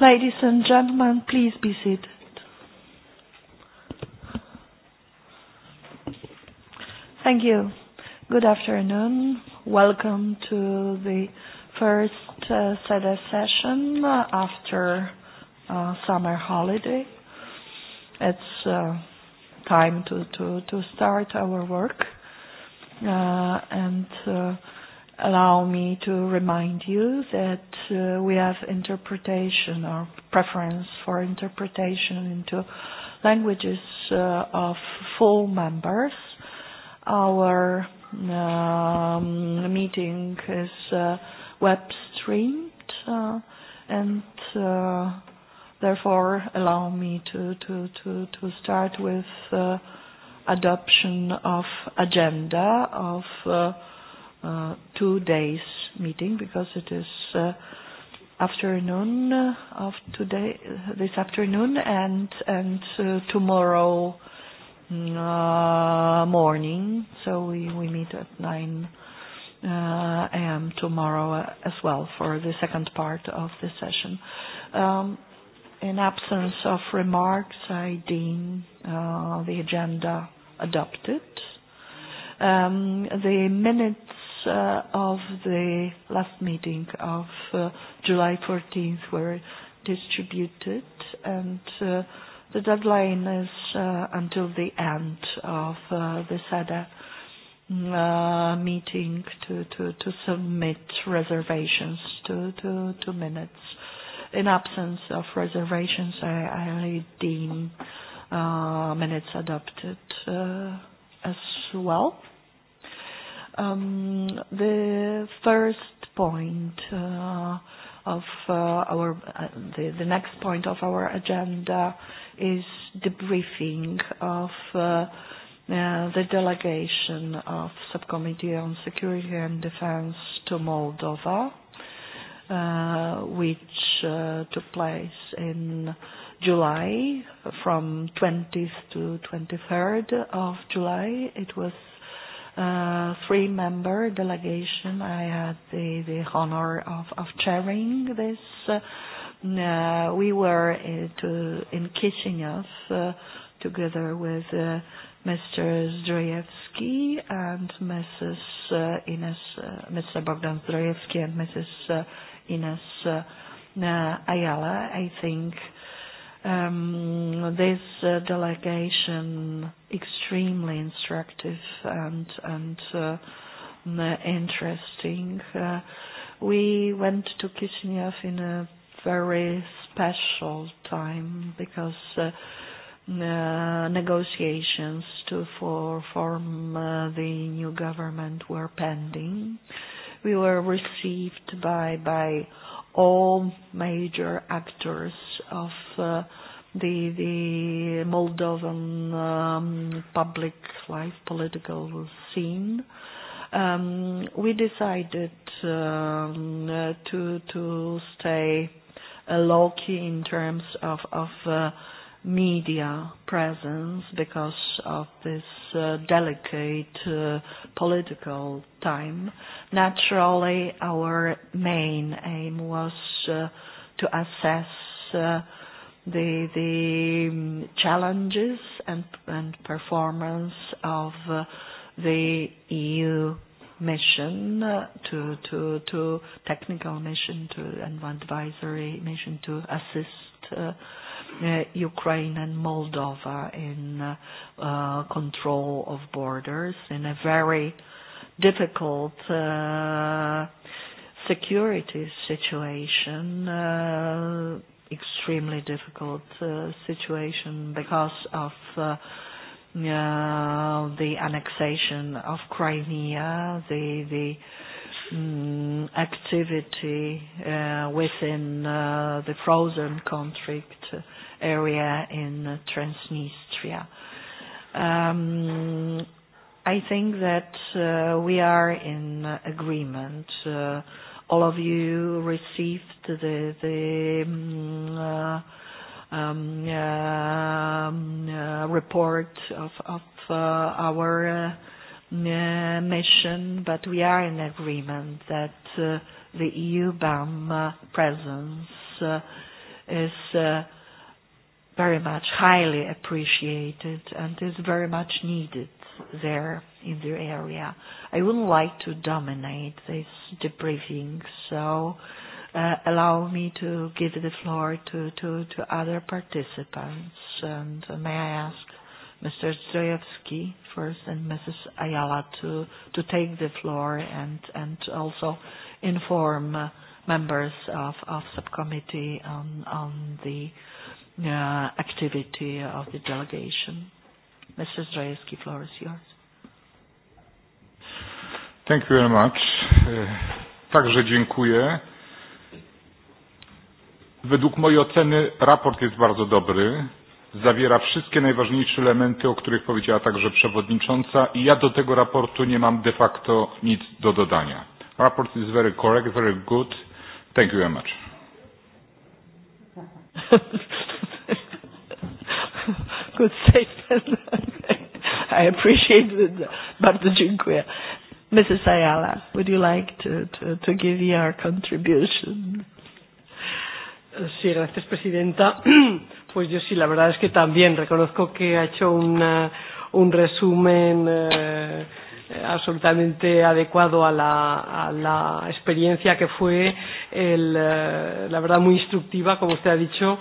Ladies and gentlemen, please be seated. Thank you. Good afternoon. Welcome to the first uh, SEDA session after uh, summer holiday. It's uh, time to, to, to start our work. Uh, and uh, Allow me to remind you that uh, we have interpretation or preference for interpretation into languages uh, of full members. Our um, meeting is uh, web streamed uh, and uh, therefore allow me to, to, to, to start with uh, adoption of agenda of uh, uh, two days meeting because it is uh, afternoon uh, of today, uh this afternoon, and and uh, tomorrow mm, uh, morning. So we we meet at nine uh, a.m. tomorrow uh, as well for the second part of the session. Um, in absence of remarks, I deem uh, the agenda adopted. Um, the minutes uh, of the last meeting of uh, July 14th were distributed and uh, the deadline is uh, until the end of uh, the SADA mm, uh, meeting to, to, to submit reservations to, to, to minutes. In absence of reservations, I, I deem uh, minutes adopted uh, as well. Um, the first point uh, of uh, our uh, the, the next point of our agenda is the briefing of uh, uh, the delegation of subcommittee on security and defense to Moldova, uh, which uh, took place in July from 20th to 23rd of July. It was uh, three-member delegation. I had the, the honor of, of chairing this. Uh, we were uh, to, in Kishinev uh, together with uh, Mr. Zdrojevsky and Mrs. Uh, Ines, uh, Mr. Bogdan Zdrojevsky and Mrs. Uh, Ines uh, Ayala. I think uh, um, this uh, delegation extremely instructive and and uh, mm, interesting. Uh, we went to Kishinev in a very special time because uh, mm, uh, negotiations to for form uh, the new government were pending. We were received by by all major actors of uh, the the Moldovan um, public life, political scene. Um, we decided um, uh, to to stay uh, low key in terms of of uh, media presence because of this uh, delicate uh, political time. Naturally, our main aim was uh, to assess uh, the the um, challenges and and performance of uh, the EU mission uh, to to to technical mission to and advisory mission to assist uh, uh, Ukraine and Moldova in uh, uh, control of borders in a very difficult uh, security situation, uh, extremely difficult uh, situation because of uh, uh, the annexation of Crimea, the the um, activity uh, within uh, the frozen conflict. Uh, area in Transnistria. Um, I think that uh, we are in agreement. Uh, all of you received the, the um, uh, um, uh, um, report of, of uh, our uh, uh, mission, but we are in agreement that uh, the EU BAM presence uh, is uh, very much highly appreciated and is very much needed there in the area. I wouldn't like to dominate this debriefing, so uh, allow me to give the floor to, to, to other participants. And uh, may I ask Mr. Zdrojewski first and Mrs. Ayala to, to take the floor and, and also inform uh, members of, of subcommittee on, on the Uh, activity of the delegation. Mrs. Rajewski, floor is yours. Thank you very much. E, także dziękuję. Według mojej oceny raport jest bardzo dobry. Zawiera wszystkie najważniejsze elementy, o których powiedziała także przewodnicząca i ja do tego raportu nie mam de facto nic do dodania. Raport is very correct, very good. Thank you very much. good statement. I appreciate it. Bardzo dziękuję. Mrs. Ayala, would you like to, to, to give your contribution? Sí, gracias, Presidenta. Pues yo sí, la verdad es que también reconozco que ha hecho un, uh, un resumen uh, absolutamente adecuado a la, a la experiencia que fue, el, uh, la verdad, muy instructiva, como usted ha dicho, uh,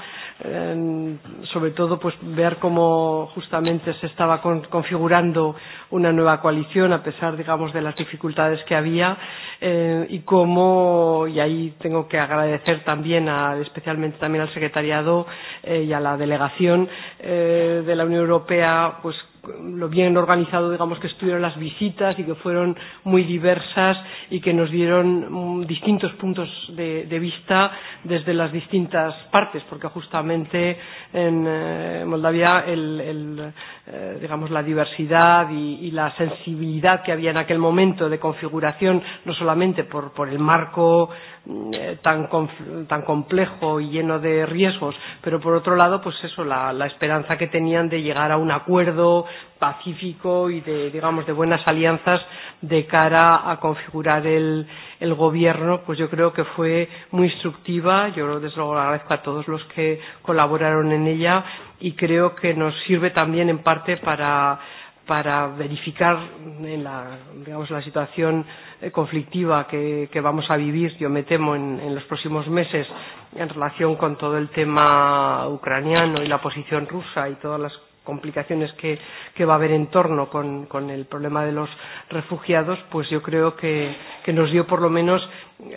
sobre todo pues ver cómo justamente se estaba con, configurando una nueva coalición a pesar digamos de las dificultades que había eh, y cómo y ahí tengo que agradecer también a, especialmente también al secretariado eh, y a la delegación eh, de la Unión Europea pues lo bien organizado, digamos, que estuvieron las visitas y que fueron muy diversas y que nos dieron mm, distintos puntos de, de vista desde las distintas partes, porque justamente en eh, Moldavia el, el, eh, digamos, la diversidad y, y la sensibilidad que había en aquel momento de configuración, no solamente por, por el marco Mm, eh, tan, tan complejo y lleno de riesgos, pero por otro lado, pues eso, la, la esperanza que tenían de llegar a un acuerdo pacífico y de, digamos, de buenas alianzas de cara a configurar el, el gobierno, pues yo creo que fue muy instructiva. Yo desde luego agradezco a todos los que colaboraron en ella y creo que nos sirve también en parte para para verificar en la, digamos, la situación eh, conflictiva que, que vamos a vivir, yo me temo, en, en los próximos meses en relación con todo el tema ucraniano y la posición rusa y todas las complicaciones que, que va a haber en torno con, con el problema de los refugiados, pues yo creo que, que nos dio por lo menos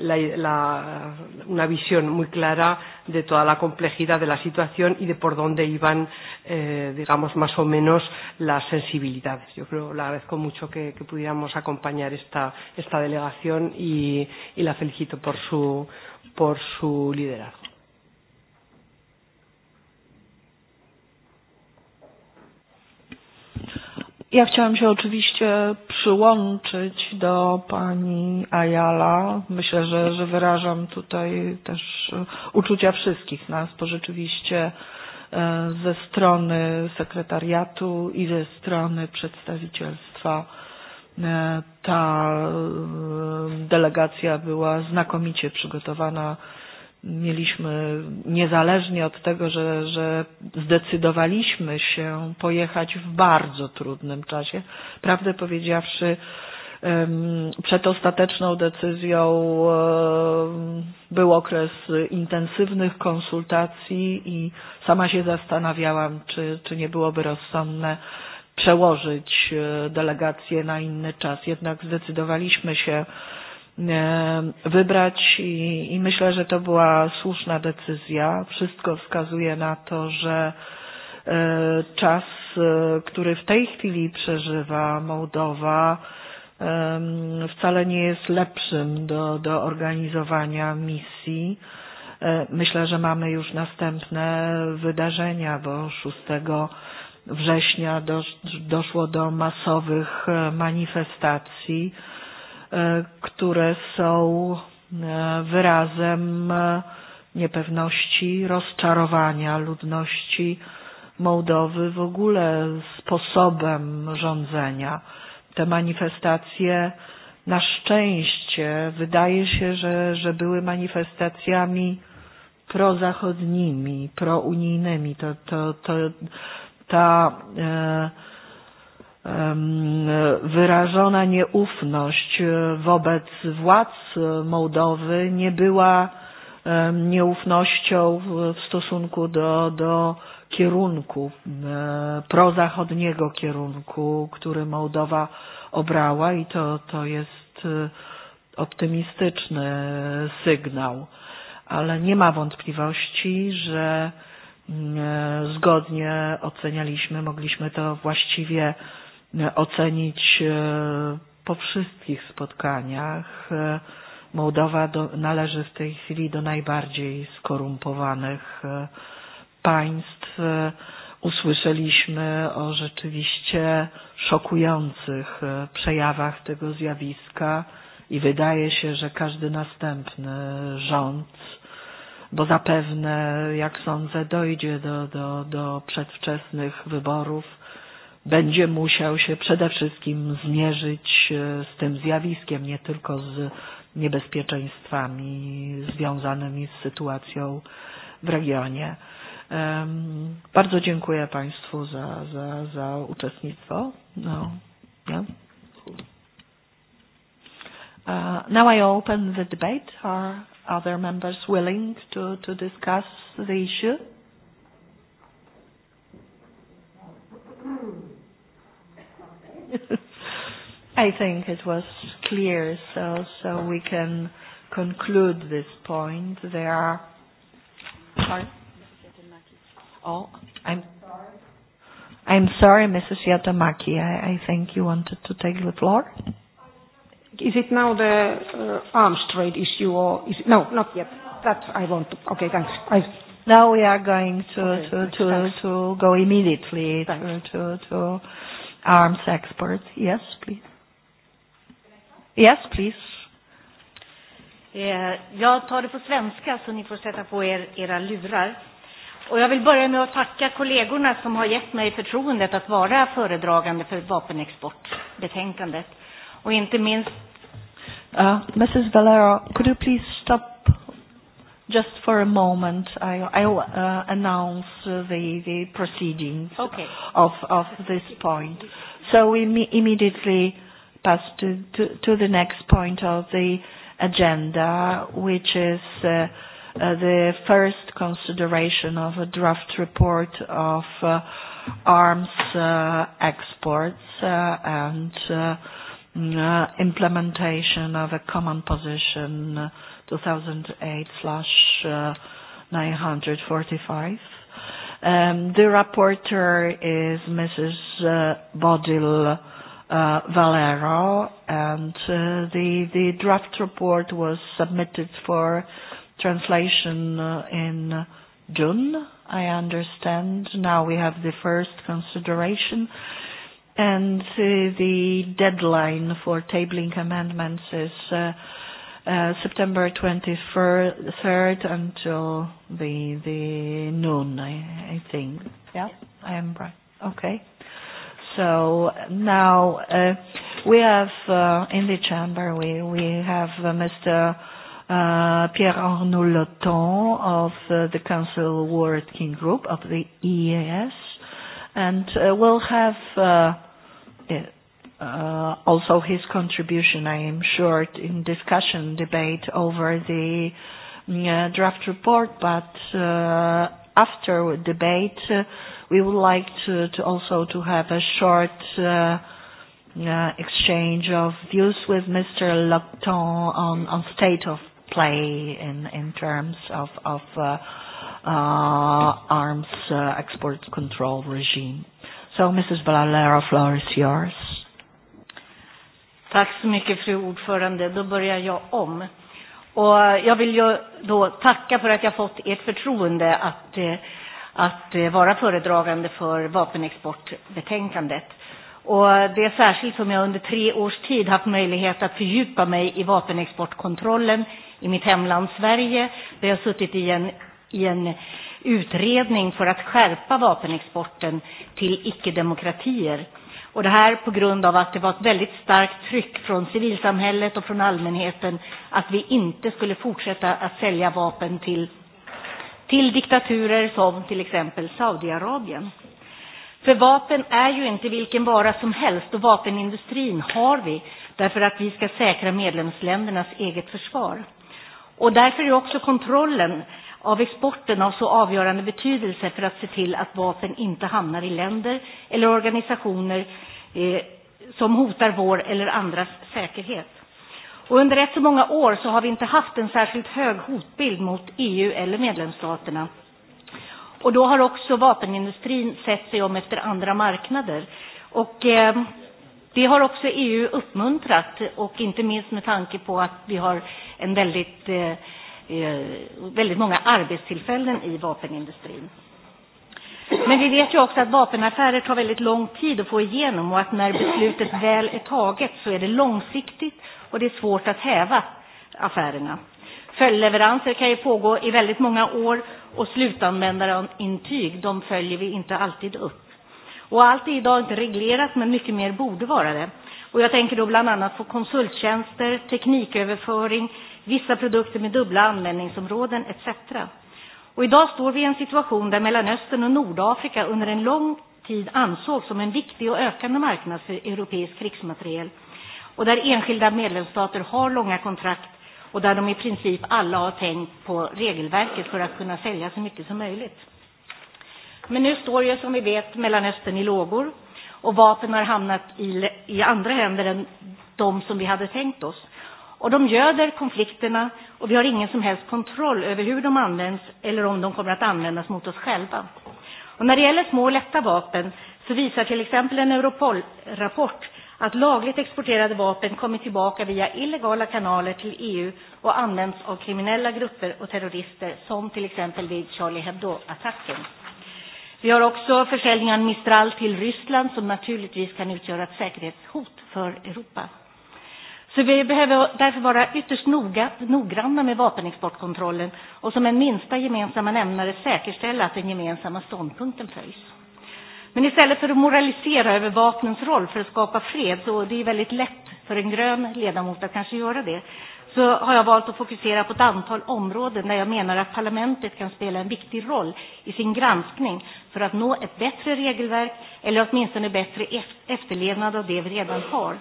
la, la, una visión muy clara de toda la complejidad de la situación y de por dónde iban, eh, digamos, más o menos las sensibilidades. Yo creo, le agradezco mucho que, que pudiéramos acompañar esta, esta delegación y, y la felicito por su, por su liderazgo. Ja chciałam się oczywiście przyłączyć do pani Ayala. Myślę, że, że wyrażam tutaj też uczucia wszystkich nas, bo rzeczywiście e, ze strony sekretariatu i ze strony przedstawicielstwa e, ta e, delegacja była znakomicie przygotowana mieliśmy niezależnie od tego, że, że zdecydowaliśmy się pojechać w bardzo trudnym czasie, prawdę powiedziawszy, przed ostateczną decyzją był okres intensywnych konsultacji i sama się zastanawiałam, czy, czy nie byłoby rozsądne przełożyć e, delegację na inny czas. Jednak zdecydowaliśmy się wybrać ehm, i, i myślę, że to była słuszna decyzja. Wszystko wskazuje na to, że czas, e, e, który w tej chwili przeżywa Mołdowa, ehm, wcale nie jest lepszym do, do organizowania misji. E, myślę, że mamy już następne wydarzenia, bo 6 września doszło do masowych manifestacji które są wyrazem e, niepewności, rozczarowania ludności Mołdowy, w ogóle sposobem rządzenia. Te manifestacje na szczęście wydaje się, że, że były manifestacjami prozachodnimi, prounijnymi. To, to, to, ta e, wyrażona nieufność e, wobec władz e, Mołdowy nie była nieufnością w stosunku do, do kierunku, prozachodniego kierunku, który Mołdowa obrała i to, to jest e, optymistyczny sygnał. Ale nie ma wątpliwości, że zgodnie ocenialiśmy, mogliśmy to właściwie ocenić e, po wszystkich spotkaniach. E, Mołdowa do, należy w tej chwili do najbardziej skorumpowanych e, państw. Usłyszeliśmy o rzeczywiście szokujących przejawach tego zjawiska i wydaje się, że każdy następny rząd, bo zapewne, jak sądzę, dojdzie do, do, do przedwczesnych wyborów, będzie musiał się przede wszystkim zmierzyć e, z tym zjawiskiem, nie tylko z niebezpieczeństwami związanymi z sytuacją w regionie. Bardzo dziękuję Państwu za, za, za uczestnictwo. No, nie? Uh, now I open the debate. Are other members willing to, to discuss the issue? I think it was clear, so, so we can conclude this point. There are. Sorry? Oh, I'm. I'm sorry, Mrs. Yatamaki. I, I think you wanted to take the floor. Is it now the uh, arms trade issue or is it? No, not yet. That I want to. Okay, thanks. I... Now we are going to okay, to, thanks, to, thanks. to go immediately thanks. to to. to arms experts. Yes, please. Yes, please. Eh, jag tar det på svenska så ni får sätta på er era lurar. Och jag vill börja med att tacka kollegorna som har gett mig förtroendet att vara föredragande för vapenexportbetänkandet. Och inte minst... Uh, Mrs. Valero, could you please stop just for a moment, I, I'll uh, announce uh, the, the proceedings okay. of, of this point. So we me- immediately pass to, to, to the next point of the agenda, which is uh, uh, the first consideration of a draft report of uh, arms uh, exports uh, and uh, uh, implementation of a common position uh, 2008 slash 945. Uh, um, the rapporteur is Mrs. Uh, Bodil uh, Valero, and uh, the, the draft report was submitted for translation uh, in June, I understand. Now we have the first consideration. Uh, and uh, the deadline for tabling amendments is uh, uh, September 23rd until the the noon, I, I think. Yeah, I am right. Okay. So now uh, we have uh, in the chamber we we have uh, Mr. Uh, Pierre Arnaud Loton of uh, the Council Working Group of the EAS. And uh, we'll have uh, uh, uh, also his contribution, I am sure, in discussion, debate over the mm, uh, draft report, but uh, after debate, uh, we would like to, to also to have a short uh, uh, exchange of views with Mr. Lacton on, on state of play in, in terms of, of uh, uh, arms uh, export control regime. So, Mrs. Valera, floor is yours. Tack så mycket, fru ordförande. Då börjar jag om. Och eh, jag vill ju då tacka för att jag fått ert förtroende att, eh, att eh, vara föredragande för vapenexportbetänkandet. Och det är särskilt som jag under tre års tid haft möjlighet att fördjupa mig i vapenexportkontrollen i mitt hemland Sverige, där jag suttit i en i en utredning för att skärpa vapenexporten till icke-demokratier. Och det här på grund av att det var ett väldigt starkt tryck från civilsamhället och från allmänheten att vi inte skulle fortsätta att sälja vapen till, till diktaturer som till exempel Saudiarabien. För vapen är ju inte vilken vara som helst och vapenindustrin har vi därför att vi ska säkra medlemsländernas eget försvar. Och därför är också kontrollen av exporten av så avgörande betydelse för att se till att vapen inte hamnar i länder eller organisationer eh, som hotar vår eller andras säkerhet. Och under rätt så många år så har vi inte haft en särskilt hög hotbild mot EU eller medlemsstaterna. Och då har också vapenindustrin sett sig om efter andra marknader. Och eh, det har också EU uppmuntrat och inte minst med tanke på att vi har en väldigt eh, Eh, väldigt många arbetstillfällen i vapenindustrin. Men vi vet ju också att vapenaffärer tar väldigt lång tid att få igenom och att när beslutet väl är taget så är det långsiktigt och det är svårt att häva affärerna. Följdleveranser kan ju pågå i väldigt många år och slutanvändarintyg de följer vi inte alltid upp. Och allt är idag inte reglerat men mycket mer borde vara det. Och jag tänker då bland annat på konsulttjänster, tekniköverföring, vissa produkter med dubbla användningsområden etc. Och idag står vi i en situation där Mellanöstern och Nordafrika under en lång tid ansågs som en viktig och ökande marknad för europeisk krigsmateriel och där enskilda medlemsstater har långa kontrakt och där de i princip alla har tänkt på regelverket för att kunna sälja så mycket som möjligt. Men nu står ju som vi vet Mellanöstern i lågor och vapen har hamnat i, i andra händer än de som vi hade tänkt oss. Och de göder konflikterna och vi har ingen som helst kontroll över hur de används eller om de kommer att användas mot oss själva. Och när det gäller små och lätta vapen så visar till exempel en Europol-rapport att lagligt exporterade vapen kommer tillbaka via illegala kanaler till EU och används av kriminella grupper och terrorister som till exempel vid Charlie Hebdo-attacken. Vi har också försäljningen Mistral till Ryssland som naturligtvis kan utgöra ett säkerhetshot för Europa. Så vi behöver därför vara ytterst noga, noggranna med vapenexportkontrollen och som en minsta gemensamma nämnare säkerställa att den gemensamma ståndpunkten följs. Men istället för att moralisera över vapnens roll för att skapa fred, så det är väldigt lätt för en grön ledamot att kanske göra det, så har jag valt att fokusera på ett antal områden där jag menar att parlamentet kan spela en viktig roll i sin granskning för att nå ett bättre regelverk eller åtminstone bättre efterlevnad av det vi redan har.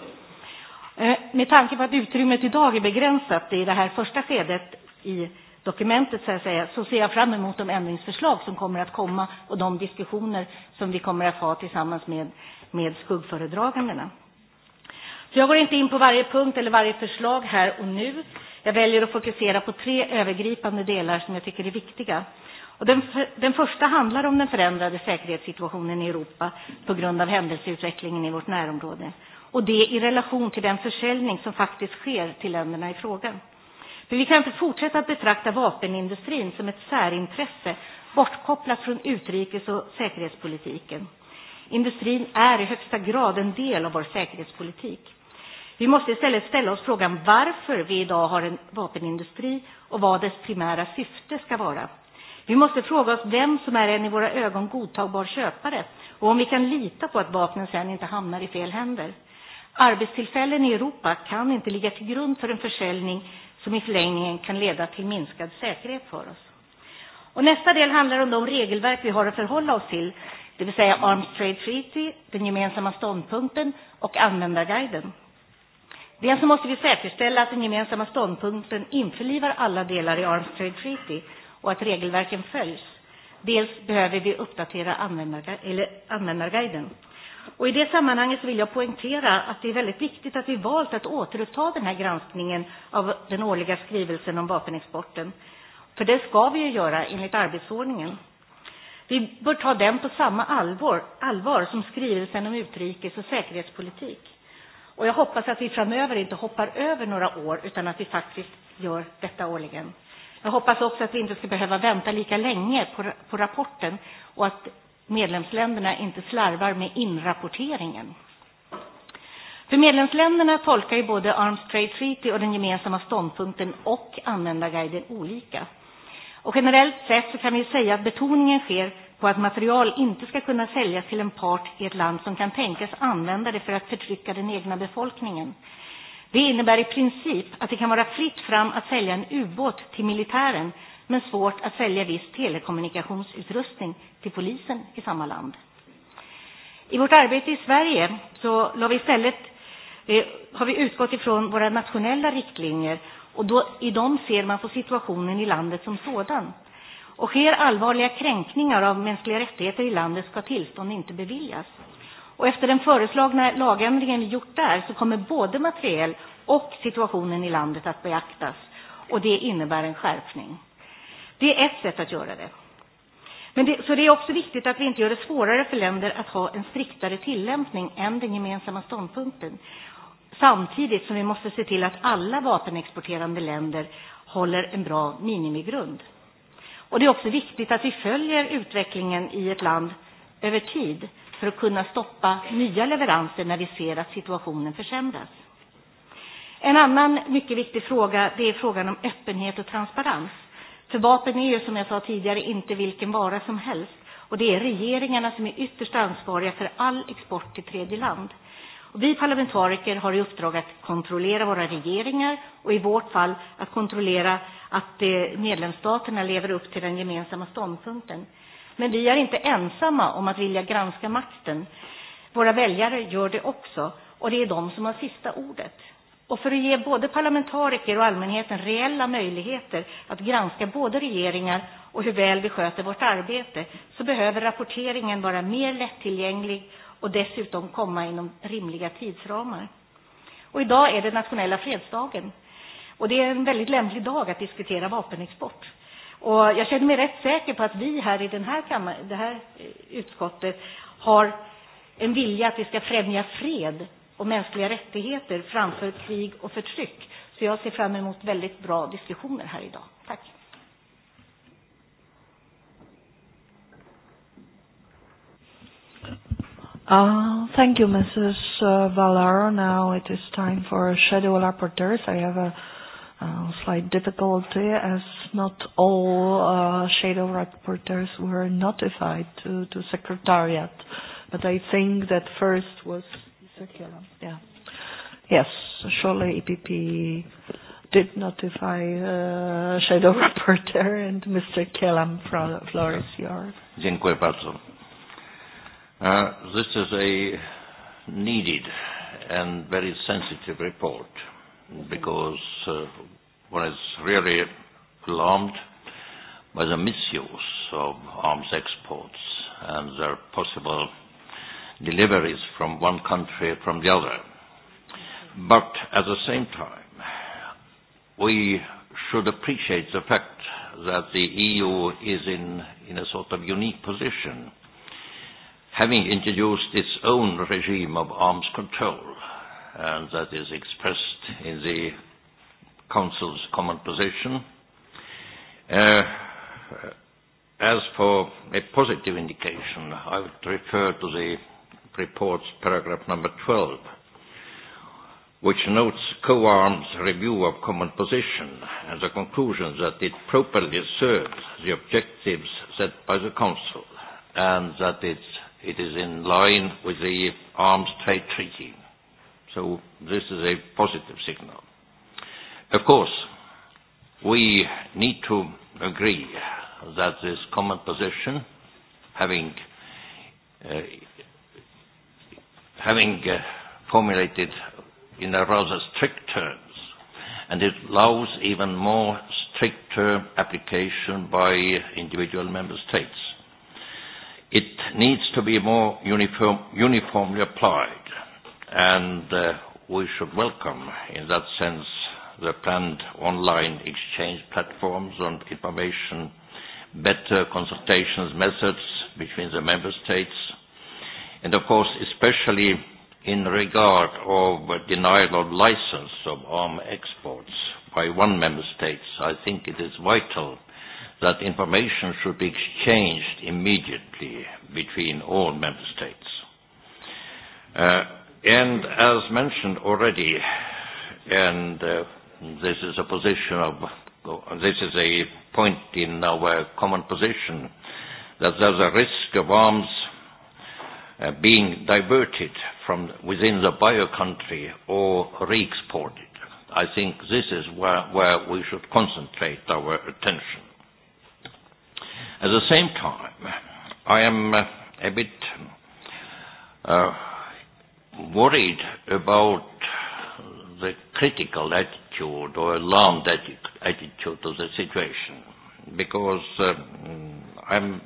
Eh, med tanke på att utrymmet idag är begränsat i det här första skedet i dokumentet så, att säga, så ser jag fram emot de ändringsförslag som kommer att komma och de diskussioner som vi kommer att ha tillsammans med, med skuggföredragandena. Så jag går inte in på varje punkt eller varje förslag här och nu. Jag väljer att fokusera på tre övergripande delar som jag tycker är viktiga. Och den, den första handlar om den förändrade säkerhetssituationen i Europa på grund av händelseutvecklingen i vårt närområde. Och det i relation till den försäljning som faktiskt sker till länderna i fråga. För vi kan inte fortsätta att betrakta vapenindustrin som ett särintresse bortkopplat från utrikes och säkerhetspolitiken. Industrin är i högsta grad en del av vår säkerhetspolitik. Vi måste istället ställa oss frågan varför vi idag har en vapenindustri och vad dess primära syfte ska vara. Vi måste fråga oss vem som är en i våra ögon godtagbar köpare och om vi kan lita på att vapnen sedan inte hamnar i fel händer. Arbetstillfällen i Europa kan inte ligga till grund för en försäljning som i förlängningen kan leda till minskad säkerhet för oss. Och nästa del handlar om de regelverk vi har att förhålla oss till, det vill säga Arms Trade Treaty, den gemensamma ståndpunkten och användarguiden. Dels måste vi säkerställa att den gemensamma ståndpunkten införlivar alla delar i Arms Trade Treaty och att regelverken följs. Dels behöver vi uppdatera användarguiden. Och I det sammanhanget vill jag poängtera att det är väldigt viktigt att vi valt att återuppta den här granskningen av den årliga skrivelsen om vapenexporten. För det ska vi ju göra enligt arbetsordningen. Vi bör ta den på samma allvar, allvar som skrivelsen om utrikes och säkerhetspolitik. Och jag hoppas att vi framöver inte hoppar över några år utan att vi faktiskt gör detta årligen. Jag hoppas också att vi inte ska behöva vänta lika länge på, på rapporten och att medlemsländerna inte slarvar med inrapporteringen. För medlemsländerna tolkar ju både Arms Trade Treaty och den gemensamma ståndpunkten och användarguiden olika. Och generellt sett så kan vi säga att betoningen sker på att material inte ska kunna säljas till en part i ett land som kan tänkas använda det för att förtrycka den egna befolkningen. Det innebär i princip att det kan vara fritt fram att sälja en ubåt till militären men svårt att sälja viss telekommunikationsutrustning till polisen i samma land. I vårt arbete i Sverige så la vi istället, eh, har vi utgått ifrån våra nationella riktlinjer och då, i dem ser man på situationen i landet som sådan. Och sker allvarliga kränkningar av mänskliga rättigheter i landet ska tillstånd inte beviljas. Och efter den föreslagna lagändringen vi gjort där så kommer både materiell och situationen i landet att beaktas. Och det innebär en skärpning. Det är ett sätt att göra det. Men det, så det är också viktigt att vi inte gör det svårare för länder att ha en striktare tillämpning än den gemensamma ståndpunkten. Samtidigt som vi måste se till att alla vapenexporterande länder håller en bra minimigrund. Och det är också viktigt att vi följer utvecklingen i ett land över tid för att kunna stoppa nya leveranser när vi ser att situationen försämras. En annan mycket viktig fråga det är frågan om öppenhet och transparens. För vapen är ju, som jag sa tidigare, inte vilken vara som helst. Och det är regeringarna som är ytterst ansvariga för all export till tredje land. Och vi parlamentariker har i uppdrag att kontrollera våra regeringar och i vårt fall att kontrollera att eh, medlemsstaterna lever upp till den gemensamma ståndpunkten. Men vi är inte ensamma om att vilja granska makten. Våra väljare gör det också och det är de som har sista ordet. Och för att ge både parlamentariker och allmänheten reella möjligheter att granska både regeringar och hur väl vi sköter vårt arbete så behöver rapporteringen vara mer lättillgänglig och dessutom komma inom rimliga tidsramar. Och idag är det nationella fredsdagen. Och det är en väldigt lämplig dag att diskutera vapenexport. Och jag känner mig rätt säker på att vi här i den här kammaren, det här eh, utskottet har en vilja att vi ska främja fred och mänskliga rättigheter framför krig och förtryck. Så jag ser fram emot väldigt bra diskussioner här idag. Tack. Uh, thank you, Mrs. Uh, Valero. Now it is time for shadow rapporteurs. I have a uh, slight difficulty as not all uh, shadow rapporteurs were notified to, to Secretariat. But I think that first was particular. Yeah. Yes, surely EPP did notify uh, Shadow Rapporteur and Mr. Kellam from Flores Yard. Dziękuję bardzo. Uh, this is a needed and very sensitive report because uh, one is really alarmed by the misuse of arms exports and their possible deliveries from one country from the other. But at the same time, we should appreciate the fact that the EU is in, in a sort of unique position, having introduced its own regime of arms control, and that is expressed in the Council's common position. Uh, as for a positive indication, I would refer to the reports paragraph number 12, which notes COARM's review of common position and the conclusion that it properly serves the objectives set by the Council and that it's, it is in line with the Arms Trade Treaty. So this is a positive signal. Of course, we need to agree that this common position, having uh, having uh, formulated in a rather strict terms, and it allows even more stricter application by individual member states. It needs to be more uniform, uniformly applied, and uh, we should welcome, in that sense, the planned online exchange platforms on information, better consultations methods between the member states, and of course, especially in regard of denial of license of arm exports by one member state, I think it is vital that information should be exchanged immediately between all member states. Uh, and as mentioned already, and uh, this is a position of, this is a point in our common position, that there's a risk of arms Uh, being diverted from within the bio country or re-exported. I think this is where, where we should concentrate our attention. At the same time, I am uh, a bit uh, worried about the critical attitude or alarmed attitude of the situation because uh, I'm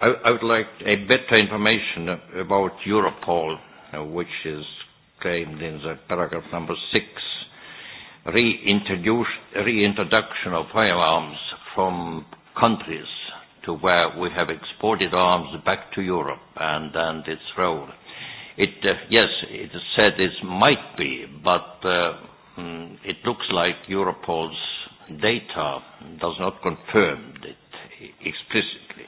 i, I would like a better information about Europol, uh, which is claimed in the paragraph number six, reintroduction of firearms from countries to where we have exported arms back to Europe and, and its role. It, uh, yes, it is said it might be, but uh, mm, it looks like Europol's data does not confirm it explicitly.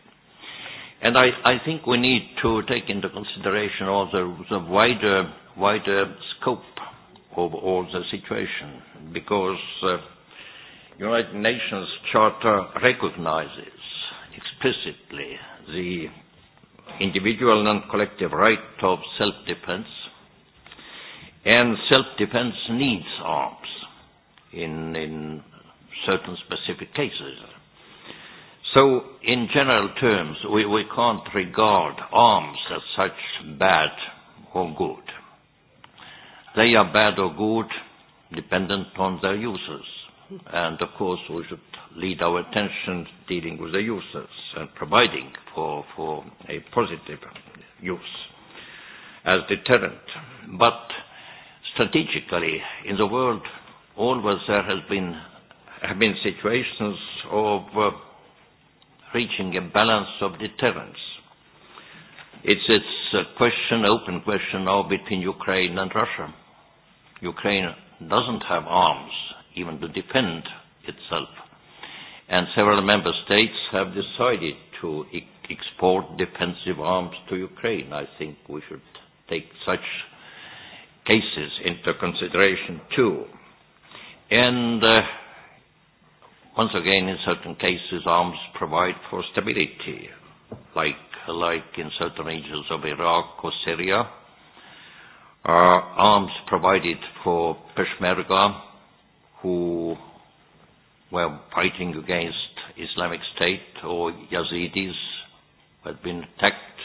And I, I think we need to take into consideration all the the wider, wider scope of all the situation because uh, United Nations Charter recognizes explicitly the individual and collective right of self-defense and self-defense needs arms in, in certain specific cases so in general terms, we, we can't regard arms as such bad or good. They are bad or good dependent on their users. And of course, we should lead our attention dealing with the users and providing for, for a positive use as deterrent. But strategically, in the world, always there has been, have been situations of uh, reaching a balance of deterrence. It's, it's a question, open question now between Ukraine and Russia. Ukraine doesn't have arms even to defend itself. And several member states have decided to e export defensive arms to Ukraine. I think we should take such cases into consideration too. And uh, Once again, in certain cases, arms provide for stability, like, like in certain regions of Iraq or Syria. Uh, arms provided for Peshmerga, who were fighting against Islamic State or Yazidis who had been attacked.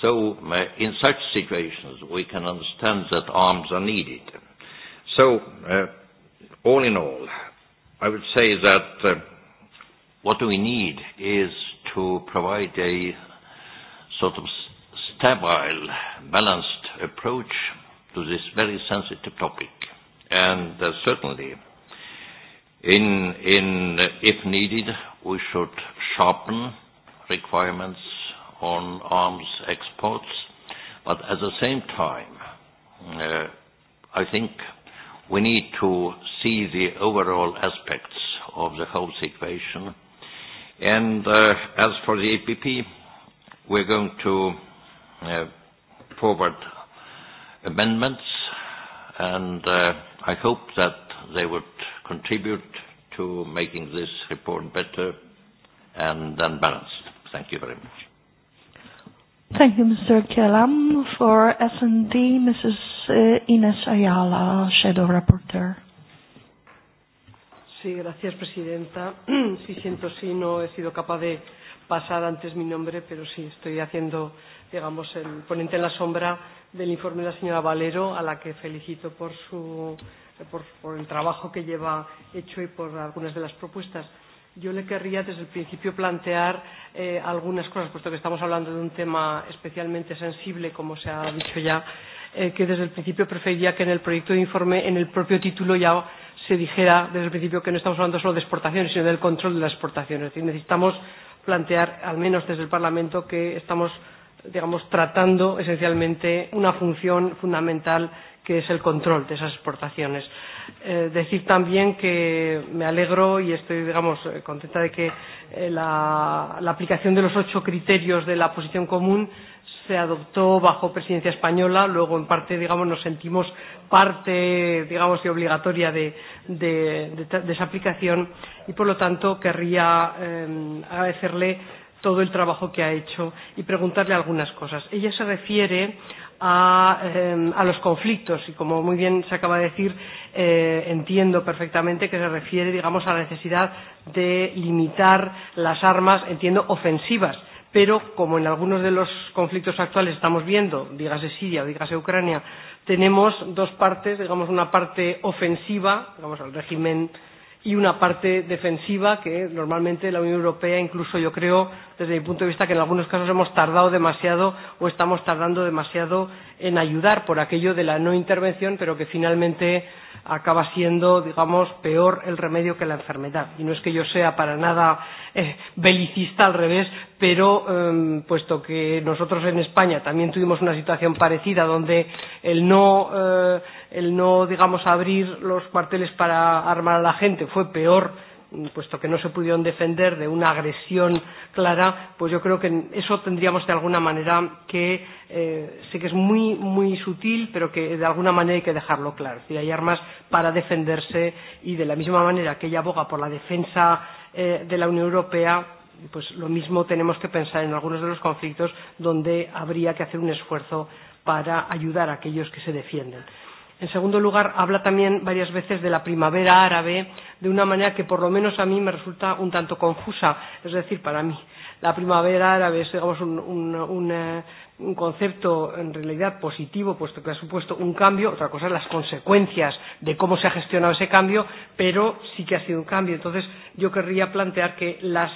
So in such situations, we can understand that arms are needed. So uh, all in all, i would say that uh, what we need is to provide a sort of stable, balanced approach to this very sensitive topic. And uh, certainly, in, in, if needed, we should sharpen requirements on arms exports. But at the same time, uh, I think we need to see the overall aspects of the whole situation. And uh, as for the APP, we're going to uh, forward amendments, and uh, I hope that they would contribute to making this report better and then balanced. Thank you very much. Thank you, Mr. Kellam. For S&D, Mrs. Eh, Ines Ayala, Shadow Rapporteur. Sí, gracias, presidenta. Sí, siento si sí, no he sido capaz de pasar antes mi nombre, pero sí estoy haciendo, digamos, el ponente en la sombra del informe de la señora Valero, a la que felicito por, su, por, por el trabajo que lleva hecho y por algunas de las propuestas. Yo le querría desde el principio plantear eh, algunas cosas, puesto que estamos hablando de un tema especialmente sensible, como se ha dicho ya eh, que desde el principio preferiría que en el proyecto de informe, en el propio título ya se dijera desde el principio que no estamos hablando solo de exportaciones, sino del control de las exportaciones. Es decir, necesitamos plantear, al menos desde el Parlamento, que estamos, digamos, tratando esencialmente una función fundamental que es el control de esas exportaciones. Eh, decir también que me alegro y estoy, digamos, eh, contenta de que eh, la, la aplicación de los ocho criterios de la posición común se adoptó bajo presidencia española, luego en parte, digamos, nos sentimos parte, digamos, y obligatoria de, de, de, de esa aplicación y, por lo tanto, querría eh, agradecerle todo el trabajo que ha hecho y preguntarle algunas cosas. Ella se refiere a, eh, a los conflictos y, como muy bien se acaba de decir, eh, entiendo perfectamente que se refiere, digamos, a la necesidad de limitar las armas, entiendo, ofensivas pero como en algunos de los conflictos actuales estamos viendo, dígase Siria, o dígase Ucrania, tenemos dos partes, digamos una parte ofensiva, digamos el régimen y una parte defensiva que normalmente la Unión Europea, incluso yo creo, desde mi punto de vista, que en algunos casos hemos tardado demasiado o estamos tardando demasiado en ayudar por aquello de la no intervención, pero que finalmente acaba siendo, digamos, peor el remedio que la enfermedad. Y no es que yo sea para nada eh, belicista al revés, pero eh, puesto que nosotros en España también tuvimos una situación parecida donde el no, eh, el no digamos, abrir los cuarteles para armar a la gente fue peor puesto que no se pudieron defender de una agresión clara, pues yo creo que eso tendríamos de alguna manera que, eh, sé que es muy, muy sutil, pero que de alguna manera hay que dejarlo claro. Es decir, hay armas para defenderse y de la misma manera que ella aboga por la defensa eh, de la Unión Europea, pues lo mismo tenemos que pensar en algunos de los conflictos donde habría que hacer un esfuerzo para ayudar a aquellos que se defienden. En segundo lugar, habla también varias veces de la primavera árabe de una manera que por lo menos a mí me resulta un tanto confusa. Es decir, para mí, la primavera árabe es, digamos, un, un, un, eh, un concepto en realidad positivo, puesto que ha supuesto un cambio. Otra cosa es las consecuencias de cómo se ha gestionado ese cambio, pero sí que ha sido un cambio. Entonces, yo querría plantear que las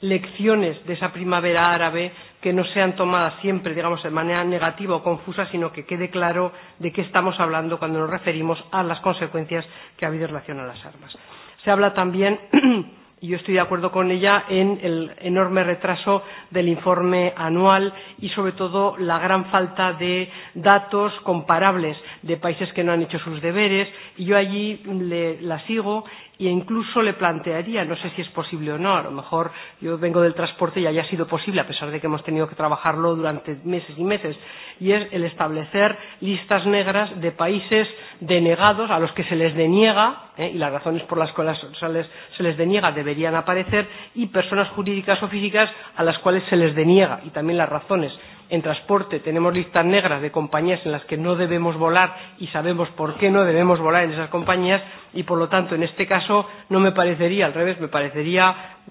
lecciones de esa primavera árabe que no sean tomadas siempre, digamos, de manera negativa o confusa, sino que quede claro de qué estamos hablando cuando nos referimos a las consecuencias que ha habido en relación a las armas. Se habla también y yo estoy de acuerdo con ella en el enorme retraso del informe anual y sobre todo la gran falta de datos comparables de países que no han hecho sus deberes y yo allí le, la sigo e incluso le plantearía, no sé si es posible o no, a lo mejor yo vengo del transporte y haya sido posible, a pesar de que hemos tenido que trabajarlo durante meses y meses, y es el establecer listas negras de países denegados a los que se les deniega, ¿eh? y las razones por las cuales se les, se les deniega deberían aparecer, y personas jurídicas o físicas a las cuales se les deniega, y también las razones En transporte tenemos listas negras de compañías en las que no debemos volar y sabemos por qué no debemos volar en esas compañías y, por lo tanto, en este caso no me parecería, al revés, me parecería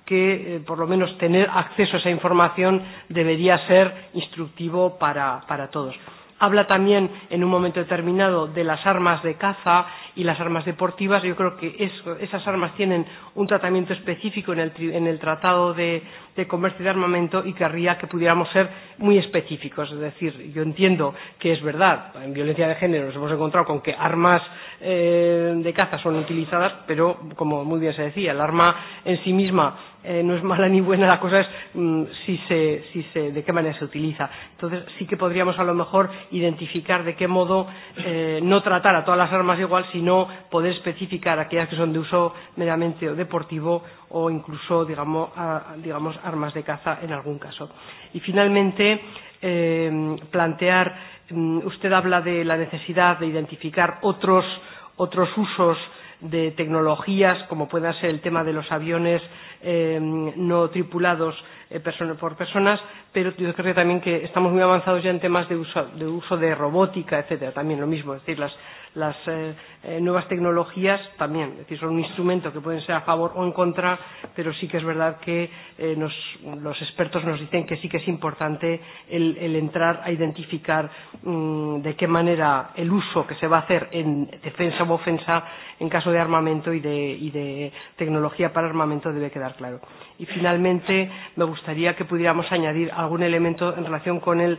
que, eh, por lo menos, tener acceso a esa información debería ser instructivo para, para todos. Habla también, en un momento determinado, de las armas de caza y las armas deportivas. Yo creo que eso, esas armas tienen un tratamiento específico en el, en el Tratado de, de Comercio de Armamento y querría que pudiéramos ser muy específicos. Es decir, yo entiendo que es verdad, en violencia de género nos hemos encontrado con que armas eh, de caza son utilizadas, pero como muy bien se decía, el arma en sí misma eh, no es mala ni buena, la cosa es mmm, si se, si se, de qué manera se utiliza. Entonces sí que podríamos a lo mejor identificar de qué modo eh, no tratar a todas las armas igual, sino no poder especificar aquellas que son de uso meramente o deportivo o incluso, digamos, a, digamos armas de caza en algún caso. Y finalmente, eh, plantear, mm, usted habla de la necesidad de identificar otros, otros usos de tecnologías como pueda ser el tema de los aviones eh, no tripulados eh, persona, por personas, pero yo creo que también que estamos muy avanzados ya en temas de uso de, uso de robótica, etcétera, también lo mismo, es decir, las, las eh, eh, nuevas tecnologías también. Es decir, son un instrumento que pueden ser a favor o en contra, pero sí que es verdad que eh, nos, los expertos nos dicen que sí que es importante el, el entrar a identificar mmm, de qué manera el uso que se va a hacer en defensa u ofensa en caso de armamento y de, y de tecnología para armamento debe quedar claro. Y finalmente me gustaría que pudiéramos añadir algún elemento en relación con el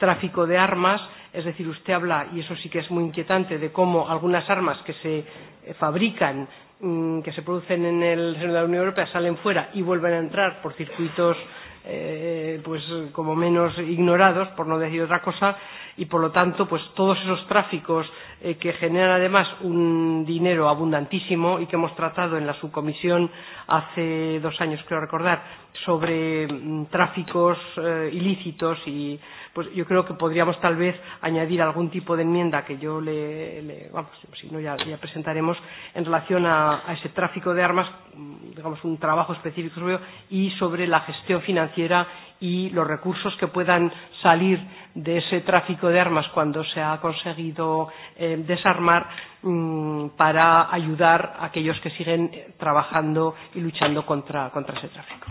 tráfico de armas, es decir, usted habla, y eso sí que es muy inquietante, de cómo algunas armas que se eh, fabrican, mm, que se producen en el seno de la Unión Europea, salen fuera y vuelven a entrar por circuitos eh, pues como menos ignorados, por no decir otra cosa, y por lo tanto, pues todos esos tráficos eh, que generan además un dinero abundantísimo y que hemos tratado en la subcomisión hace dos años, creo recordar, sobre mm, tráficos eh, ilícitos y pues yo creo que podríamos tal vez añadir algún tipo de enmienda que yo le, le vamos, si no ya, ya presentaremos en relación a, a ese tráfico de armas, mm, digamos un trabajo específico sobre ello y sobre la gestión financiera y los recursos que puedan salir de ese tráfico de armas cuando se ha conseguido eh, eh, desarmar mmm, para ayudar a aquellos que siguen trabajando y luchando contra, contra ese tráfico.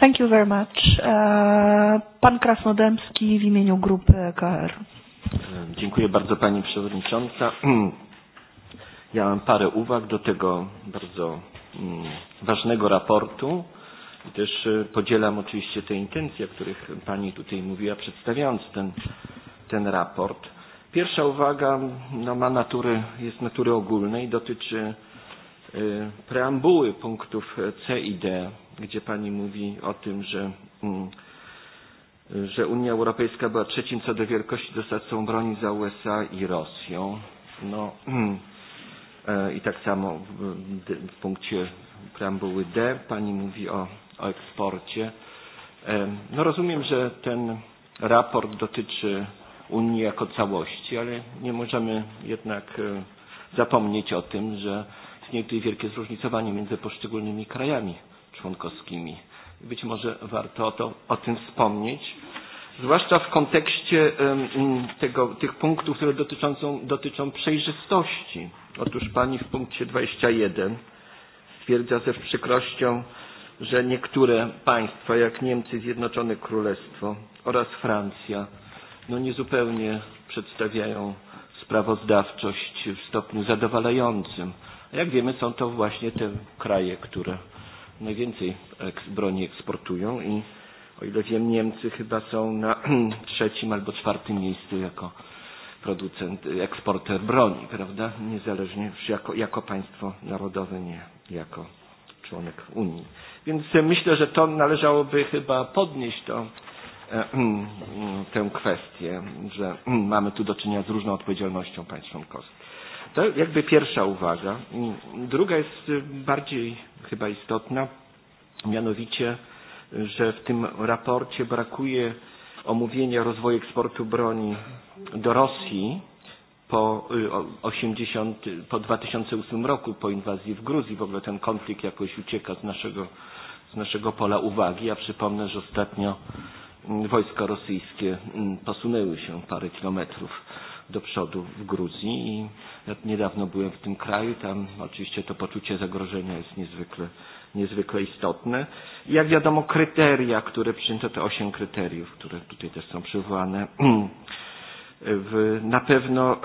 Thank you very much. Uh, pan Krasnodębski w imieniu grupy KR. Dziękuję bardzo Pani Przewodnicząca. Ja mam parę uwag do tego bardzo mm, ważnego raportu. I też e, podzielam oczywiście te intencje, o których Pani tutaj mówiła, przedstawiając ten, ten raport. Pierwsza uwaga no, ma natury, jest natury ogólnej, dotyczy e, preambuły punktów e, C i D, gdzie Pani mówi o tym, że, mm, że Unia Europejska była trzecim co do wielkości dostawcą broni za USA i Rosją. No, mm, I tak samo w, w punkcie preambuły D Pani mówi o o eksporcie. No rozumiem, że ten raport dotyczy Unii jako całości, ale nie możemy jednak e, zapomnieć o tym, że istnieje tutaj wielkie zróżnicowanie między poszczególnymi krajami członkowskimi. Być może warto o, to, o tym wspomnieć, zwłaszcza w kontekście tego, tych punktów, które dotyczą, dotyczą przejrzystości. Otóż Pani w punkcie 21 stwierdza ze przykrością, że niektóre państwa, jak Niemcy, Zjednoczone Królestwo oraz Francja, no niezupełnie przedstawiają sprawozdawczość w stopniu zadowalającym. A jak wiemy, są to właśnie te kraje, które najwięcej broni eksportują i o ile wiem, Niemcy chyba są na trzecim albo czwartym miejscu jako producent, eksporter broni, prawda? Niezależnie jako, jako państwo narodowe, nie jako członek Unii. Więc myślę, że to należałoby chyba podnieść to, e, mm, mm, tę kwestię, że mm, mamy tu do czynienia z różną odpowiedzialnością państw członkowskich. To jakby pierwsza uwaga. Druga jest bardziej chyba istotna, mianowicie, że w tym raporcie brakuje omówienia rozwoju eksportu broni do Rosji, po, 80, po 2008 roku, po inwazji w Gruzji. W ogóle ten konflikt jakoś ucieka z naszego, z naszego pola uwagi. Ja przypomnę, że ostatnio mm, wojska rosyjskie mm, posunęły się parę kilometrów do przodu w Gruzji i niedawno byłem w tym kraju, tam oczywiście to poczucie zagrożenia jest niezwykle, niezwykle istotne. I jak wiadomo kryteria, które przyjęto, te osiem kryteriów, które tutaj też są przywołane, w, na pewno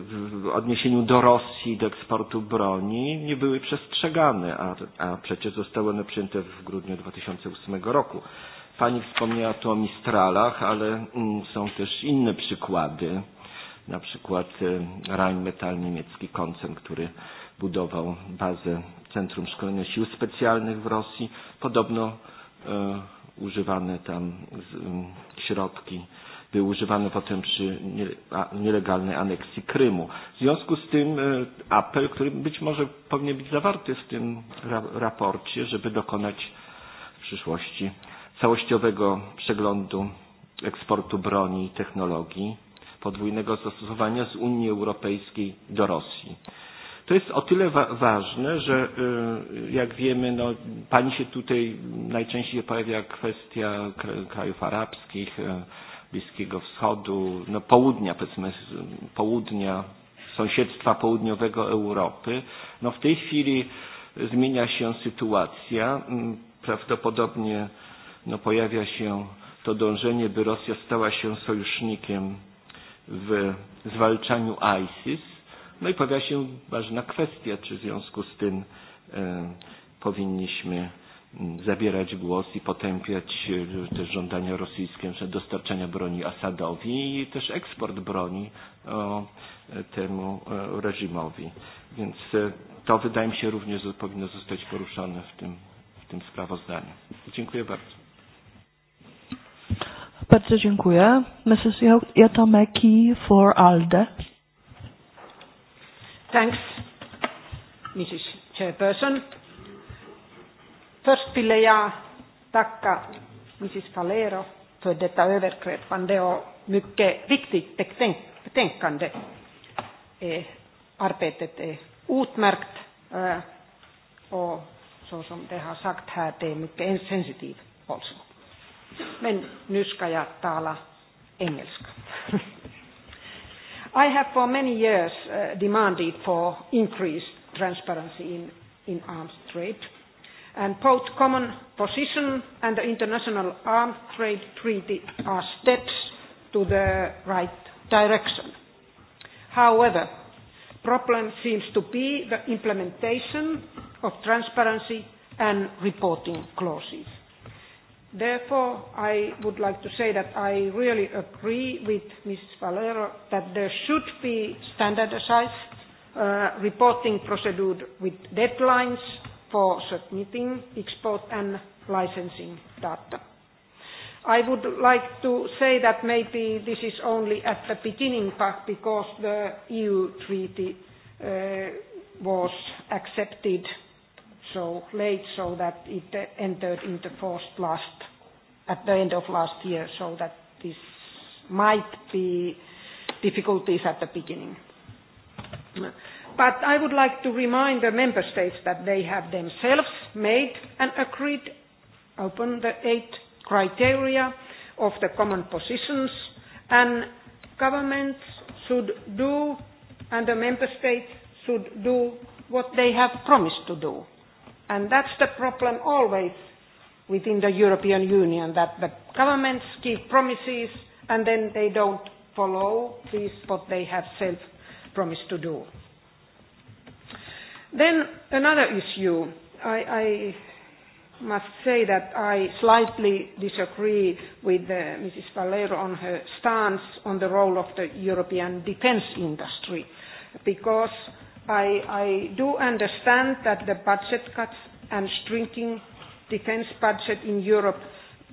w odniesieniu do Rosji, do eksportu broni nie były przestrzegane, a, a przecież zostały one przyjęte w grudniu 2008 roku. Pani wspomniała tu o Mistralach, ale mm, są też inne przykłady, na przykład e, Rheinmetall, niemiecki koncern, który budował bazę Centrum Szkolenia Sił Specjalnych w Rosji. Podobno e, używane tam z, środki były używane potem przy nielegalnej aneksji Krymu. W związku z tym e, apel, który być może powinien być zawarty w tym raporcie, żeby dokonać w przyszłości całościowego przeglądu eksportu broni i technologii podwójnego zastosowania z Unii Europejskiej do Rosji. To jest o tyle wa ważne, że e, jak wiemy, no, pani się tutaj najczęściej pojawia kwestia krajów arabskich, e, Bliskiego Wschodu, no południa, powiedzmy, południa, sąsiedztwa południowego Europy. No w tej chwili zmienia się sytuacja. Mm, prawdopodobnie no, pojawia się to dążenie, by Rosja stała się sojusznikiem w zwalczaniu ISIS. No i pojawia się ważna kwestia, czy w związku z tym e, powinniśmy Mm, zabierać głos i potępiać e, też żądania rosyjskie dostarczania broni Asadowi i też eksport broni o, e, temu e, reżimowi. Więc to wydaje mi się również powinno zostać poruszone w tym, w tym sprawozdaniu. Dziękuję bardzo. Bardzo dziękuję. Mrs. Jatomeki for ALDE. Thanks, Mrs. Chairperson. Först ville jag tacka Mrs. Falero för detta övergripande och mycket viktigt betänkande. Eh, arbetet är utmärkt eh, och så som det har sagt här, det är mycket sensitiv också. Men nu ska jag tala engelska. I have for many years uh, demanded for increased transparency in, in arms trade and both common position and the international arms trade treaty are steps to the right direction. However, problem seems to be the implementation of transparency and reporting clauses. Therefore, I would like to say that I really agree with Ms. Valero that there should be standardized uh, reporting procedure with deadlines for submitting export and licensing data. I would like to say that maybe this is only at the beginning, but because the EU treaty uh, was accepted so late so that it entered into force last at the end of last year, so that this might be difficulties at the beginning. But I would like to remind the member states that they have themselves made and agreed upon the eight criteria of the common positions and governments should do and the member states should do what they have promised to do. And that's the problem always within the European Union, that the governments give promises and then they don't follow this what they have self promised to do. Then another issue. I, I must say that I slightly disagree with uh, Mrs. Valero on her stance on the role of the European defence industry, because I, I do understand that the budget cuts and shrinking defence budget in Europe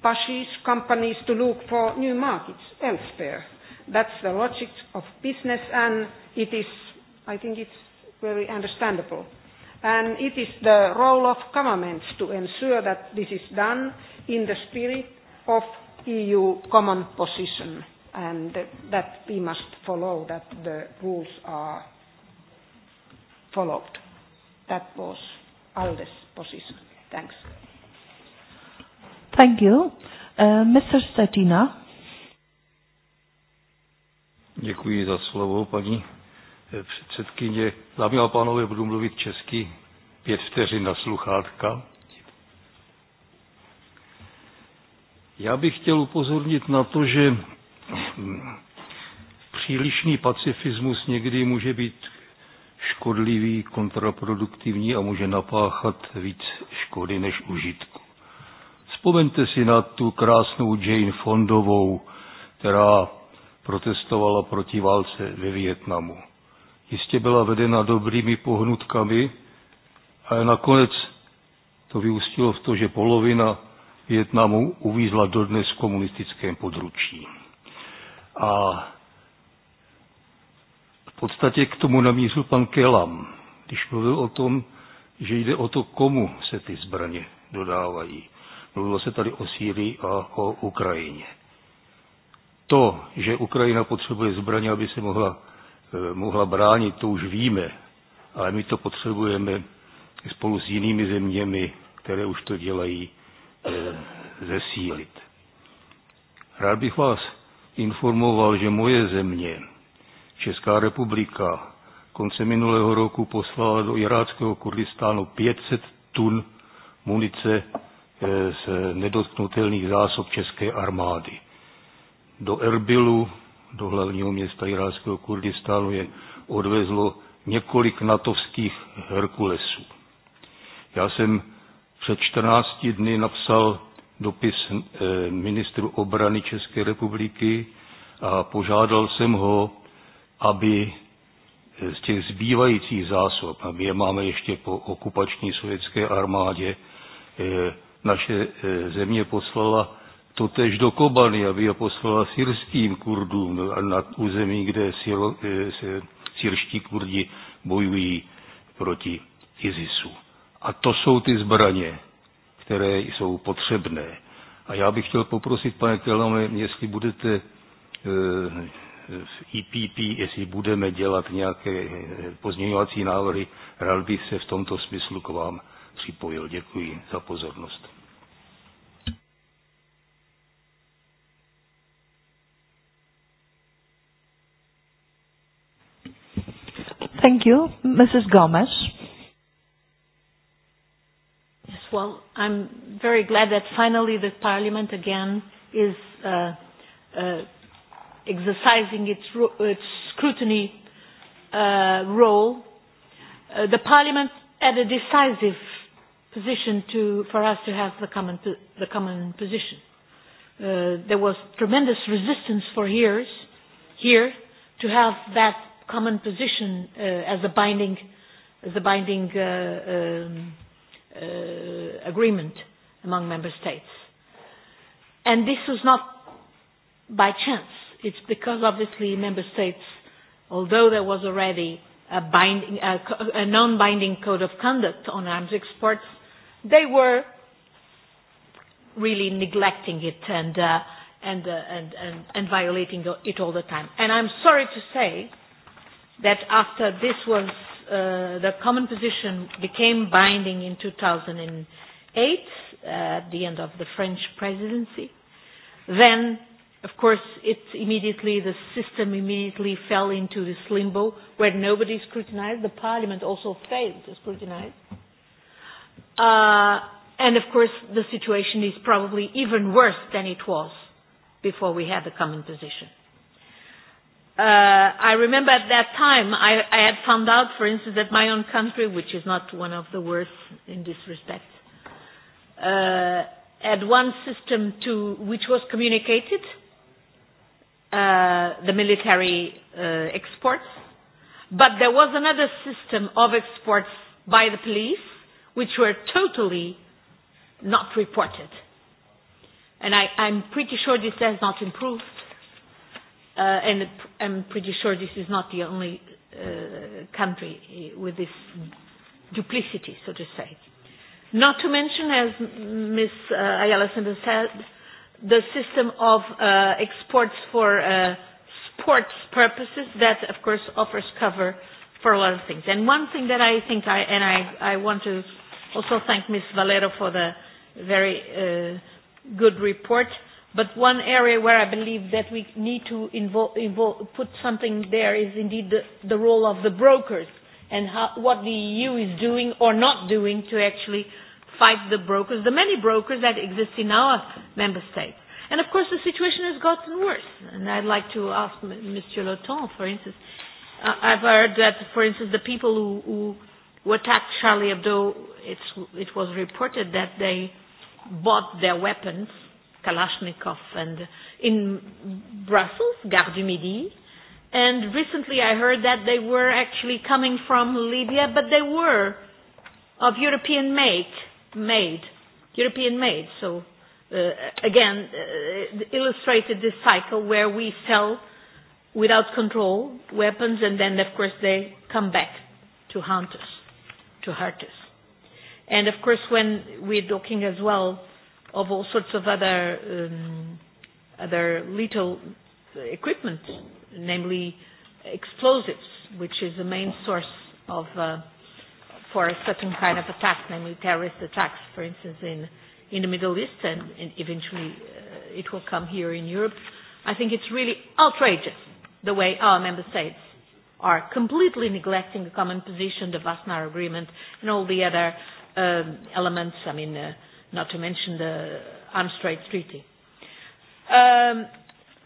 pushes companies to look for new markets elsewhere. That's the logic of business, and it is, I think it's very understandable. And it is the role of governments to ensure that this is done in the spirit of EU common position and that we must follow that the rules are followed. That was Alde's position. Thanks. Thank you. Uh, Mr. Stetina. Děkuji za slovo, paní předsedkyně. Dámy a pánové, budu mluvit česky. Pět vteřin na sluchátka. Já bych chtěl upozornit na to, že přílišný pacifismus někdy může být škodlivý, kontraproduktivní a může napáchat víc škody než užitku. Vzpomeňte si na tu krásnou Jane Fondovou, která protestovala proti válce ve Větnamu jistě byla vedena dobrými pohnutkami a nakonec to vyústilo v to, že polovina Větnamu uvízla dodnes v komunistickém područí. A v podstatě k tomu namířil pan Kelam, když mluvil o tom, že jde o to, komu se ty zbraně dodávají. Mluvilo se tady o Sýrii a o Ukrajině. To, že Ukrajina potřebuje zbraně, aby se mohla E, mohla bránit, to už víme, ale my to potřebujeme spolu s jinými zeměmi, které už to dělají, e, zesílit. Rád bych vás informoval, že moje země, Česká republika, konce minulého roku poslala do iráckého Kurdistánu 500 tun munice e, z nedotknutelných zásob České armády. Do Erbilu do hlavního města iráckého Kurdistánu je odvezlo několik natovských Herkulesů. Já jsem před 14 dny napsal dopis eh, ministru obrany České republiky a požádal jsem ho, aby z těch zbývajících zásob, a my je máme ještě po okupační sovětské armádě, eh, naše eh, země poslala to tež do Kobany, aby ho poslala syrským Kurdům na území, kde eh, syrští Kurdi bojují proti ISISu. A to jsou ty zbraně, které jsou potřebné. A já bych chtěl poprosit, pane Kelame, jestli budete eh, v EPP, jestli budeme dělat nějaké eh, pozměňovací návrhy, rád bych se v tomto smyslu k vám připojil. Děkuji za pozornost. Thank you. Mrs. Gomez. Yes, well, I'm very glad that finally the Parliament again is uh, uh, exercising its, its scrutiny uh, role. Uh, the Parliament had a decisive position to, for us to have the common, the common position. Uh, there was tremendous resistance for years here to have that common position uh, as a binding, as a binding uh, um, uh, agreement among member states. And this was not by chance. It's because obviously member states, although there was already a, binding, a, a non-binding code of conduct on arms exports, they were really neglecting it and, uh, and, uh, and, and, and violating it all the time. And I'm sorry to say that after this was uh, the common position became binding in 2008 uh, at the end of the French presidency, then of course it immediately the system immediately fell into this limbo where nobody scrutinized. The parliament also failed to scrutinize. Uh, and of course the situation is probably even worse than it was before we had the common position uh, I remember at that time I, I had found out, for instance, that my own country, which is not one of the worst in this respect, uh, had one system to which was communicated, uh, the military uh, exports, but there was another system of exports by the police, which were totally not reported. And I, I'm pretty sure this has not improved Uh, and I'm pretty sure this is not the only uh, country with this duplicity, so to say. Not to mention, as Ms. Uh, Ayala Sender said, the system of uh, exports for uh, sports purposes that, of course, offers cover for a lot of things. And one thing that I think I, and I, I want to also thank Ms. Valero for the very uh, good report, But one area where I believe that we need to involve, involve, put something there is indeed the, the role of the brokers and how, what the EU is doing or not doing to actually fight the brokers, the many brokers that exist in our member states. And of course, the situation has gotten worse. And I'd like to ask Mr. Loton, for instance, uh, I've heard that, for instance, the people who, who attacked Charlie Hebdo, it's, it was reported that they bought their weapons Kalashnikov and in Brussels, Gare du Midi. And recently I heard that they were actually coming from Libya, but they were of European make, made, European made. So uh, again, uh, illustrated this cycle where we sell without control weapons and then of course they come back to haunt us, to hurt us. And of course when we're talking as well of all sorts of other um, other little equipment, namely explosives, which is the main source of uh, for a certain kind of attack, namely terrorist attacks, for instance, in in the Middle East, and, and eventually uh, it will come here in Europe. I think it's really outrageous the way our member states are completely neglecting the common position, the Vassnar Agreement, and all the other um, elements. I mean. Uh, not to mention the Arms Trade Treaty. Um,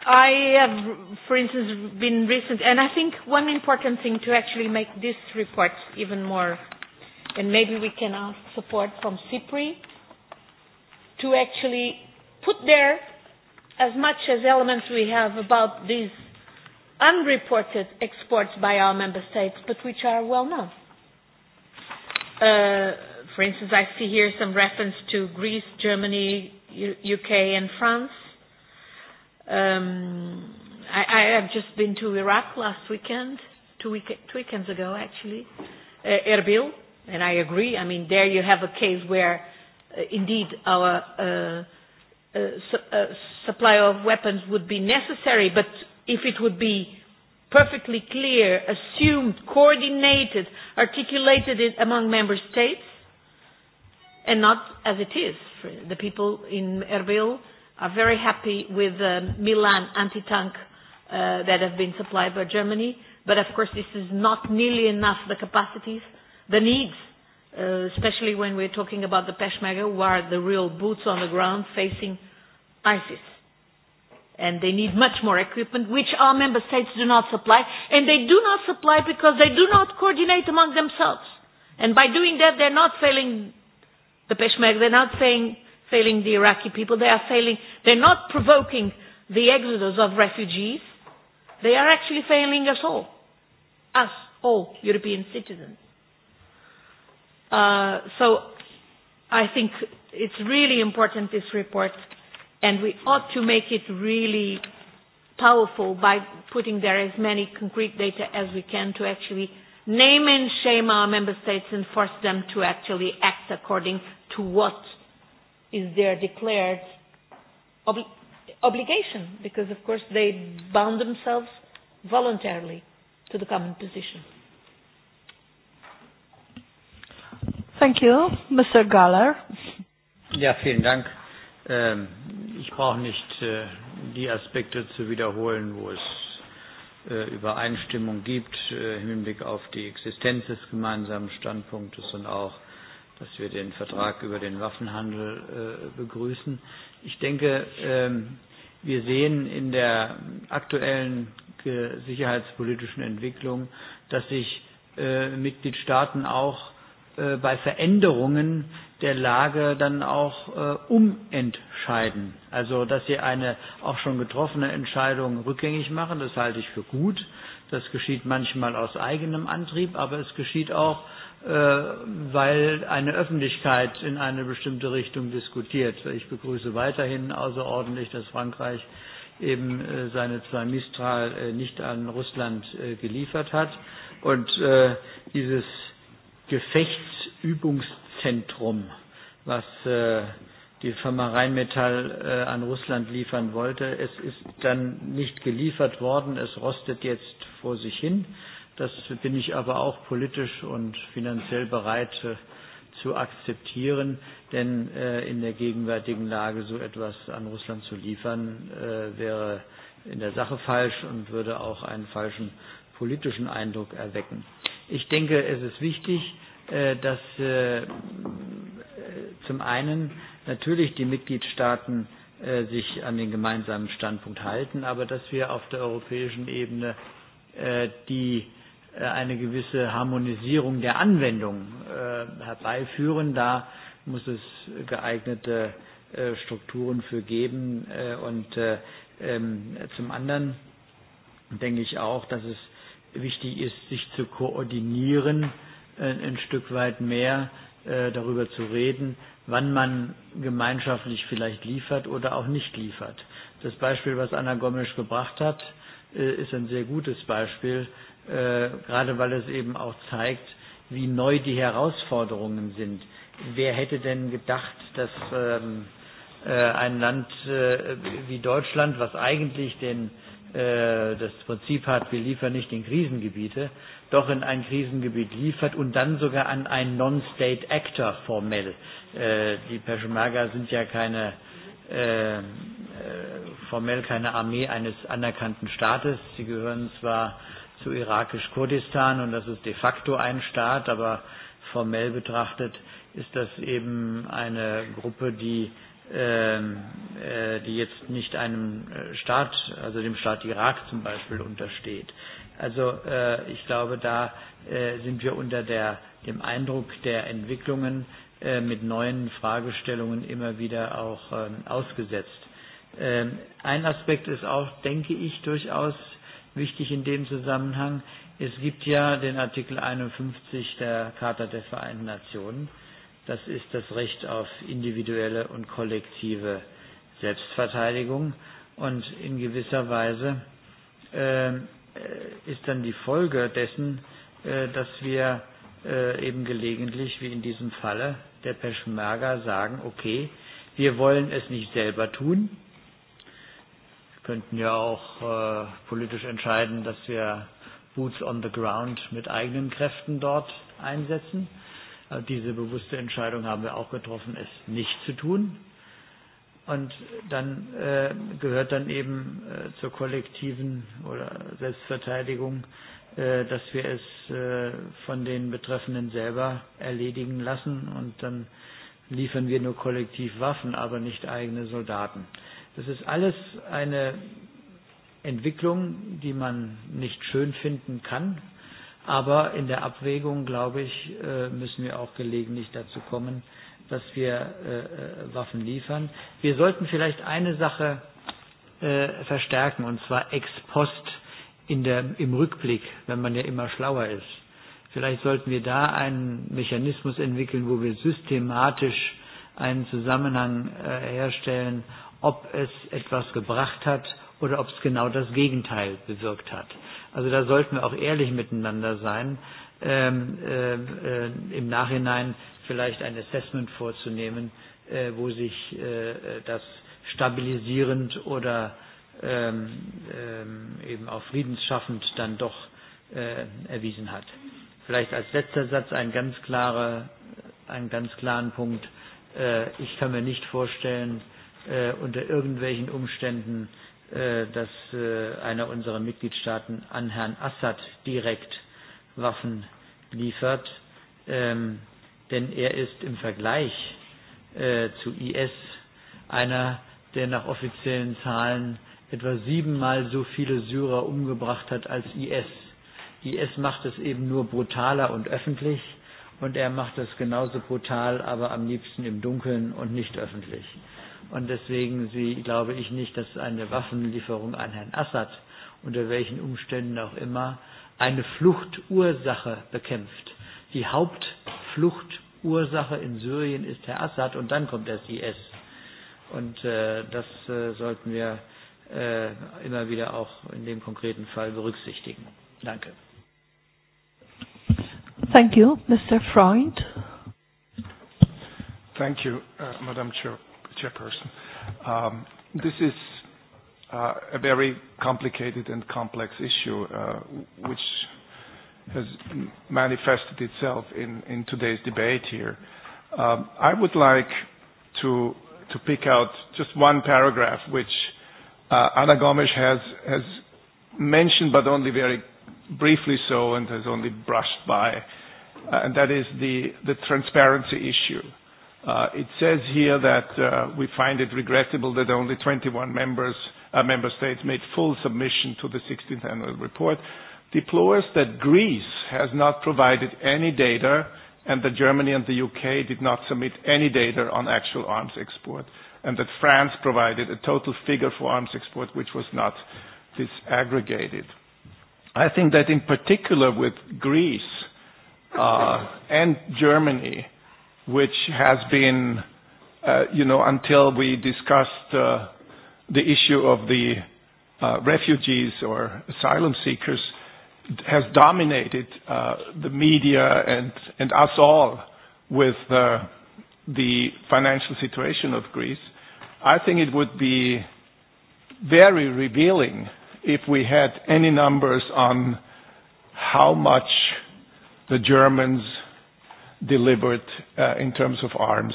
I have, for instance, been recent, and I think one important thing to actually make this report even more, and maybe we can ask support from CIPRI e, to actually put there as much as elements we have about these unreported exports by our member states, but which are well known. Uh, For instance, I see here some reference to Greece, Germany, U UK, and France. Um, I, I have just been to Iraq last weekend, two, week, two weekends ago actually, uh, Erbil, and I agree. I mean, there you have a case where uh, indeed our uh, uh, su uh, supply of weapons would be necessary, but if it would be perfectly clear, assumed, coordinated, articulated among member states, and not as it is. The people in Erbil are very happy with the um, Milan anti-tank uh, that have been supplied by Germany, but of course this is not nearly enough the capacities, the needs, uh, especially when we're talking about the Peshmerga, who are the real boots on the ground facing ISIS. And they need much more equipment, which our member states do not supply, and they do not supply because they do not coordinate among themselves. And by doing that, they're not failing the Peshmerga. They're not saying, failing the Iraqi people. They are failing. They're not provoking the exodus of refugees. They are actually failing us all, us all European citizens. Uh, so I think it's really important this report, and we ought to make it really powerful by putting there as many concrete data as we can to actually name and shame our member states and force them to actually act according to what is their declared ob- obligation, because of course they bound themselves voluntarily to the common position. Thank you. Mr. Galler. Ja, vielen Dank. Ähm, ich brauche nicht äh, die Aspekte zu wiederholen, wo es äh, Übereinstimmung gibt äh, im Hinblick auf die Existenz des gemeinsamen Standpunktes und auch dass wir den Vertrag über den Waffenhandel äh, begrüßen. Ich denke, ähm, wir sehen in der aktuellen äh, sicherheitspolitischen Entwicklung, dass sich äh, Mitgliedstaaten auch äh, bei Veränderungen der Lage dann auch äh, umentscheiden. Also, dass sie eine auch schon getroffene Entscheidung rückgängig machen, das halte ich für gut. Das geschieht manchmal aus eigenem Antrieb, aber es geschieht auch Äh, weil eine Öffentlichkeit in eine bestimmte Richtung diskutiert. Ich begrüße weiterhin außerordentlich, dass Frankreich eben äh, seine zwei Mistral äh, nicht an Russland geliefert hat. Und dieses Gefechtsübungszentrum, was die Firma Rheinmetall an Russland liefern wollte, es ist dann nicht geliefert worden. Es rostet jetzt vor sich hin. Das bin ich aber auch politisch und finanziell bereit äh, zu akzeptieren, denn äh, in der gegenwärtigen Lage so etwas an Russland zu liefern, äh, wäre in der Sache falsch und würde auch einen falschen politischen Eindruck erwecken. Ich denke, es ist wichtig, dass zum einen natürlich die Mitgliedstaaten sich an den gemeinsamen Standpunkt halten, aber dass wir auf der europäischen Ebene die Äh, eine gewisse Harmonisierung der Anwendung äh, herbeiführen. Da muss es geeignete äh, Strukturen für geben. Und ähm, zum anderen denke ich auch, dass es wichtig ist, sich zu koordinieren, ein Stück weit mehr darüber zu reden, wann man gemeinschaftlich vielleicht liefert oder auch nicht liefert. Das Beispiel, was Anna Gomes gebracht hat, ist ein sehr gutes Beispiel, Äh, gerade weil es eben auch zeigt, wie neu die Herausforderungen sind. Wer hätte denn gedacht, dass ähm, äh, ein Land äh, wie Deutschland, was eigentlich den, äh, das Prinzip hat, wir liefern nicht in Krisengebiete, doch in ein Krisengebiet liefert und dann sogar an einen Non-State Actor formell. Äh, die Peshmerga sind ja keine äh, äh formell keine Armee eines anerkannten Staates. Sie gehören zwar äh, zu irakisch Kurdistan und das ist de facto ein Staat, aber formell betrachtet ist das eben eine Gruppe, die, äh, äh, die jetzt nicht einem äh, Staat, also dem Staat Irak zum Beispiel untersteht. Also äh, ich glaube, da äh, sind wir unter der, dem Eindruck der Entwicklungen äh, mit neuen Fragestellungen immer wieder auch äh, ausgesetzt. Ähm, ein Aspekt ist auch, denke ich, durchaus wichtig in dem Zusammenhang. Es gibt ja den Artikel 51 der Charta der Vereinten Nationen. Das ist das Recht auf individuelle und kollektive Selbstverteidigung. Und in gewisser Weise äh, ist dann die Folge dessen, äh, dass wir äh, eben gelegentlich, wie in diesem Falle der Peschmerga, sagen, okay, wir wollen es nicht selber tun, könnten ja auch äh, politisch entscheiden, dass wir Boots on the Ground mit eigenen Kräften dort einsetzen. Äh, diese bewusste Entscheidung haben wir auch getroffen, es nicht zu tun. Und dann äh, gehört dann eben äh, zur kollektiven oder Selbstverteidigung, äh, dass wir es äh, von den Betreffenden selber erledigen lassen und dann liefern wir nur kollektiv Waffen, aber nicht eigene Soldaten. Das ist alles eine Entwicklung, die man nicht schön finden kann. Aber in der Abwägung, glaube ich, äh, müssen wir auch gelegentlich dazu kommen, dass wir äh, äh, Waffen liefern. Wir sollten vielleicht eine Sache verstärken, und zwar ex post in der, im Rückblick, wenn man ja immer schlauer ist. Vielleicht sollten wir da einen Mechanismus entwickeln, wo wir systematisch einen Zusammenhang herstellen, ob es etwas gebracht hat oder ob es genau das Gegenteil bewirkt hat. Also da sollten wir auch ehrlich miteinander sein, ähm, äh, äh, im Nachhinein vielleicht ein Assessment vorzunehmen, äh, wo sich äh, das stabilisierend oder ähm, ähm, eben auch friedensschaffend dann doch äh, erwiesen hat. Vielleicht als letzter Satz ein ganz klare, einen ganz klaren Punkt. Äh, ich kann mir nicht vorstellen, äh, unter irgendwelchen Umständen, äh, dass äh, einer unserer Mitgliedstaaten an Herrn Assad direkt Waffen liefert. Ähm, denn er ist im Vergleich äh, zu IS einer, der nach offiziellen Zahlen etwa siebenmal so viele Syrer umgebracht hat als IS. IS macht es eben nur brutaler und öffentlich und er macht es genauso brutal, aber am liebsten im Dunkeln und nicht öffentlich. Und deswegen sie, glaube ich nicht, dass eine Waffenlieferung an Herrn Assad, unter welchen Umständen auch immer, eine Fluchtursache bekämpft. Die Hauptfluchtursache in Syrien ist Herr Assad und dann kommt das IS. Und äh, das äh, sollten wir äh, immer wieder auch in dem konkreten Fall berücksichtigen. Danke. Thank you, Mr. Freund. Thank you, uh, Madam Chair. Chairperson. Um, this is uh, a very complicated and complex issue, uh, which has manifested itself in, in today's debate here. Um, I would like to to pick out just one paragraph, which uh, Anna Gomes has has mentioned, but only very briefly so, and has only brushed by, uh, and that is the the transparency issue. Uh, it says here that uh, we find it regrettable that only 21 members, uh, member states made full submission to the 16th annual report, deplores that Greece has not provided any data and that Germany and the UK did not submit any data on actual arms export, and that France provided a total figure for arms export which was not disaggregated. I think that in particular with Greece uh, and Germany, which has been, uh, you know, until we discussed uh, the issue of the uh, refugees or asylum seekers, has dominated uh, the media and, and us all with uh, the financial situation of Greece. I think it would be very revealing if we had any numbers on how much the Germans delivered uh, in terms of arms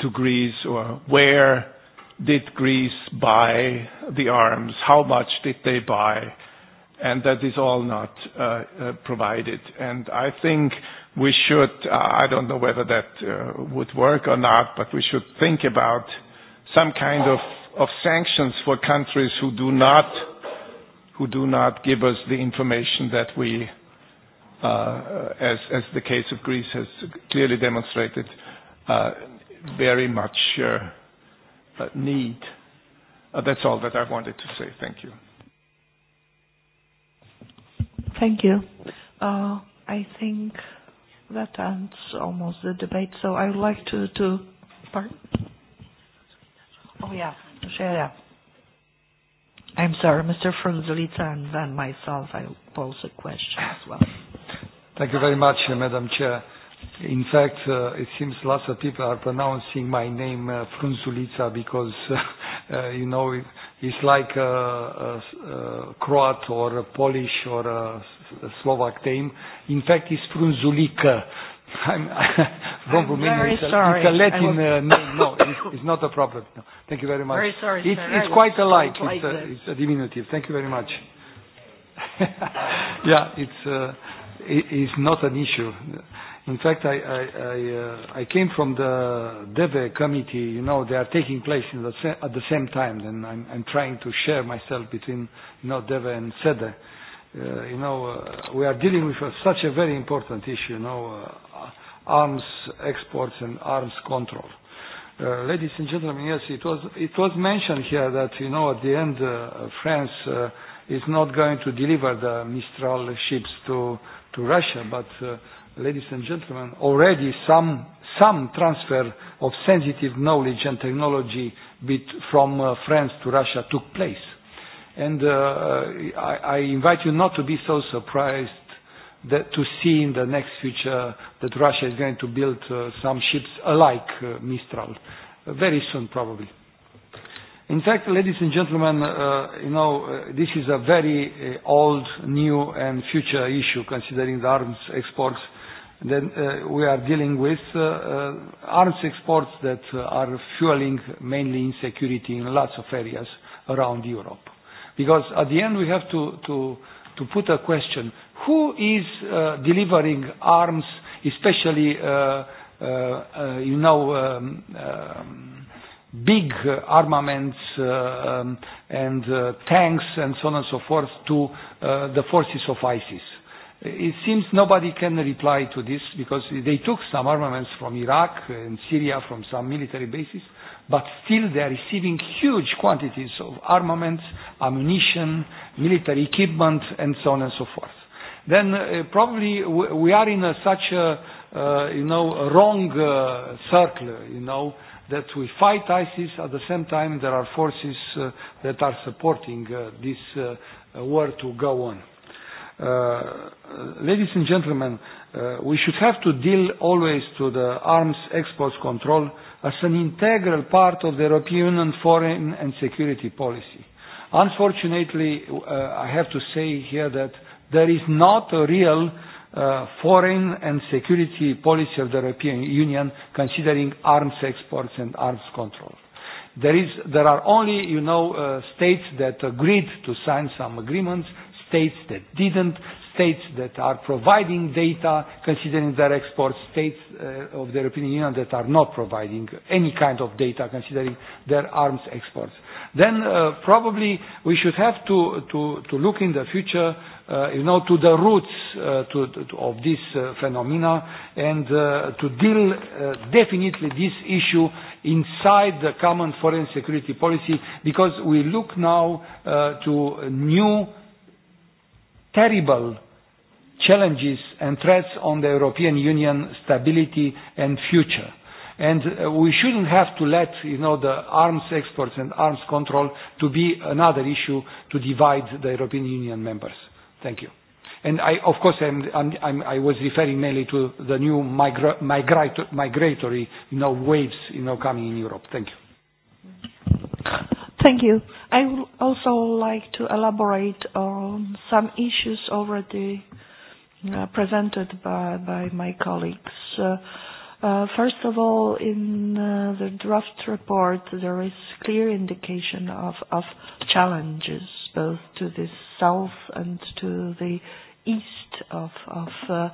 to Greece or where did Greece buy the arms? How much did they buy? And that is all not uh, uh, provided. And I think we should, uh, I don't know whether that uh, would work or not, but we should think about some kind of, of sanctions for countries who do not, who do not give us the information that we uh, as, as the case of Greece has clearly demonstrated, uh, very much uh, uh, need. Uh, that's all that I wanted to say. Thank you. Thank you. Uh, I think that ends almost the debate, so I would like to, to pardon? Oh, yeah, yeah. I'm sorry, Mr. Frunzulica, and then myself, I pose a question as well. Thank you very much, uh, Madam Chair. In fact, uh, it seems lots of people are pronouncing my name uh, Frunzulica because, uh, uh, you know, it, it's like a, a, a Croat or a Polish or a, a Slovak name. In fact, it's Frunzulica. I'm from I'm Romania. Very it's, a, sorry. it's a Latin uh, name. No, it's, it's not a problem. No. Thank you very much. Very sorry, it, sir. It's I quite alike. Like it's, a, it's a diminutive. Thank you very much. yeah, it's. Uh, is not an issue. In fact, I, I, I, uh, I came from the DEVE committee. You know, they are taking place in the se- at the same time, and I'm, I'm trying to share myself between, you know, DEVE and SEDE. Uh, you know, uh, we are dealing with uh, such a very important issue, you know, uh, arms exports and arms control. Uh, ladies and gentlemen, yes, it was, it was mentioned here that, you know, at the end, uh, France uh, is not going to deliver the Mistral ships to to Russia, but uh, ladies and gentlemen, already some, some transfer of sensitive knowledge and technology bit from uh, France to Russia took place. And uh, I, I invite you not to be so surprised that to see in the next future that Russia is going to build uh, some ships alike uh, Mistral, uh, very soon probably. In fact, ladies and gentlemen, uh, you know, uh, this is a very uh, old, new and future issue considering the arms exports that uh, we are dealing with. Uh, uh, arms exports that uh, are fueling mainly insecurity in lots of areas around Europe. Because at the end we have to, to, to put a question. Who is uh, delivering arms, especially, uh, uh, uh, you know, um, um, big uh, armaments uh, um, and uh, tanks and so on and so forth to uh, the forces of ISIS. It seems nobody can reply to this because they took some armaments from Iraq and Syria from some military bases, but still they are receiving huge quantities of armaments, ammunition, military equipment, and so on and so forth. Then uh, probably w we are in a, such a, uh, you know, a wrong uh, circle, you know, uh, that we fight ISIS. At the same time, there are forces uh, that are supporting uh, this uh, uh war to go on. Uh, uh, ladies and gentlemen, uh, we should have to deal always to the arms exports control as an integral part of the European Union foreign and security policy. Unfortunately, uh, I have to say here that there is not a real uh, uh, foreign and security policy of the European Union considering arms exports and arms control. There, is, there are only, you know, uh, states that agreed to sign some agreements, states that didn't, states that are providing data considering their exports, states uh, of the European Union that are not providing any kind of data considering their arms exports then uh, probably we should have to, to, to look in the future uh, you know, to the roots uh, to, to, of this uh, phenomena and uh, to deal uh, definitely this issue inside the common foreign security policy because we look now uh, to new terrible challenges and threats on the European Union stability and future And uh, we shouldn't have to let you know, the arms exports and arms control to be another issue to divide the European Union members. Thank you. And I, of course, I'm, I'm, I'm, I was referring mainly to the new migra migrator, migratory you know, waves you know, coming in Europe. Thank you. Thank you. I would also like to elaborate on some issues already uh, presented by, by my colleagues. Uh, Uh, first of all, in uh, the draft report, there is clear indication of, of challenges both to the south and to the east of, of uh,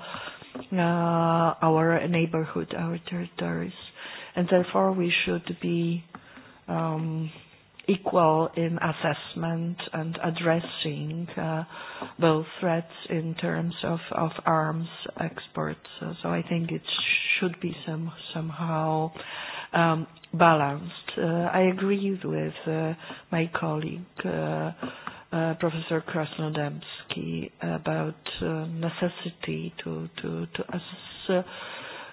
uh, our neighborhood, our territories. And therefore, we should be um, equal in assessment and addressing uh, both threats in terms of, of arms exports. So, uh, so I think it should be some, somehow um, balanced. Uh, I agree with uh, my colleague, uh, uh, Professor Krasnodemsky, about uh, necessity to, to, to assess uh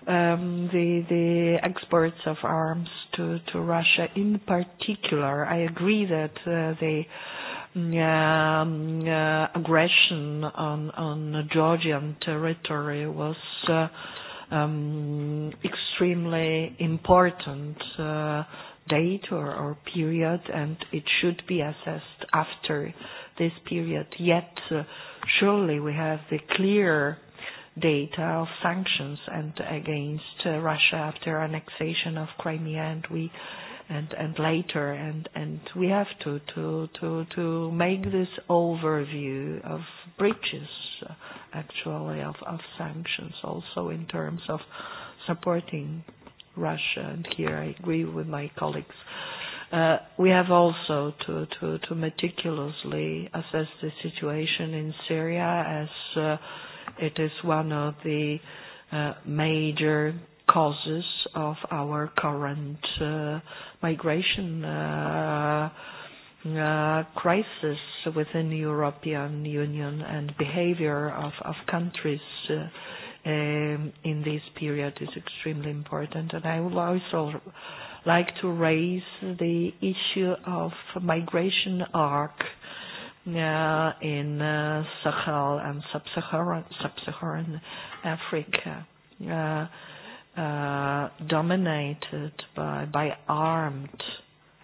um, the the exports of arms to to Russia in particular. I agree that uh, the um, uh, aggression on on Georgian territory was uh, um, extremely important uh, date or, or period, and it should be assessed after this period. Yet, uh, surely we have the clear data of sanctions and against uh, Russia after annexation of Crimea and we and and later and and we have to to to to make this overview of breaches uh, actually of of sanctions also in terms of supporting Russia and here I agree with my colleagues uh, we have also to, to, to meticulously assess the situation in Syria as uh, It is one of the uh, major causes of our current uh, migration uh, uh, crisis within the European Union and behavior of, of countries uh, um, in this period is extremely important. And I would also like to raise the issue of migration arc uh, in uh, Sahel and sub-Saharan, sub-Saharan Africa, uh, uh, dominated by, by armed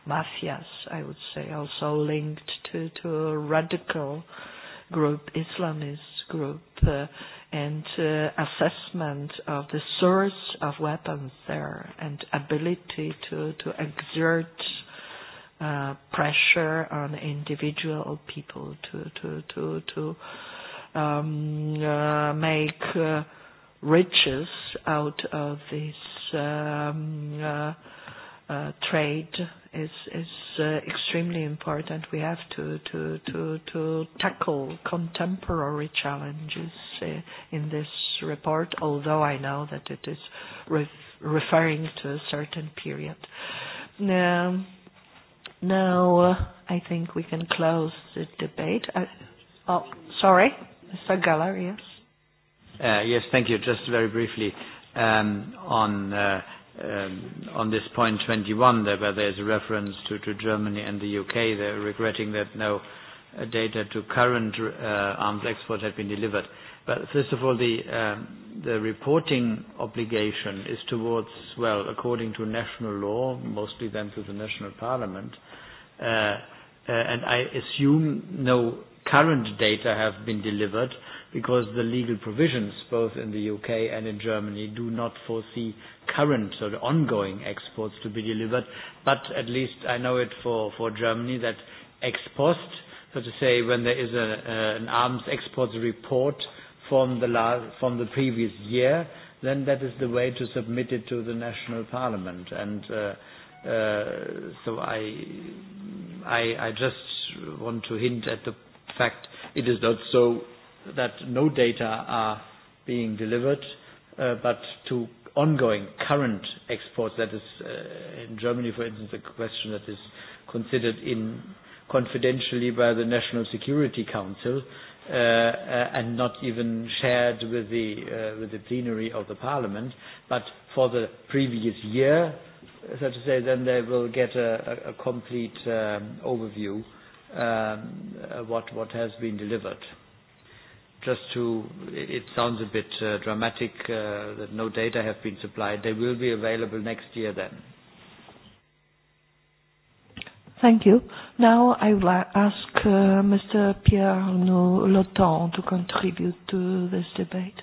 mafias, I would say, also linked to, to a radical group, Islamist group, uh, and uh, assessment of the source of weapons there and ability to, to exert uh, pressure on individual people to to to to um, uh, make uh, riches out of this um, uh, uh, trade is is uh, extremely important. We have to to to to tackle contemporary challenges uh, in this report. Although I know that it is re- referring to a certain period. Now, No, uh, I think we can close the debate. I, uh, oh, sorry, Mr. Geller, yes. Uh, yes, thank you. Just very briefly um, on uh, um, on this point 21, there, where there's a reference to, to Germany and the UK, they're regretting that no uh, data to current uh, arms export had been delivered. But First of all, the um, the reporting obligation is towards, well, according to national law, mostly then to the national parliament. Uh, uh, and I assume no current data have been delivered because the legal provisions, both in the U.K. and in Germany, do not foresee current or ongoing exports to be delivered. But At least I know it for for Germany that ex post, so to say, when there is a uh an arms exports report, from the, last, from the previous year, then that is the way to submit it to the national parliament. And uh, uh, so I, I, I just want to hint at the fact it is not so that no data are being delivered, uh, but to ongoing current exports, that is uh, in Germany, for instance, a question that is considered in confidentially by the National Security Council, uh, uh, uh, and not even shared with the, uh, with the plenary of the parliament, but for the previous year, so to say, then they will get a, a, a complete um, overview um, uh, what, what has been delivered. Just to, it sounds a bit uh, dramatic uh, that no data have been supplied. They will be available next year then. Thank you. Now I will ask uh, Mr. Pierre-Arnaud to contribute to this debate.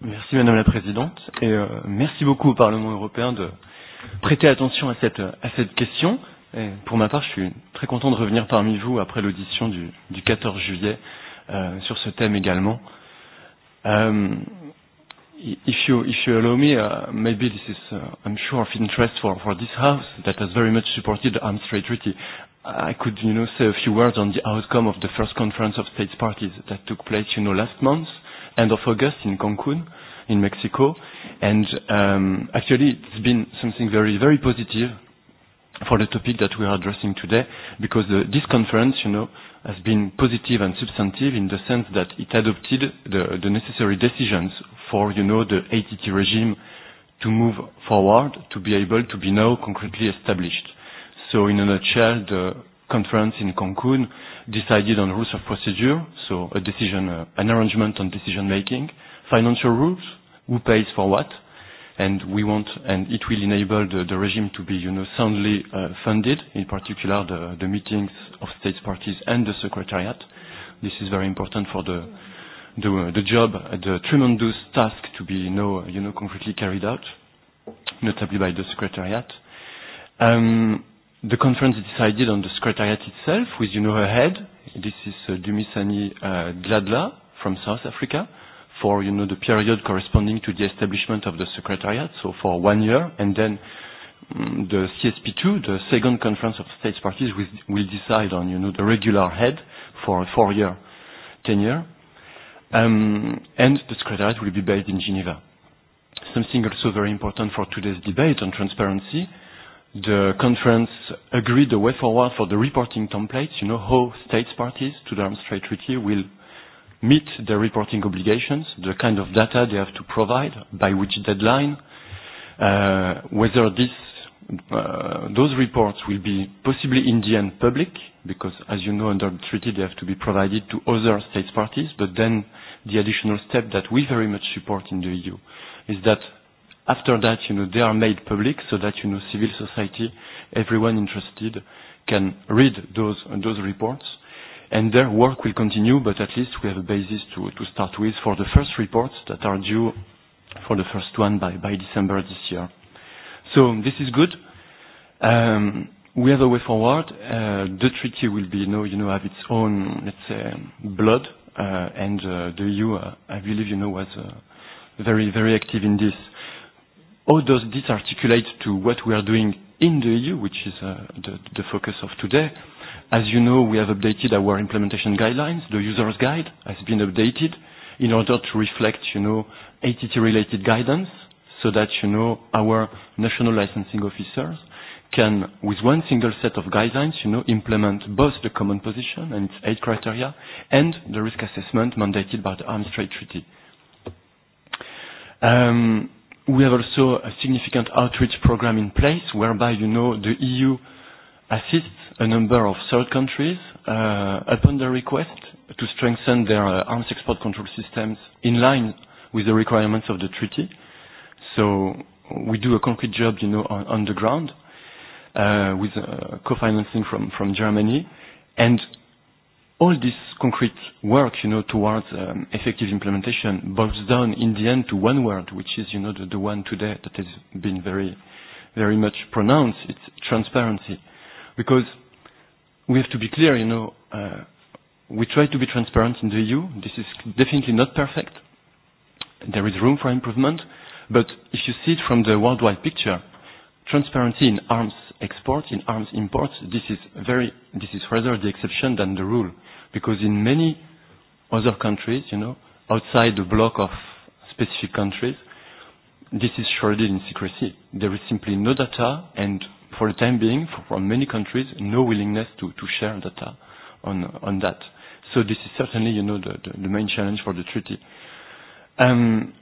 Merci Madame la Présidente et euh, merci beaucoup au Parlement européen de prêter attention à cette, à cette question. Et pour ma part, je suis très content de revenir parmi vous après l'audition du, du 14 juillet euh, sur ce thème également. Euh, if you if you allow me, uh, maybe this is uh, I'm sure of interest for for this house that has very much supported the Arms Trade Treaty. I could you know say a few words on the outcome of the first conference of states parties that took place you know last month, end of August in Cancun, in Mexico, and um, actually it's been something very very positive for the topic that we are addressing today because the, uh, this conference you know has been positive and substantive in the sense that it adopted the, the necessary decisions for, you know, the ATT regime to move forward, to be able to be now concretely established. So in a nutshell, the conference in Cancun decided on rules of procedure, so a decision, uh, an arrangement on decision making, financial rules, who pays for what, and we want, and it will enable the, the regime to be, you know, soundly uh, funded, in particular the, the meetings of states parties and the secretariat. This is very important for the the, the job, the tremendous task to be, no you know, concretely carried out, notably by the Secretariat. Um, the conference decided on the Secretariat itself with, you know, her head. This is uh, Dumisani uh, Gladla from South Africa for, you know, the period corresponding to the establishment of the Secretariat, so for one year, and then um, the CSP2, the second conference of states parties, will, will decide on, you know, the regular head for a four-year tenure Um, and the Secretariat will be based in Geneva. Something also very important for today's debate on transparency, the conference agreed the way forward for the reporting templates, you know, how states parties to the Arms Trade Treaty will meet their reporting obligations, the kind of data they have to provide, by which deadline, uh, whether this uh, those reports will be possibly in the end public, because as you know under the treaty they have to be provided to other states parties, but then the additional step that we very much support in the EU is that after that, you know, they are made public so that, you know, civil society, everyone interested can read those, those reports. And their work will continue, but at least we have a basis to, to start with for the first reports that are due for the first one by, by December this year. So this is good. Um, we have a way forward. Uh, the treaty will be, you know, you know, have its own, let's say, blood, uh, and uh, the EU, uh, I believe, you know, was uh, very, very active in this. How does this articulate to what we are doing in the EU, which is uh, the, the focus of today? As you know, we have updated our implementation guidelines. The user's guide has been updated in order to reflect, you know, ATT-related guidance so that, you know, our national licensing officers can, with one single set of guidelines, you know, implement both the common position and its eight criteria and the risk assessment mandated by the Arms Trade Treaty. Um, we have also a significant outreach program in place whereby, you know, the EU assists a number of third countries uh, upon their request to strengthen their uh, arms export control systems in line with the requirements of the treaty. So we do a concrete job, you know, on, on the ground uh, with uh, co-financing from, from Germany. And all this concrete work, you know, towards um, effective implementation boils down in the end to one word, which is, you know, the, the one today that has been very, very much pronounced. It's transparency. Because we have to be clear, you know, uh, we try to be transparent in the EU. This is definitely not perfect. There is room for improvement. Uh, But if you see it from the worldwide picture, transparency in arms export, in arms imports, this is very, this is rather the exception than the rule. Because in many other countries, you know, outside the block of specific countries, this is shrouded in secrecy. There is simply no data and for the time being, from many countries, no willingness to, to share data on, on that. So this is certainly, you know, the, the, the main challenge for the treaty. Um,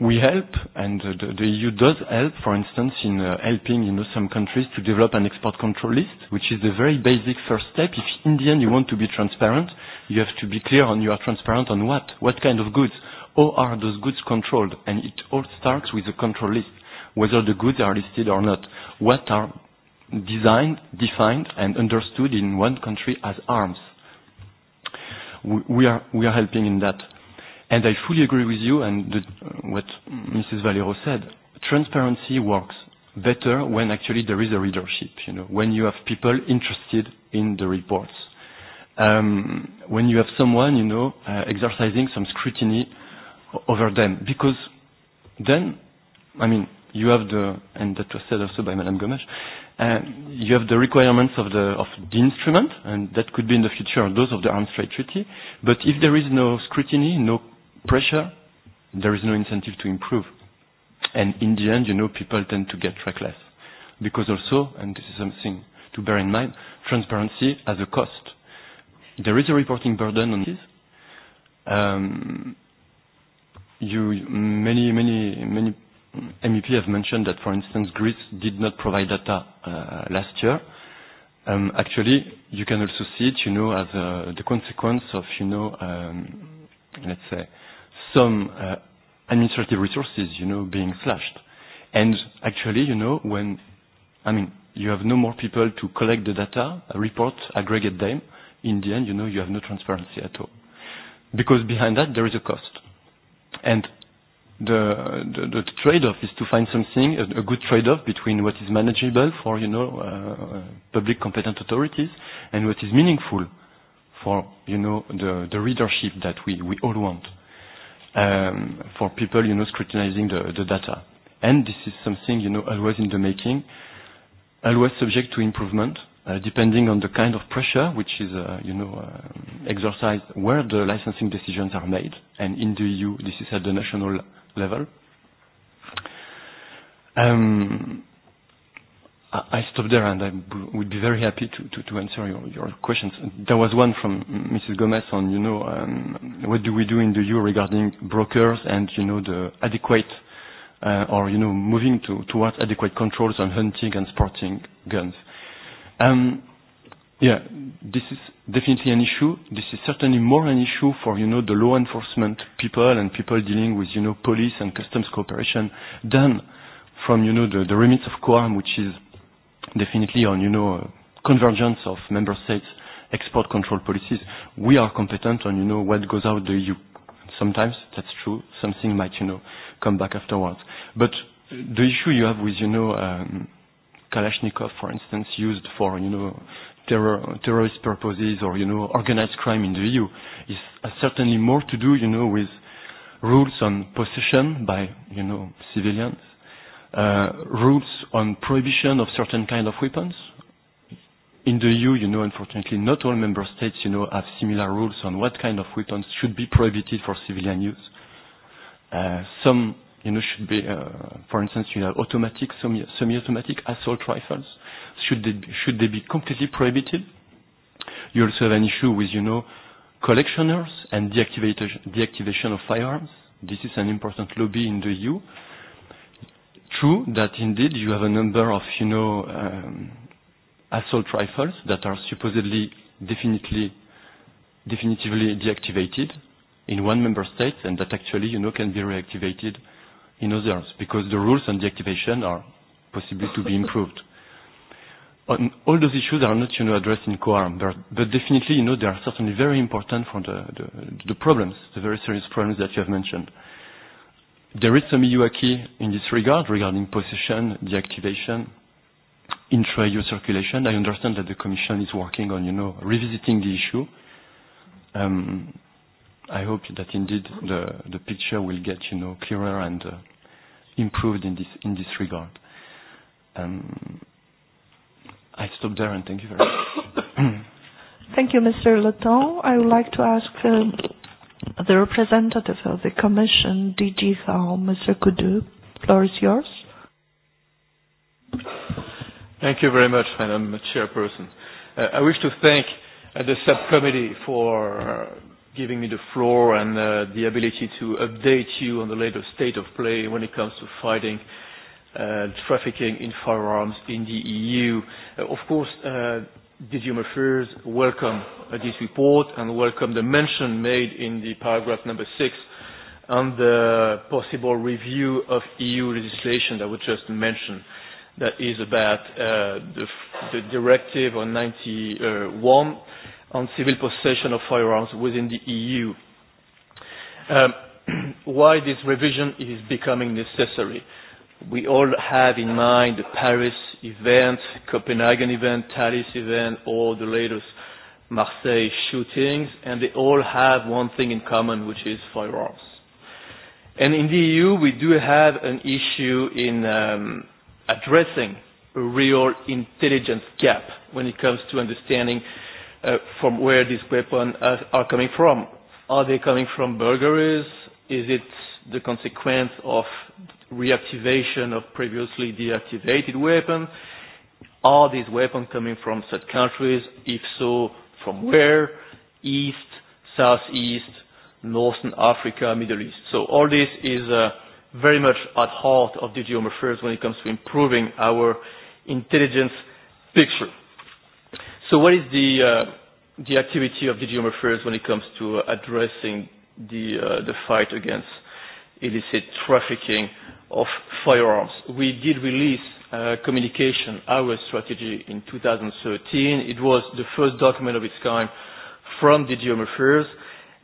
we help, and the, the EU e does help, for instance, in uh, helping you know, some countries to develop an export control list, which is the very basic first step. If in the end you want to be transparent, you have to be clear on you are transparent on what, what kind of goods, how are those goods controlled, and it all starts with a control list, whether the goods are listed or not, what are designed, defined, and understood in one country as arms. We, we, are, we are helping in that. And I fully agree with you and the, what Mrs. Valero said. Transparency works better when actually there is a readership, you know, when you have people interested in the reports. Um, when you have someone, you know, uh, exercising some scrutiny over them. Because then, I mean, you have the, and that was said also by Madame Gomes, uh, you have the requirements of the, of the instrument, and that could be in the future those of the Arms Trade Treaty. But if there is no scrutiny, no pressure, there is no incentive to improve. And in the end, you know, people tend to get reckless. Because also, and this is something to bear in mind, transparency has a cost. There is a reporting burden on this. Um, you, many, many, many MEP have mentioned that, for instance, Greece did not provide data uh, last year. Um, actually, you can also see it, you know, as uh, the consequence of, you know, um, let's say, some uh, administrative resources, you know, being slashed. And actually, you know, when, I mean, you have no more people to collect the data, report, aggregate them, in the end, you know, you have no transparency at all. Because behind that, there is a cost. And the, the, the trade-off is to find something, a, a good trade-off between what is manageable for, you know, uh, public competent authorities and what is meaningful for, you know, the, the readership that we, we all want um, for people, you know, scrutinizing the, the data. And this is something, you know, always in the making, always subject to improvement, uh, depending on the kind of pressure which is, uh, you know, uh, exercised where the licensing decisions are made. And in the EU, this is at the national level. Um, i stop there, and I would be very happy to to to answer your your questions. There was one from Mrs. Gomez on, you know, um what do we do in the EU regarding brokers and, you know, the adequate uh or, you know, moving to towards adequate controls on hunting and sporting guns. Um Yeah, this is definitely an issue. This is certainly more an issue for, you know, the law enforcement people and people dealing with, you know, police and customs cooperation than from, you know, the the remit of quorum, which is definitely on, you know, uh, convergence of member states export control policies. We are competent on, you know, what goes out the EU. Sometimes that's true. Something might, you know, come back afterwards. But the issue you have with, you know, um, Kalashnikov, for instance, used for, you know, terror, terrorist purposes or, you know, organized crime in the EU is certainly more to do, you know, with rules on possession by, you know, civilians uh, rules on prohibition of certain kind of weapons. In the EU, you know, unfortunately, not all member states, you know, have similar rules on what kind of weapons should be prohibited for civilian use. Uh, some, you know, should be, uh, for instance, you have automatic, semi- semi-automatic assault rifles. Should they, should they be completely prohibited? You also have an issue with, you know, collectioners and deactivation, deactivation of firearms. This is an important lobby in the EU true that indeed you have a number of, you know, um, assault rifles that are supposedly definitely, definitively deactivated in one member state and that actually, you know, can be reactivated in others because the rules on deactivation are possibly to be improved. On all those issues are not, you know, addressed in COARM, but, but definitely, you know, they are certainly very important for the, the, the problems, the very serious problems that you have mentioned. There is some EUA key in this regard regarding possession, deactivation, intra-EU circulation. I understand that the Commission is working on, you know, revisiting the issue. Um, I hope that indeed the, the picture will get, you know, clearer and uh, improved in this, in this regard. Um, I stop there and thank you very much. thank you, Mr. Leton. I would like to ask um, The representative of the Commission, DG Home, Mr. Kudu, floor is yours. Thank you very much, Madam Chairperson. Uh, I wish to thank uh, the subcommittee for uh, giving me the floor and uh, the ability to update you on the latest state of play when it comes to fighting uh, uh, trafficking in firearms in the EU. Uh, of course, uh, DG Affairs welcome uh, this report and welcome the mention made in the paragraph number six on the possible review of EU legislation that was just mentioned that is about uh, the, the directive on 91 uh, on civil possession of firearms within the EU. Um, why this revision is becoming necessary? Uh, we all have in mind the Paris event, Copenhagen event, Talis event, or the latest Marseille shootings, and they all have one thing in common, which is firearms. And in the EU, we do have an issue in um, addressing a real intelligence gap when it comes to understanding uh, from where these weapons are, are coming from. Are they coming from burglaries? Is it the consequence of reactivation of previously deactivated weapons. Are these weapons coming from such countries? If so, from where? East, Southeast, Northern Africa, Middle East. So all this is uh, very much at heart of DGOM Home Affairs when it comes to improving our intelligence picture. So what is the, uh, the activity of DG Home Affairs when it comes to uh, addressing the, uh, the fight against illicit trafficking of firearms. We did release a uh, communication, our strategy, in 2013. It was the first document of its kind from the Home Affairs,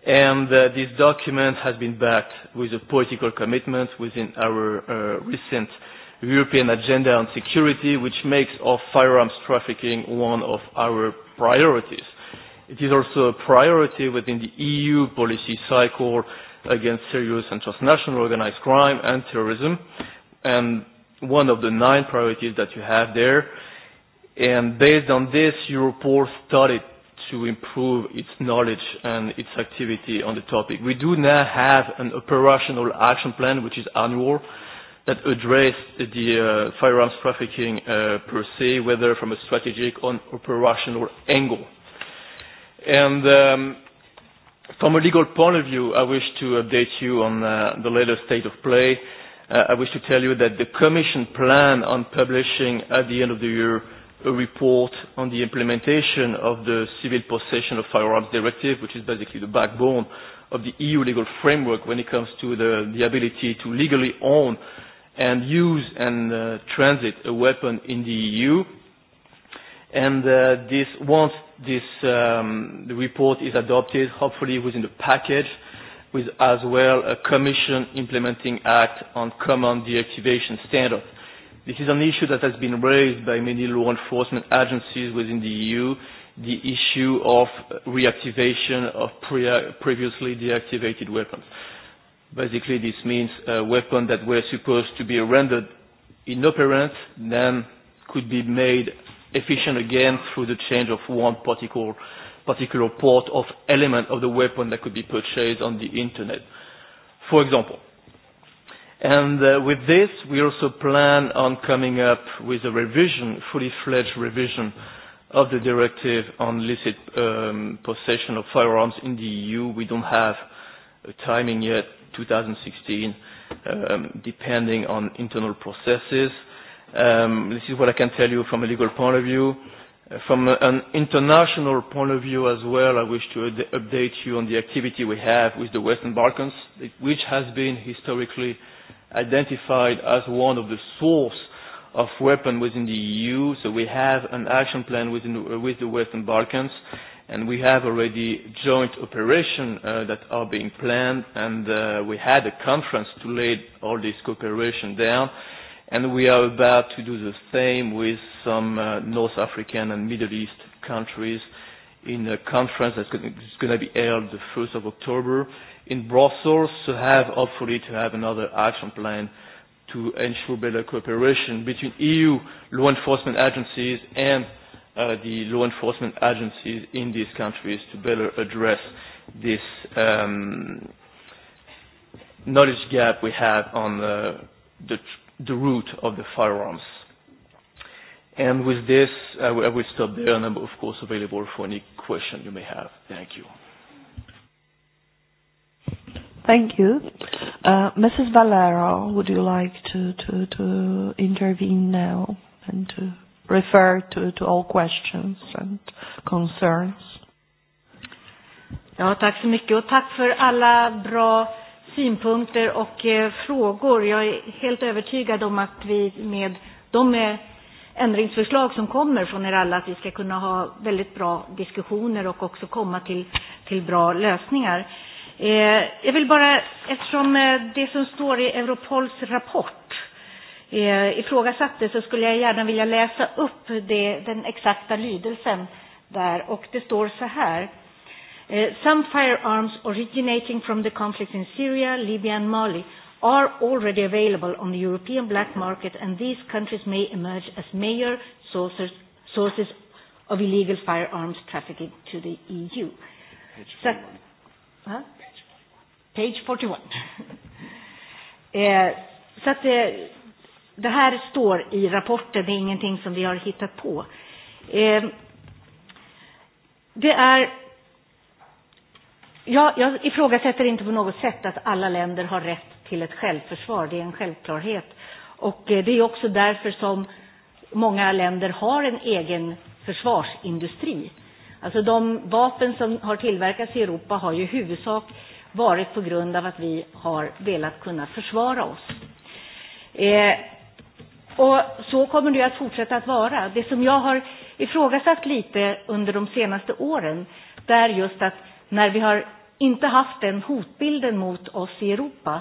and uh, this document has been backed with a political commitment within our uh, recent European agenda on security, which makes of firearms trafficking one of our priorities. It is also a priority within the EU policy cycle against serious and transnational organized crime and terrorism. And one of the nine priorities that you have there. And based on this, Europol started to improve its knowledge and its activity on the topic. We do now have an operational action plan, which is annual, that address the uh, firearms trafficking uh, per se, whether from a strategic or operational angle. And um, From a legal point of view, I wish to update you on uh, the latest state of play. Uh, I wish to tell you that the Commission plan on publishing at the end of the year a report on the implementation of the Civil Possession of Firearms Directive, which is basically the backbone of the EU legal framework when it comes to the, the ability to legally own and use and uh, transit a weapon in the EU. And uh, this, once this um, the report is adopted, hopefully within the package, with as well a Commission Implementing Act on Common Deactivation Standards. This is an issue that has been raised by many law enforcement agencies within the EU, the issue of reactivation of pre previously deactivated weapons. Basically, this means uh, weapons that were supposed to be rendered inoperant, then could be made efficient again through the change of one particular, particular port of element of the weapon that could be purchased on the internet, for example. And uh, with this, we also plan on coming up with a revision, fully fledged revision of the directive on licit um, possession of firearms in the EU. We don't have a timing yet, 2016, um, depending on internal processes. Um, this is what I can tell you from a legal point of view. From an international point of view as well, I wish to ad update you on the activity we have with the Western Balkans, which has been historically identified as one of the source of weapons within the EU. So we have an action plan within, with the Western Balkans, and we have already joint operations uh, that are being planned, and uh, we had a conference to lay all this cooperation down and we are about to do the same with some uh, North African and Middle East countries in a conference that's going to be held the 1st of October in Brussels to have, hopefully, to have another action plan to ensure better cooperation between EU law enforcement agencies and uh, the law enforcement agencies in these countries to better address this um, knowledge gap we have on uh, the the root of the firearms. And with this, I will, I will stop there, and I'm, of course, available for any question you may have. Thank you. Thank you. Uh, Mrs. Valero, would you like to, to, to intervene now and to refer to, to all questions and concerns? Ja, tack så mycket och tack för alla bra synpunkter och eh, frågor. Jag är helt övertygad om att vi med de eh, ändringsförslag som kommer från er alla att vi ska kunna ha väldigt bra diskussioner och också komma till, till bra lösningar. Eh, jag vill bara, eftersom det som står i Europols rapport ifrågasatte ifrågasattes så skulle jag gärna vilja läsa upp det, den exakta lydelsen där. Och det står så här. Uh, some firearms originating from the conflict in Syria, Libya and Mali are already available on the European black market and these countries may emerge as major sources, sources of illegal firearms trafficking to the EU. Page 41. huh? Page 41. eh, så att det, det här står i rapporten, det är ingenting som vi har hittat på. Eh, det är Jag, jag ifrågasätter inte på något sätt att alla länder har rätt till ett självförsvar. Det är en självklarhet. Och eh, det är också därför som många länder har en egen försvarsindustri. Alltså de vapen som har tillverkats i Europa har ju i huvudsak varit på grund av att vi har velat kunna försvara oss. Eh, och så kommer det att fortsätta att vara. Det som jag har ifrågasatt lite under de senaste åren, det är just att när vi har inte haft den hotbilden mot oss i Europa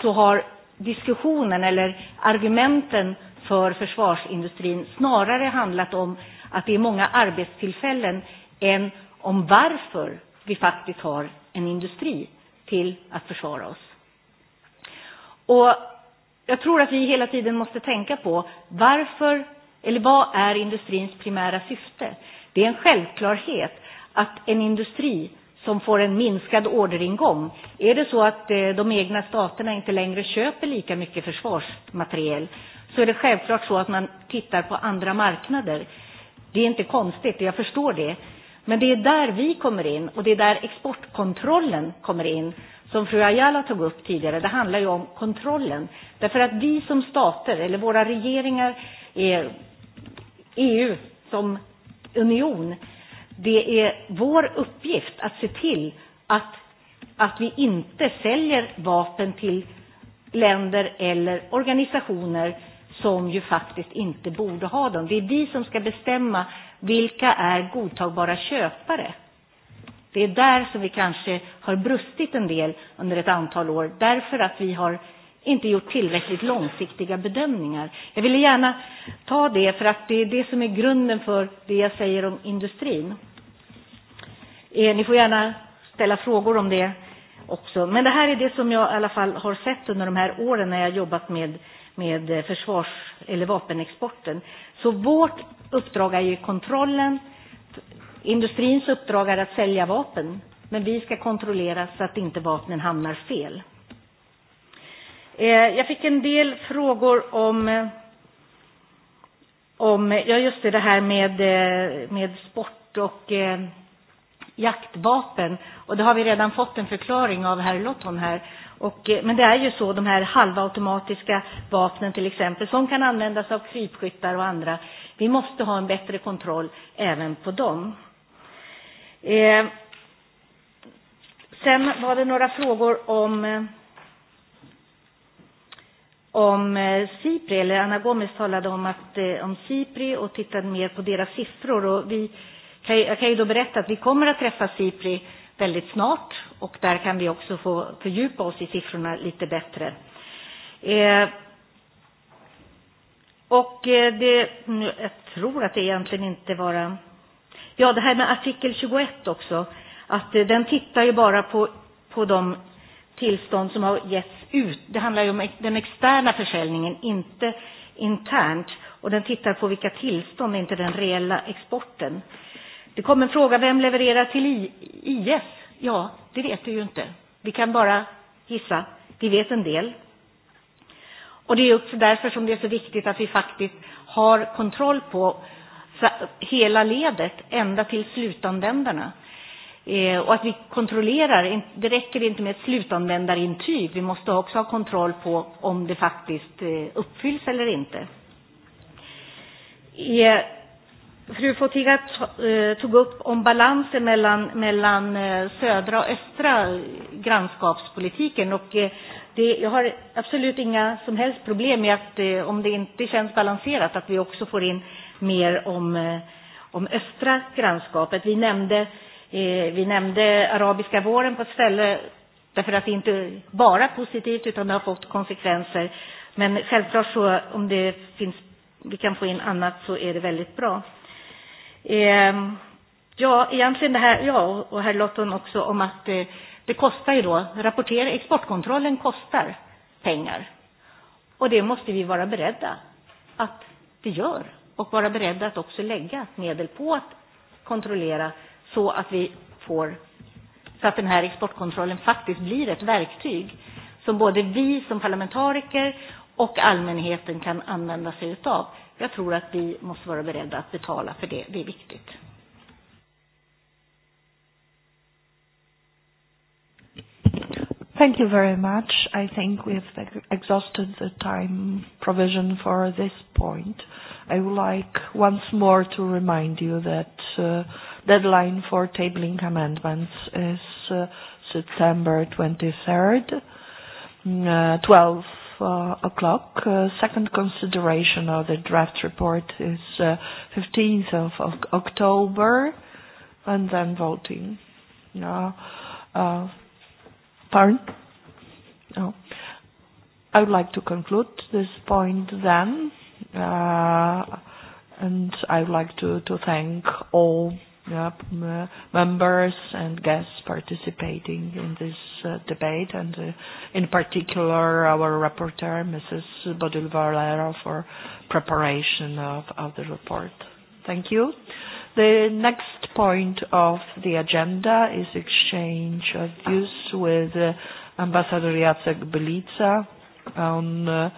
så har diskussionen eller argumenten för försvarsindustrin snarare handlat om att det är många arbetstillfällen än om varför vi faktiskt har en industri till att försvara oss. Och jag tror att vi hela tiden måste tänka på varför, eller vad är industrins primära syfte? Det är en självklarhet att en industri som får en minskad orderingång. Är det så att eh, de egna staterna inte längre köper lika mycket försvarsmateriel så är det självklart så att man tittar på andra marknader. Det är inte konstigt, jag förstår det. Men det är där vi kommer in och det är där exportkontrollen kommer in som fru Ayala tog upp tidigare. Det handlar ju om kontrollen. Därför att vi som stater, eller våra regeringar, EU som union det är vår uppgift att se till att, att vi inte säljer vapen till länder eller organisationer som ju faktiskt inte borde ha dem. Det är vi som ska bestämma vilka är godtagbara köpare. Det är där som vi kanske har brustit en del under ett antal år, därför att vi har inte gjort tillräckligt långsiktiga bedömningar. Jag ville gärna ta det för att det är det som är grunden för det jag säger om industrin. Eh, ni får gärna ställa frågor om det också. Men det här är det som jag i alla fall har sett under de här åren när jag har jobbat med, med eh, försvars eller vapenexporten. Så vårt uppdrag är ju kontrollen. Industrins uppdrag är att sälja vapen. Men vi ska kontrollera så att inte vapnen hamnar fel. Eh, jag fick en del frågor om, eh, om eh, ja just det, det här med, med sport och eh, jaktvapen. Och det har vi redan fått en förklaring av herr Lotton här. Och, men det är ju så, de här halvautomatiska vapnen till exempel, som kan användas av krypskyttar och andra. Vi måste ha en bättre kontroll även på dem. Eh, sen var det några frågor om om eh, SIPRI, eller Anna Gomes talade om, att, eh, om SIPRI och tittade mer på deras siffror. Och vi, jag kan ju då berätta att vi kommer att träffa SIPRI väldigt snart och där kan vi också få fördjupa oss i siffrorna lite bättre. Eh, och eh, det, jag tror att det egentligen inte var. Ja, det här med artikel 21 också. Att den tittar ju bara på, på de tillstånd som har getts ut. Det handlar ju om den externa försäljningen, inte internt. Och den tittar på vilka tillstånd, inte den reella exporten. Det kom en fråga, vem levererar till IS? Ja, det vet vi ju inte. Vi kan bara gissa. Vi vet en del. Och det är också därför som det är så viktigt att vi faktiskt har kontroll på hela ledet, ända till slutanvändarna. Eh, och att vi kontrollerar, det räcker inte med ett slutanvändarintyg, vi måste också ha kontroll på om det faktiskt eh, uppfylls eller inte. Eh, fru Fotiga eh, tog upp om balansen mellan, mellan eh, södra och östra grannskapspolitiken och eh, det, jag har absolut inga som helst problem med att om det inte känns balanserat att vi också får in mer om, om östra grannskapet. Vi nämnde eh, Eh, vi nämnde arabiska våren på ett ställe därför att det inte bara är positivt utan det har fått konsekvenser. Men självklart så om det finns, vi kan få in annat så är det väldigt bra. Eh, ja, egentligen det här, ja och herr Lotton också om att eh, det kostar ju då, rapportera, exportkontrollen kostar pengar. Och det måste vi vara beredda att det gör och vara beredda att också lägga medel på att kontrollera så att, vi får, så att den här exportkontrollen faktiskt blir ett verktyg som både vi som parlamentariker och allmänheten kan använda sig av. Jag tror att vi måste vara beredda att betala för det. Det är viktigt. Thank you very much. I think we have exhausted the time provision for this point. I would like once more to remind you that uh, Deadline for tabling amendments is uh, September 23rd, mm, uh, 12 uh, o'clock. Uh, second consideration of the draft report is uh, 15th of, October, and then voting. Uh, uh, pardon? Oh. I would like to conclude this point then, uh, and I would like to, to thank all yeah, uh, members and guests participating in this uh, debate, and uh, in particular our rapporteur, Mrs. Bodil Valero, for preparation of, of the report. Thank you. The next point of the agenda is exchange of views with uh, Ambassador Jacek Belica on uh,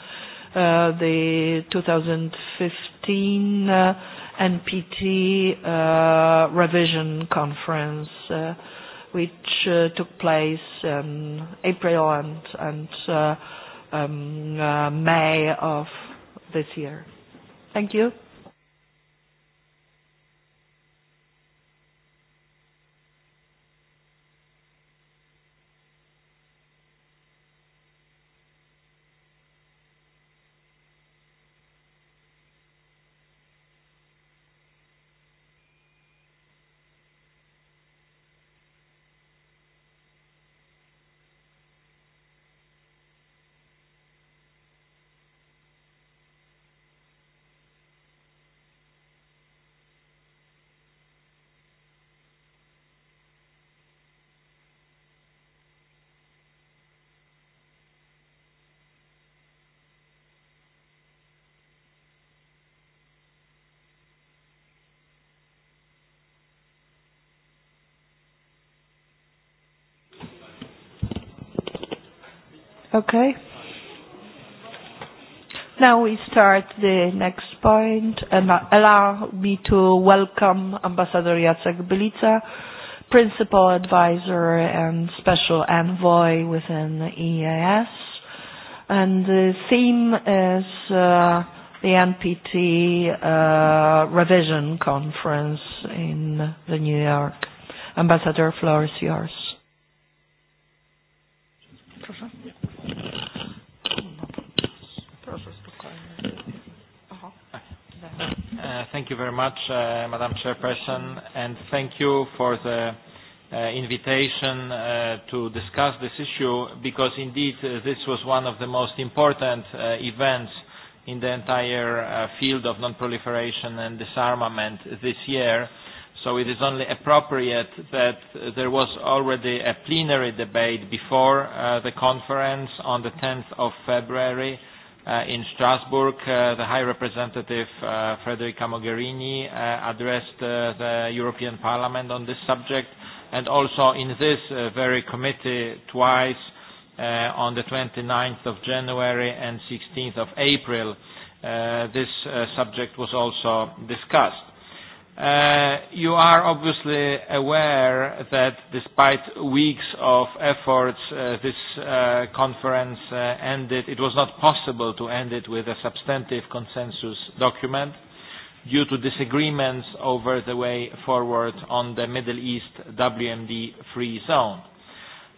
uh, the 2015 uh, NPT uh, revision conference, uh, which uh, took place in um, April and, and uh, um, uh, May of this year. Thank you. Okay. Now we start the next point, and allow me to welcome Ambassador Jacek Bylica, Principal Advisor and Special Envoy within EAS. And the theme is uh, the NPT uh, Revision Conference in the New York. Ambassador, floor is yours. Proszę. Thank you very much, uh, Madam Chairperson, and thank you for the uh, invitation uh, to discuss this issue because indeed uh, this was one of the most important uh, events in the entire uh, field of non-proliferation and disarmament this year. So it is only appropriate that there was already a plenary debate before uh, the conference on the 10th of February Uh, in Strasbourg, uh, the High Representative uh, Federica Mogherini uh, addressed uh, the European Parliament on this subject, and also in this uh, very committee twice uh, on the 29th of January and 16th of April, uh, this uh, subject was also discussed. Uh, you are obviously aware that despite weeks of efforts, uh, this uh, conference uh, ended. It was not possible to end it with a substantive consensus document due to disagreements over the way forward on the Middle East WMD-free zone.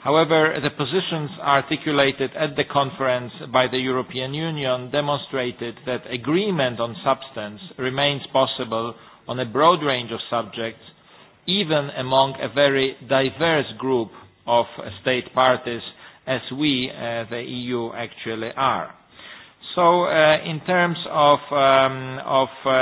However, the positions articulated at the conference by the European Union demonstrated that agreement on substance remains possible on a broad range of subjects, even among a very diverse group of state parties, as we, uh, the EU, actually are. So uh, in terms of, um, of um,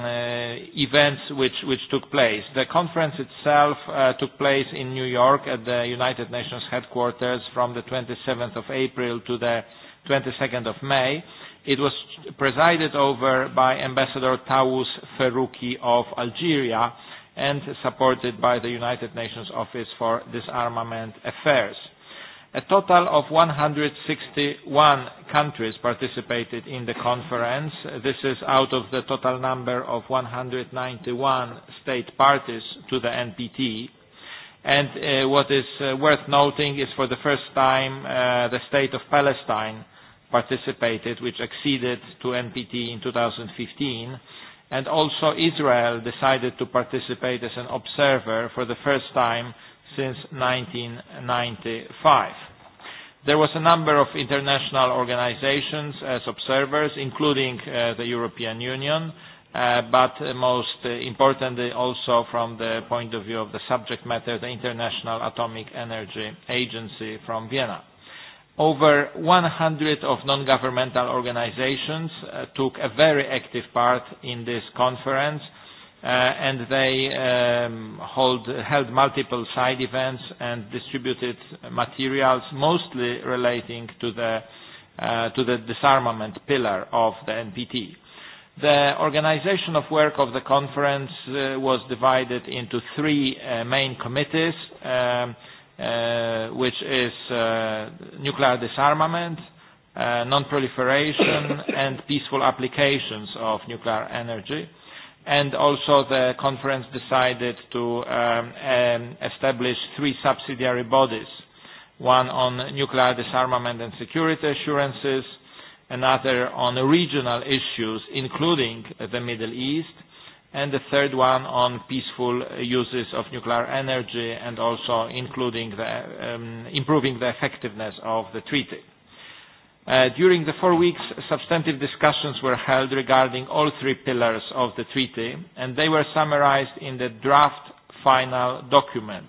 uh, events which, which took place, the conference itself uh, took place in New York at the United Nations headquarters from the 27th of April to the 22nd of May. Uh, It was presided over by Ambassador Taous Ferruki of Algeria and supported by the United Nations Office for Disarmament Affairs. A total of 161 countries participated in the conference. This is out of the total number of 191 state parties to the NPT. And uh, what is uh, worth noting is for the first time uh, the state of Palestine uh, participated, which acceded to NPT in 2015, and also Israel decided to participate as an observer for the first time since 1995. There was a number of international organizations as observers, including uh, the European Union, uh, but uh, most uh, importantly also from the point of view of the subject matter, the International Atomic Energy Agency from Vienna. Over 100 of non-governmental organizations uh, took a very active part in this conference, uh, and they um, hold, held multiple side events and distributed materials, mostly relating to the, uh, to the disarmament pillar of the NPT. The organization of work of the conference uh, was divided into three uh, main committees. Um, uh, which is uh, nuclear disarmament, uh, non-proliferation, and peaceful applications of nuclear energy. And also the conference decided to um, um, establish three subsidiary bodies, one on nuclear disarmament and security assurances, another on regional issues, including the Middle East, and the third one on peaceful uses of nuclear energy and also including the, um, improving the effectiveness of the treaty. Uh, during the four weeks, substantive discussions were held regarding all three pillars of the treaty, and they were summarized in the draft final document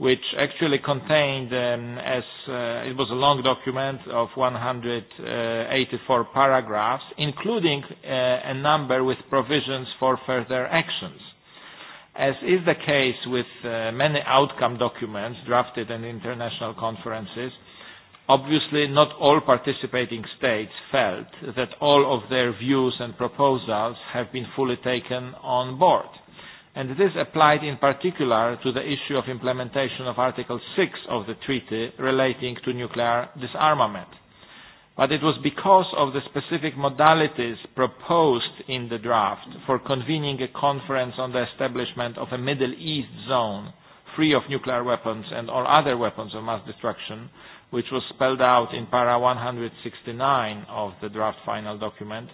which actually contained, um, as uh, it was a long document of 184 paragraphs, including uh, a number with provisions for further actions. As is the case with uh, many outcome documents drafted in international conferences, obviously not all participating states felt that all of their views and proposals have been fully taken on board and this applied in particular to the issue of implementation of Article 6 of the treaty relating to nuclear disarmament. But it was because of the specific modalities proposed in the draft for convening a conference on the establishment of a Middle East zone free of nuclear weapons and all other weapons of mass destruction, which was spelled out in para 169 of the draft final document,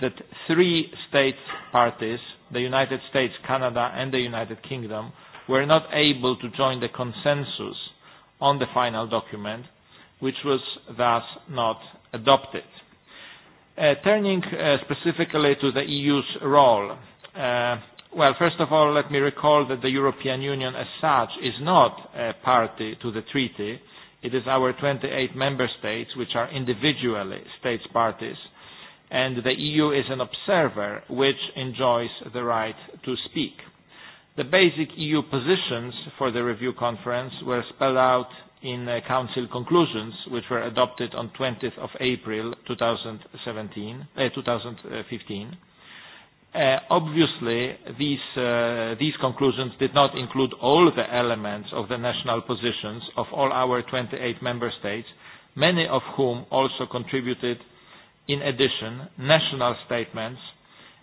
that three state parties, the United States, Canada, and the United Kingdom, were not able to join the consensus on the final document, which was thus not adopted. Uh, turning uh, specifically to the EU's role, uh, well, first of all, let me recall that the European Union as such is not a party to the treaty. It is our 28 member states, which are individually states parties, and the EU is an observer which enjoys the right to speak. The basic EU positions for the review conference were spelled out in the uh, Council conclusions, which were adopted on 20th of April 2017, uh, 2015. Uh, obviously, these, uh, these conclusions did not include all the elements of the national positions of all our 28 member states, many of whom also contributed in addition, national statements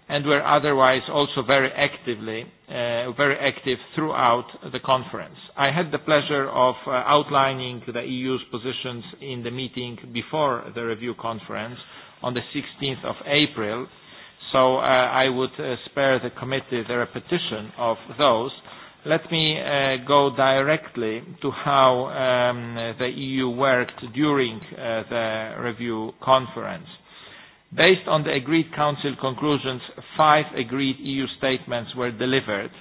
and were otherwise also very actively, uh, very active throughout the conference. I had the pleasure of uh, outlining the EU's positions in the meeting before the review conference on the 16th of April, so uh, I would uh, spare the committee the repetition of those. Let me uh, go directly to how um, the EU worked during uh, the review conference. Based on the agreed Council conclusions, five agreed EU statements were delivered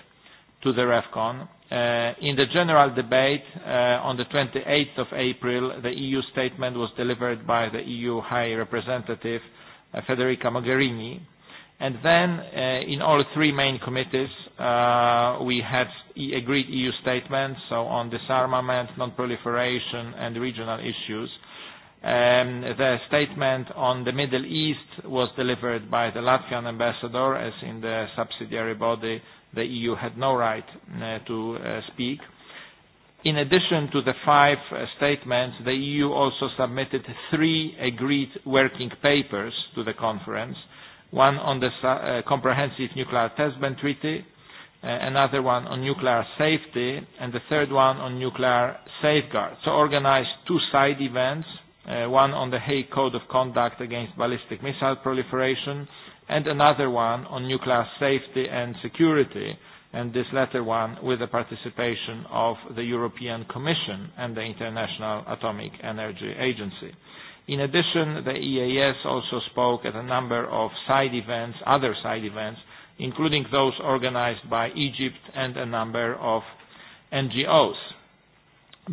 to the REFCON. Uh, in the general debate uh, on the 28th of April, the EU statement was delivered by the EU High Representative uh, Federica Mogherini. And then uh, in all three main committees, uh, we had e agreed EU statements, so on disarmament, non-proliferation, and regional issues. Um, the statement on the Middle East was delivered by the Latvian ambassador, as in the subsidiary body, the EU had no right uh, to uh, speak. In addition to the five uh, statements, the EU also submitted three agreed working papers to the conference, one on the uh, Comprehensive Nuclear Test Ban Treaty, uh, another one on nuclear safety, and the third one on nuclear safeguards. So organized two side events uh, one on the Hague Code of Conduct against ballistic missile proliferation, and another one on nuclear safety and security, and this latter one with the participation of the European Commission and the International Atomic Energy Agency. In addition, the EAS also spoke at a number of side events, other side events, including those organized by Egypt and a number of NGOs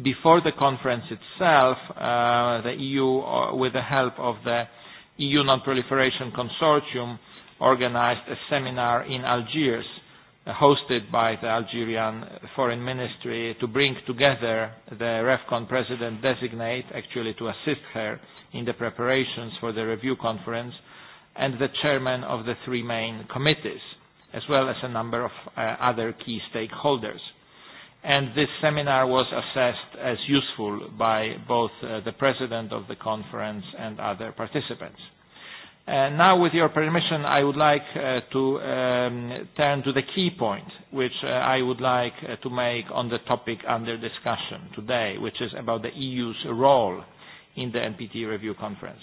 before the conference itself, uh, the EU, uh, with the help of the EU Non-Proliferation Consortium, organized a seminar in Algiers, uh, hosted by the Algerian Foreign Ministry, to bring together the REFCON president-designate, actually to assist her in the preparations for the review conference, and the chairman of the three main committees, as well as a number of uh, other key stakeholders and this seminar was assessed as useful by both uh, the president of the conference and other participants. Uh, now, with your permission, I would like uh, to um, turn to the key point, which uh, I would like uh, to make on the topic under discussion today, which is about the EU's role in the NPT review conference.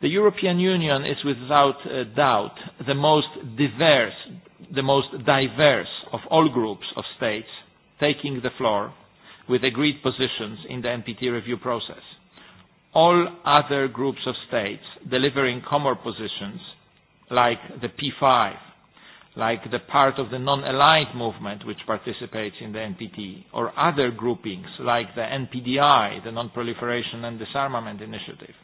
The European Union is without a doubt the most diverse, the most diverse of all groups of states taking the floor with agreed positions in the NPT review process. All other groups of states delivering common positions, like the P5, like the part of the non-aligned movement which participates in the NPT, or other groupings like the NPDI, the Non-Proliferation and Disarmament Initiative,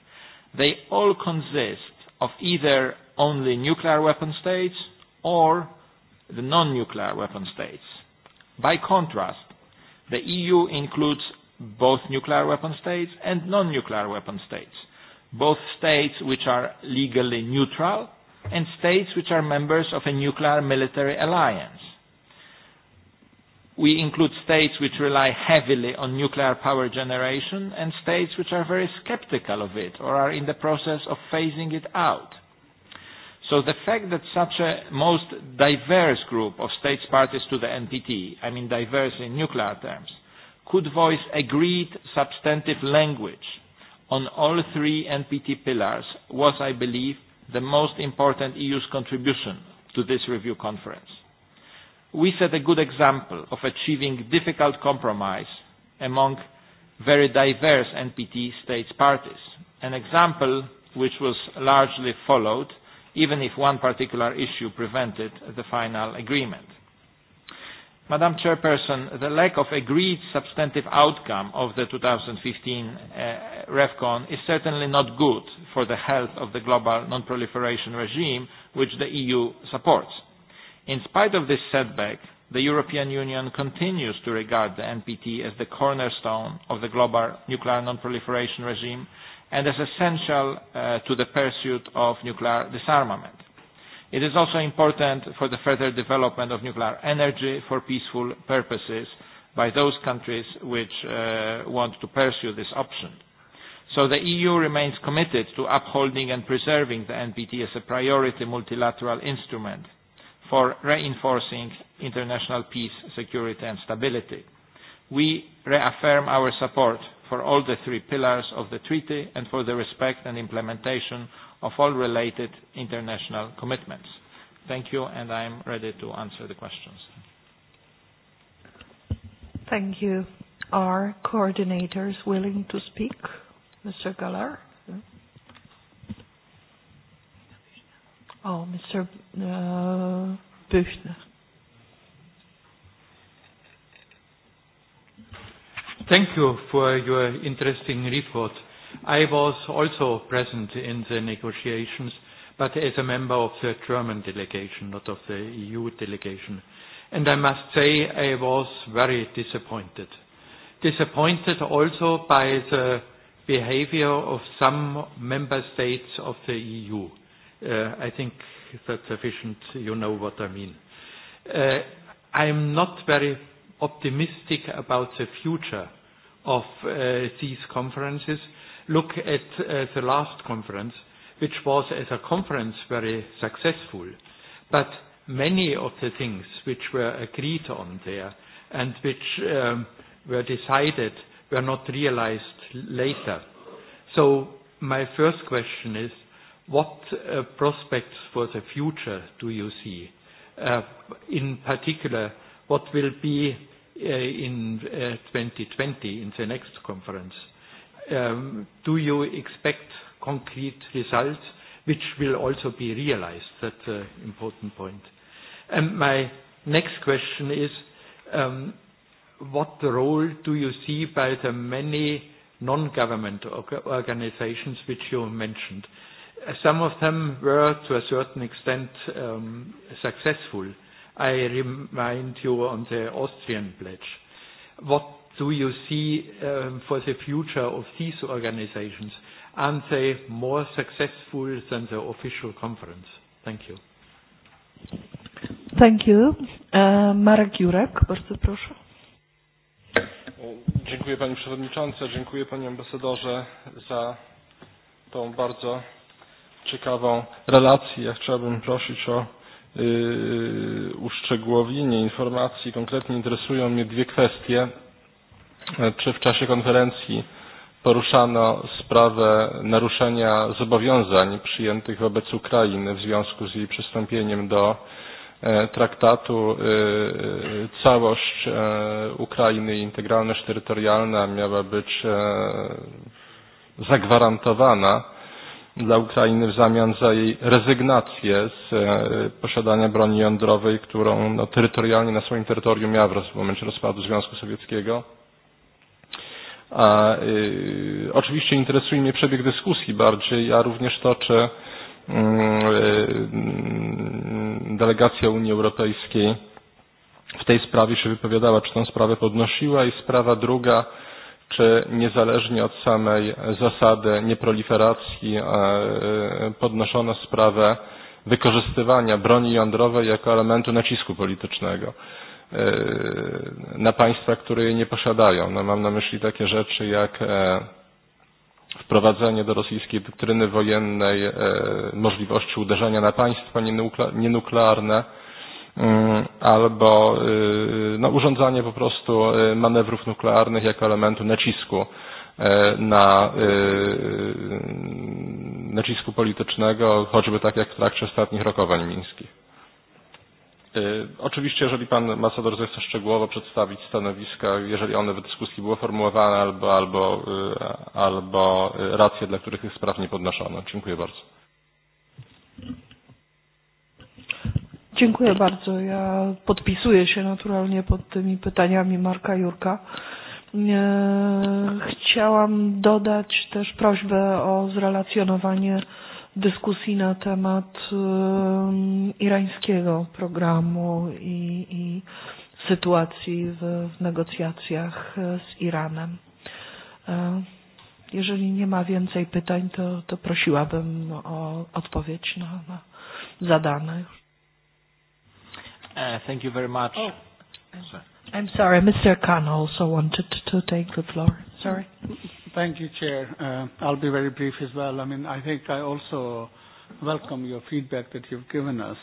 They all consist of either only nuclear weapon states or the non-nuclear weapon states. By contrast, the EU includes both nuclear weapon states and non-nuclear weapon states, both states which are legally neutral and states which are members of a nuclear military alliance. We include states which rely heavily on nuclear power generation and states which are very skeptical of it or are in the process of phasing it out. So the fact that such a most diverse group of states parties to the NPT, I mean diverse in nuclear terms, could voice agreed substantive language on all three NPT pillars was, I believe, the most important EU's contribution to this review conference we set a good example of achieving difficult compromise among very diverse NPT states parties, an example which was largely followed, even if one particular issue prevented the final agreement. Madam Chairperson, the lack of agreed substantive outcome of the 2015 uh, REFCON is certainly not good for the health of the global non-proliferation regime, which the EU supports. In spite of this setback, the European Union continues to regard the NPT as the cornerstone of the global nuclear non-proliferation regime and as essential uh, to the pursuit of nuclear disarmament. It is also important for the further development of nuclear energy for peaceful purposes by those countries which uh, want to pursue this option. So the EU remains committed to upholding and preserving the NPT as a priority multilateral instrument for reinforcing international peace, security and stability. We reaffirm our support for all the three pillars of the treaty and for the respect and implementation of all related international commitments. Thank you, and I am ready to answer the questions. Thank you. Are coordinators willing to speak? Mr. Galar? Oh, Mr. Uh, Büchner. Thank you for your interesting report. I was also present in the negotiations, but as a member of the German delegation, not of the EU delegation. And I must say I was very disappointed. Disappointed also by the behavior of some member states of the EU Uh, I think that's sufficient. You know what I mean. Uh, I'm not very optimistic about the future of uh, these conferences. Look at uh, the last conference, which was as a conference very successful. But many of the things which were agreed on there and which um, were decided were not realized later. So my first question is, What uh, prospects for the future do you see? Uh, in particular, what will be uh, in uh, 2020, in the next conference? Um, do you expect concrete results which will also be realized? That's an important point. And my next question is, um, what role do you see by the many non-government organizations which you mentioned? Some of them were, to a certain extent, um, successful. I remind you on the Austrian pledge. What do you see um, for the future of these organizations? Are they more successful than the official conference? Thank you. Thank you. Uh, Marek Jurek, bardzo proszę. Dziękuję Pani Przewodnicząca, dziękuję Panie Ambasadorze za tą bardzo ciekawą relację. Ja chciałbym prosić o uszczegółowienie informacji. Konkretnie interesują mnie dwie kwestie. E, czy w czasie konferencji poruszano sprawę naruszenia zobowiązań przyjętych wobec Ukrainy w związku z jej przystąpieniem do e, traktatu e, całość Ukrainy i integralność terytorialna miała być zagwarantowana dla Ukrainy w zamian za jej rezygnację z e, posiadania broni jądrowej, którą no, terytorialnie na swoim terytorium miała w, w momencie rozpadu Związku Sowieckiego. A, y, e, oczywiście interesuje mnie przebieg dyskusji bardziej, a również to, czy y, mm, y, e, delegacja Unii Europejskiej w tej sprawie się wypowiadała, czy tę sprawę podnosiła. I sprawa druga, y, czy niezależnie od samej zasady nieproliferacji e, e, podnoszono sprawę wykorzystywania broni jądrowej jako elementu nacisku politycznego e, na państwa, które jej nie posiadają. No, mam na myśli takie rzeczy jak wprowadzenie do rosyjskiej doktryny wojennej możliwości uderzenia na państwa nienuklearne, Mm, albo e, no, urządzanie po prostu e, manewrów nuklearnych jako elementu nacisku e, na nacisku politycznego, choćby tak jak w trakcie ostatnich rokowań mińskich. Oczywiście, jeżeli pan ambasador zechce szczegółowo przedstawić stanowiska, jeżeli one w dyskusji były formułowane, albo, albo, albo racje, dla których tych spraw nie podnoszono. Dziękuję bardzo. Dziękuję bardzo. Ja podpisuję się naturalnie pod tymi pytaniami Marka Jurka. E, chciałam dodać też prośbę o zrelacjonowanie dyskusji na temat e, irańskiego programu i, i sytuacji w, w negocjacjach e, z Iranem. Jeżeli nie ma więcej pytań, to, to prosiłabym o odpowiedź na, na zadane już. Uh, thank you very much. Oh. Sorry. I'm sorry, Mr. Khan also wanted to, to take the floor. Sorry. Thank you, Chair. Uh, I'll be very brief as well. I mean, I think I also welcome your feedback that you've given us,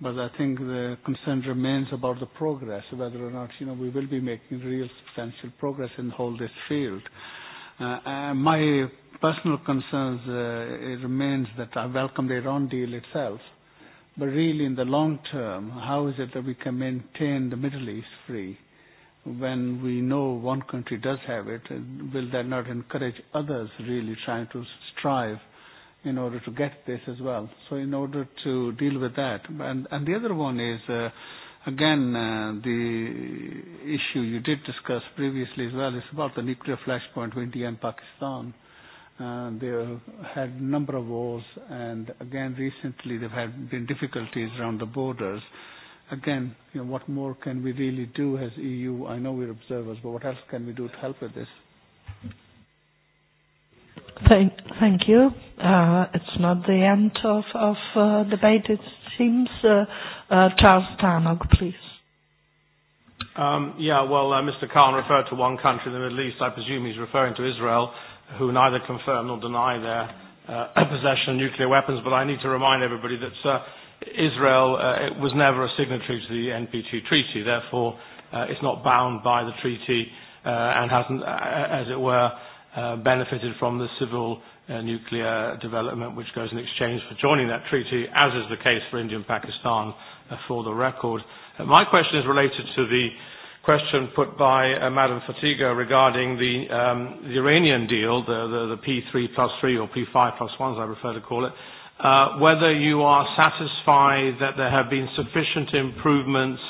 but I think the concern remains about the progress, whether or not, you know, we will be making real substantial progress in the whole this field. Uh, uh, my personal concerns uh, it remains that I welcome the Iran deal itself, But really, in the long term, how is it that we can maintain the Middle East free when we know one country does have it? Will that not encourage others really trying to strive in order to get this as well? So, in order to deal with that, and, and the other one is. Uh, again, uh, the issue you did discuss previously as well is about the nuclear flashpoint with India and Pakistan. Uh, Uh, had a number of wars, and again, recently they've had been difficulties around the borders. Again, you know, what more can we really do as EU? I know we're observers, but what else can we do to help with this? Thank, thank you. Uh, it's not the end of, of uh, debate, it seems. Uh, uh, Charles Tarnock, please. Um, yeah, well, uh, Mr. Khan referred to one country in the Middle East. I presume he's referring to Israel who neither confirm nor deny their uh, possession of nuclear weapons, but I need to remind everybody that uh, Israel uh, was never a signatory to the NPT treaty, therefore uh, it's not bound by the treaty uh, and hasn't, uh, as it were, uh, benefited from the civil uh, nuclear development which goes in exchange for joining that treaty, as is the case for India and Pakistan, uh, for the record. Uh, my question is related to the uh, question put by uh, Madam Fatiga regarding the, um, the Iranian deal, the, the, the P3 plus 3 or P5 plus 1 as I prefer to call it, uh, whether you are satisfied that there have been sufficient improvements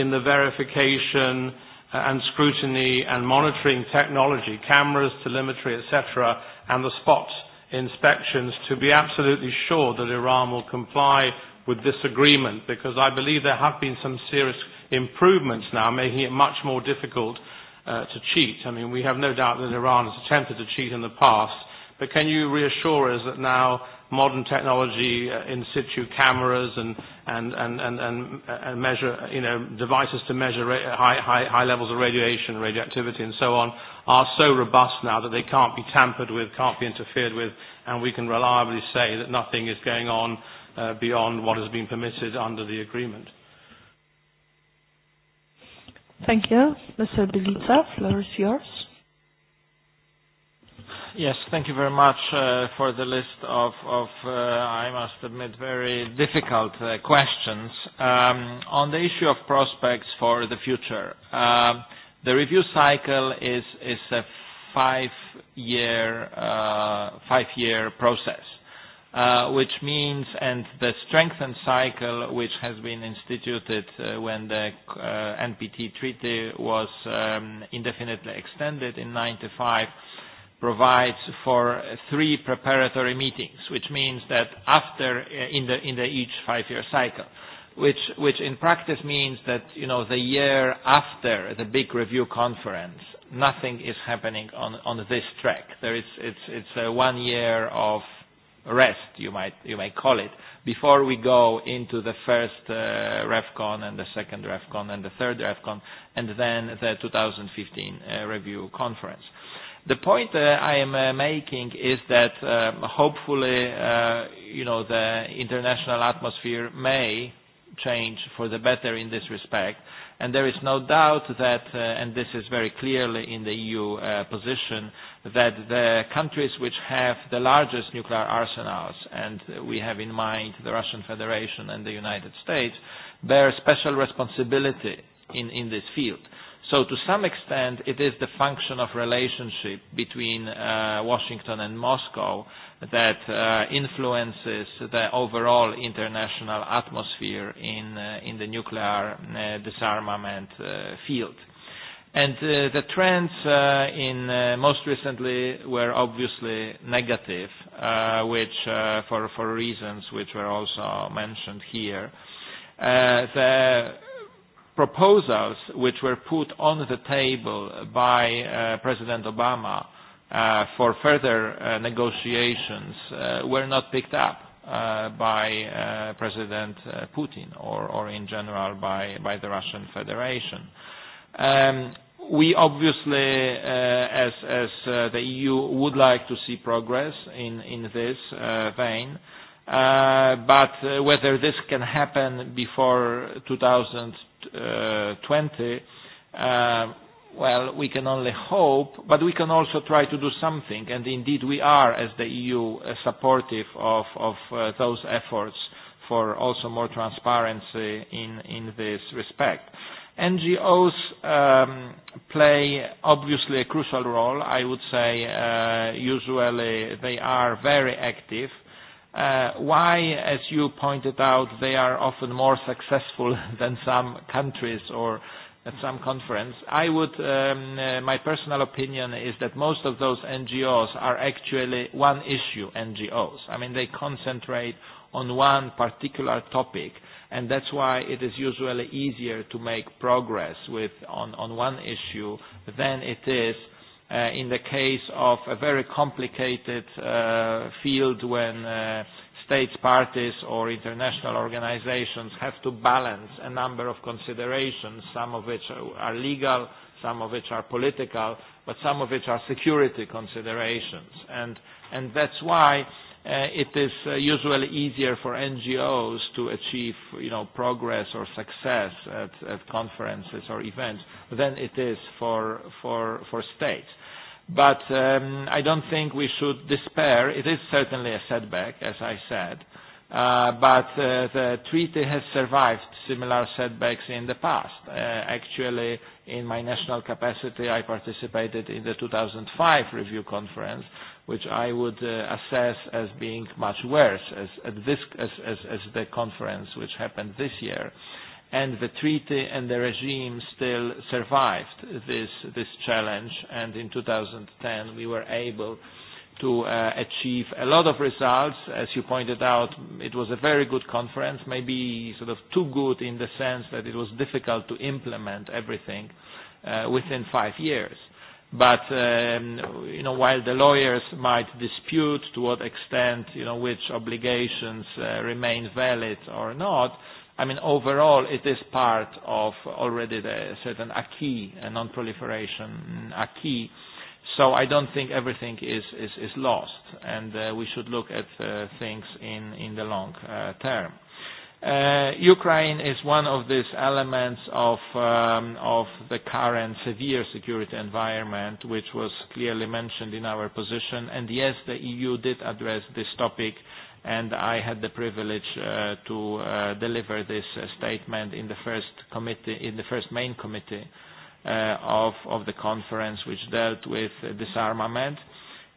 in the verification uh, and scrutiny and monitoring technology, cameras, telemetry, etc., and the spot inspections to be absolutely sure that Iran will comply with this agreement, because I believe there have been some serious improvements now, making it much more difficult uh, to cheat. I mean, we have no doubt that Iran has attempted to cheat in the past, but can you reassure us that now modern technology, uh, in situ cameras and, and, and, and, and, and uh, measure, you know, devices to measure ra- high, high, high levels of radiation, radioactivity and so on, are so robust now that they can't be tampered with, can't be interfered with, and we can reliably say that nothing is going on uh, beyond what has been permitted under the agreement. Thank you. Mr. Belica, floor is yours. Yes, thank you very much uh, for the list of, of uh, I must admit, very difficult uh, questions. Um, on the issue of prospects for the future, um, the review cycle is, is a five-year uh, five year process uh, which means, and the strengthened cycle which has been instituted uh, when the uh, NPT treaty was um, indefinitely extended in 95, provides for three preparatory meetings, which means that after uh, in the in the each five-year cycle, which which in practice means that you know the year after the big review conference, nothing is happening on on this track. There is it's it's a one year of rest, you might, you might call it, before we go into the first uh, REFCON and the second REFCON and the third REFCON and then the 2015 uh, review conference. The point uh, I am uh, making is that um, hopefully, uh, you know, the international atmosphere may change for the better in this respect And There is no doubt that, uh and this is very clearly in the EU uh position, that the countries which have the largest nuclear arsenals, and we have in mind the Russian Federation and the United States, bear special responsibility in in this field so to some extent, it is the function of relationship between uh, Washington and Moscow that uh, influences the overall international atmosphere in, uh, in the nuclear uh, disarmament uh, field. And uh, the trends uh, in uh, most recently were obviously negative, uh, which uh, for, for reasons which were also mentioned here. Uh, the proposals which were put on the table by uh, President Obama uh, for further uh, negotiations uh, were not picked up uh, by uh, President uh, Putin or, or in general by, by the Russian Federation. Um, we obviously, uh, as, as uh, the EU, would like to see progress in, in this uh, vein. Uh, but uh, whether this can happen before 2020 2020, uh, uh, well, we can only hope, but we can also try to do something. And indeed, we are, as the EU, uh, supportive of, of uh, those efforts for also more transparency in, in this respect. NGOs um, play obviously a crucial role. I would say uh, usually they are very active uh, why, as you pointed out, they are often more successful than some countries or at some conference. I would, um, uh, my personal opinion is that most of those NGOs are actually one issue NGOs. I mean, they concentrate on one particular topic, and that's why it is usually easier to make progress with on, on one issue than it is Uh, in the case of a very complicated uh, field when uh, states, parties or international organizations have to balance a number of considerations, some of which are legal, some of which are political, but some of which are security considerations. And, and that's why uh, it is uh, usually easier for NGOs to achieve you know, progress or success at, at conferences or events than it is for, for, for states. But um, I don't think we should despair. It is certainly a setback, as I said. Uh, but uh, the treaty has survived similar setbacks in the past. Uh, actually, in my national capacity, I participated in the 2005 review conference, which I would uh, assess as being much worse as, at this, as, as, as the conference which happened this year and the treaty and the regime still survived this, this challenge. And in 2010, we were able to uh, achieve a lot of results. As you pointed out, it was a very good conference, maybe sort of too good in the sense that it was difficult to implement everything uh, within five years. But um, you know, while the lawyers might dispute to what extent you know which obligations uh, remain valid or not, i mean, overall, it is part of already the certain acquis, a uh, non-proliferation mm, acquis. So I don't think everything is is is lost, and uh we should look at uh things in in the long uh term. Uh Ukraine is one of these elements of um of the current severe security environment, which was clearly mentioned in our position. And Yes, the EU did address this topic and I had the privilege uh, to uh, deliver this uh, statement in the first committee, in the first main committee uh, of, of the conference, which dealt with uh, disarmament.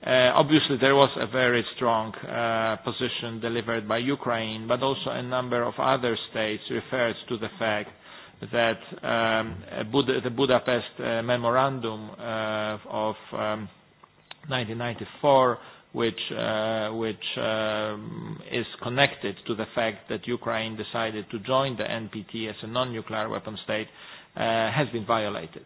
Uh, obviously, there was a very strong uh, position delivered by Ukraine, but also a number of other states referred to the fact that um, Bud the Budapest uh, Memorandum uh, of um, 1994 which uh, which um, is connected to the fact that Ukraine decided to join the NPT as a non-nuclear weapon state, uh, has been violated.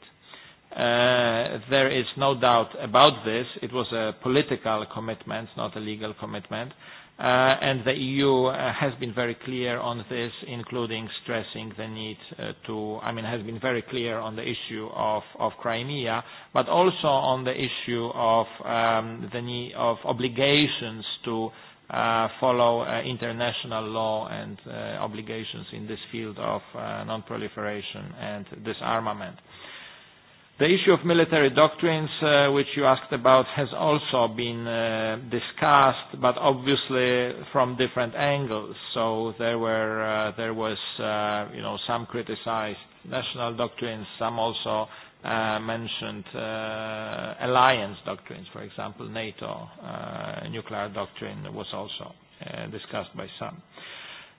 Uh, there is no doubt about this. It was a political commitment, not a legal commitment. Uh, and the EU uh, has been very clear on this, including stressing the need uh, to, I mean, has been very clear on the issue of, of Crimea, but also on the issue of um, the need of obligations to uh, follow uh, international law and uh, obligations in this field of uh, non-proliferation and disarmament. The issue of military doctrines, uh, which you asked about, has also been uh, discussed, but obviously from different angles. So there were, uh, there was, uh, you know, some criticized national doctrines, some also uh, mentioned uh, alliance doctrines, for example, NATO uh, nuclear doctrine was also uh, discussed by some.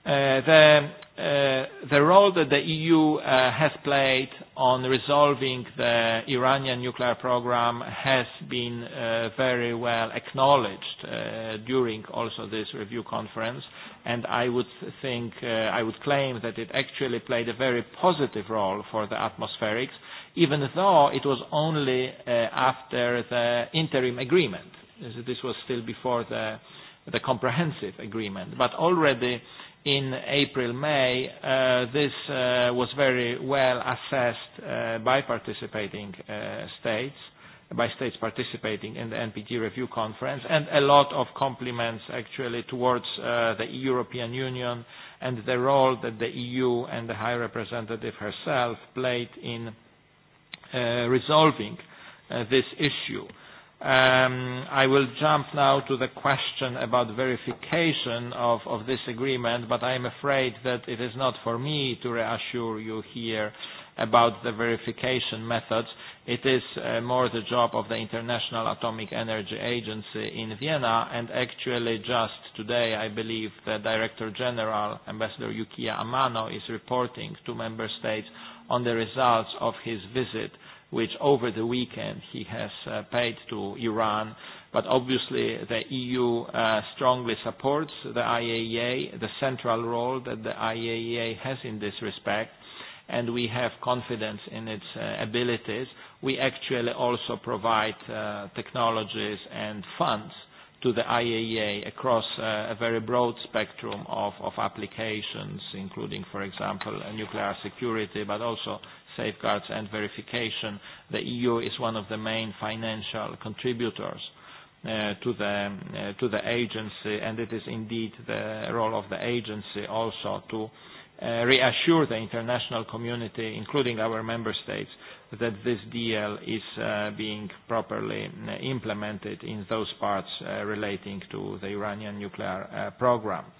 Uh, the uh, the role that the EU uh, has played on resolving the Iranian nuclear program has been uh, very well acknowledged uh, during also this review conference, and I would think uh, I would claim that it actually played a very positive role for the atmospherics, even though it was only uh, after the interim agreement. This was still before the the comprehensive agreement, but already in April, May, uh, this uh, was very well assessed uh, by participating uh, states, by states participating in the NPT review conference, and a lot of compliments actually towards uh, the European Union and the role that the EU and the High Representative herself played in uh, resolving uh, this issue. Um, I will jump now to the question about verification of, of this agreement, but I am afraid that it is not for me to reassure you here about the verification methods. It is uh, more the job of the International Atomic Energy Agency in Vienna, and actually just today, I believe, the Director General, Ambassador Yukiya Amano, is reporting to member states on the results of his visit which over the weekend he has uh, paid to Iran. But obviously the EU uh, strongly supports the IAEA, e the central role that the IAEA e has in this respect, and we have confidence in its uh, abilities. We actually also provide uh, technologies and funds to the IAEA e across uh, a very broad spectrum of, of applications, including, for example, uh, nuclear security, but also safeguards and verification, the EU is one of the main financial contributors uh, to the uh, to the agency, and it is indeed the role of the agency also to uh, reassure the international community, including our member states, that this deal is uh, being properly uh, implemented in those parts uh, relating to the Iranian nuclear uh, program. Uh,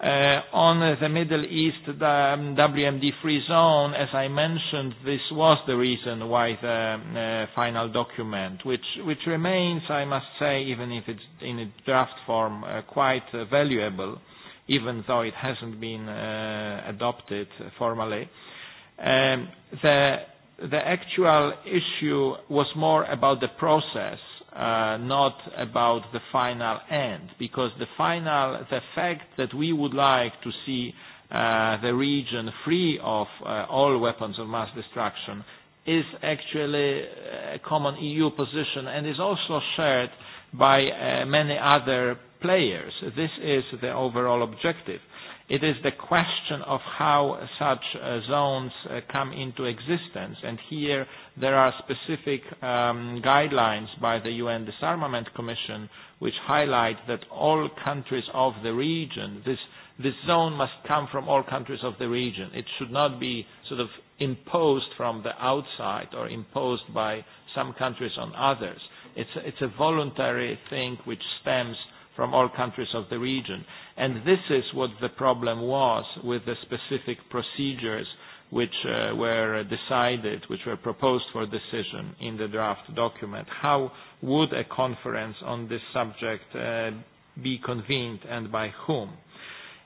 Uh, on the Middle East, the um, WMD-free zone, as I mentioned, this was the reason why the uh, final document, which which remains, I must say, even if it's in a draft form, uh, quite uh, valuable, even though it hasn't been uh, adopted formally. Um, the The actual issue was more about the process uh, not about the final end, because the final, the fact that we would like to see uh, the region free of uh, all weapons of mass destruction is actually uh, a common EU position and is also shared by uh, many other players. This is the overall objective. It is the question of how such uh, zones uh, come into existence. And here there are specific um, guidelines by the UN Disarmament Commission which highlight that all countries of the region, this, this zone must come from all countries of the region. It should not be sort of imposed from the outside or imposed by some countries on others. It's, it's a voluntary thing which stems from all countries of the region. And this is what the problem was with the specific procedures which uh, were decided, which were proposed for decision in the draft document. How would a conference on this subject uh, be convened and by whom?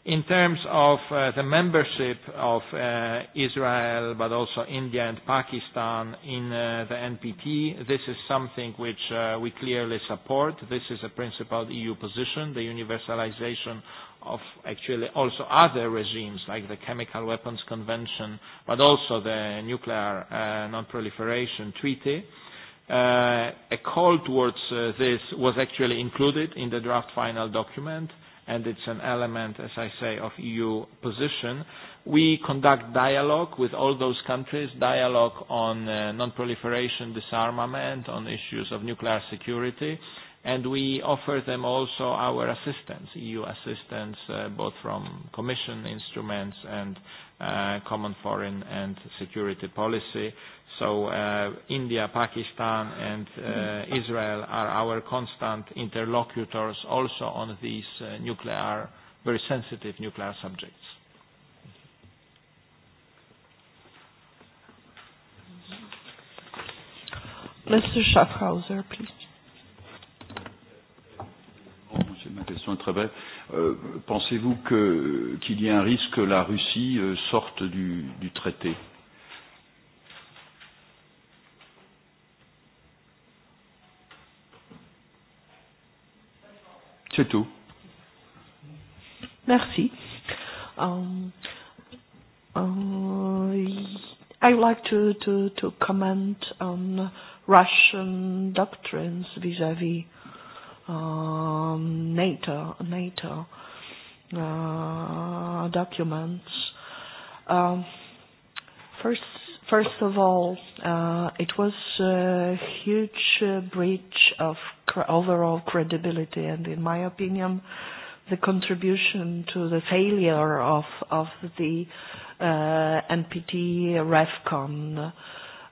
In terms of uh, the membership of uh, Israel, but also India and Pakistan in uh, the NPT, this is something which uh, we clearly support. This is a principled EU position, the universalization of actually also other regimes like the Chemical Weapons Convention, but also the Nuclear uh, Non-Proliferation Treaty. Uh, a call towards uh, this was actually included in the draft final document and it's an element, as I say, of EU position. We conduct dialogue with all those countries, dialogue on uh, non-proliferation, disarmament, on issues of nuclear security and we offer them also our assistance, EU assistance, uh, both from Commission instruments and uh, common foreign and security policy. So uh, India, Pakistan, and uh, Israel are our constant interlocutors also on these uh, nuclear, very sensitive nuclear subjects. Mr. Schaffhauser, please. ma question est très belle. Euh, Pensez-vous qu'il qu y ait un risque que la Russie euh, sorte du, du traité C'est tout. Merci. Um, uh, I would like to, to, to comment on Russian doctrines vis-à-vis -vis um, NATO, NATO uh, documents. Um, first, first of all, uh, it was a huge uh, breach of cr- overall credibility, and in my opinion, the contribution to the failure of of the uh, NPT REFCON.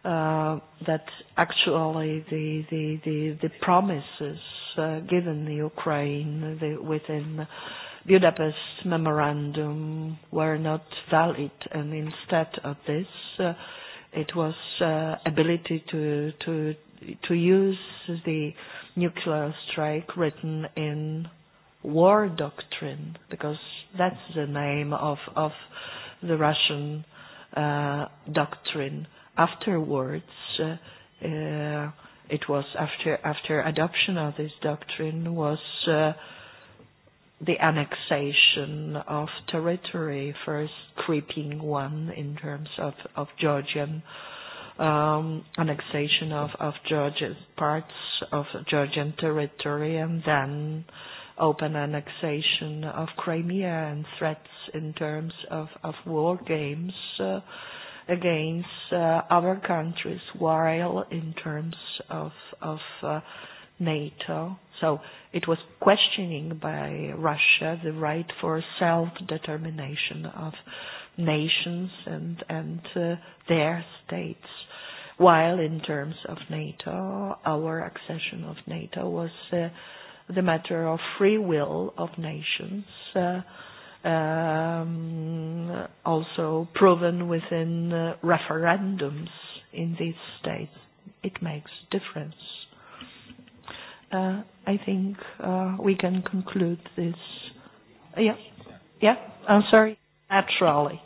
Uh, that actually the, the, the, the promises uh, given the Ukraine the, within Budapest memorandum were not valid, and instead of this, uh, it was uh, ability to to to use the nuclear strike written in war doctrine because that's the name of of the Russian uh, doctrine. Afterwards. Uh, uh, it was after after adoption of this doctrine was uh, the annexation of territory, first creeping one in terms of of Georgian um, annexation of of Georgian parts of Georgian territory, and then open annexation of Crimea and threats in terms of of war games. Uh, against uh, our countries while in terms of, of uh, NATO. So it was questioning by Russia the right for self-determination of nations and, and uh, their states. While in terms of NATO, our accession of NATO was uh, the matter of free will of nations uh, um, also proven within uh, referendums in these states. It makes difference. Uh, I think uh, we can conclude this. Yeah, yeah. I'm sorry. Naturally.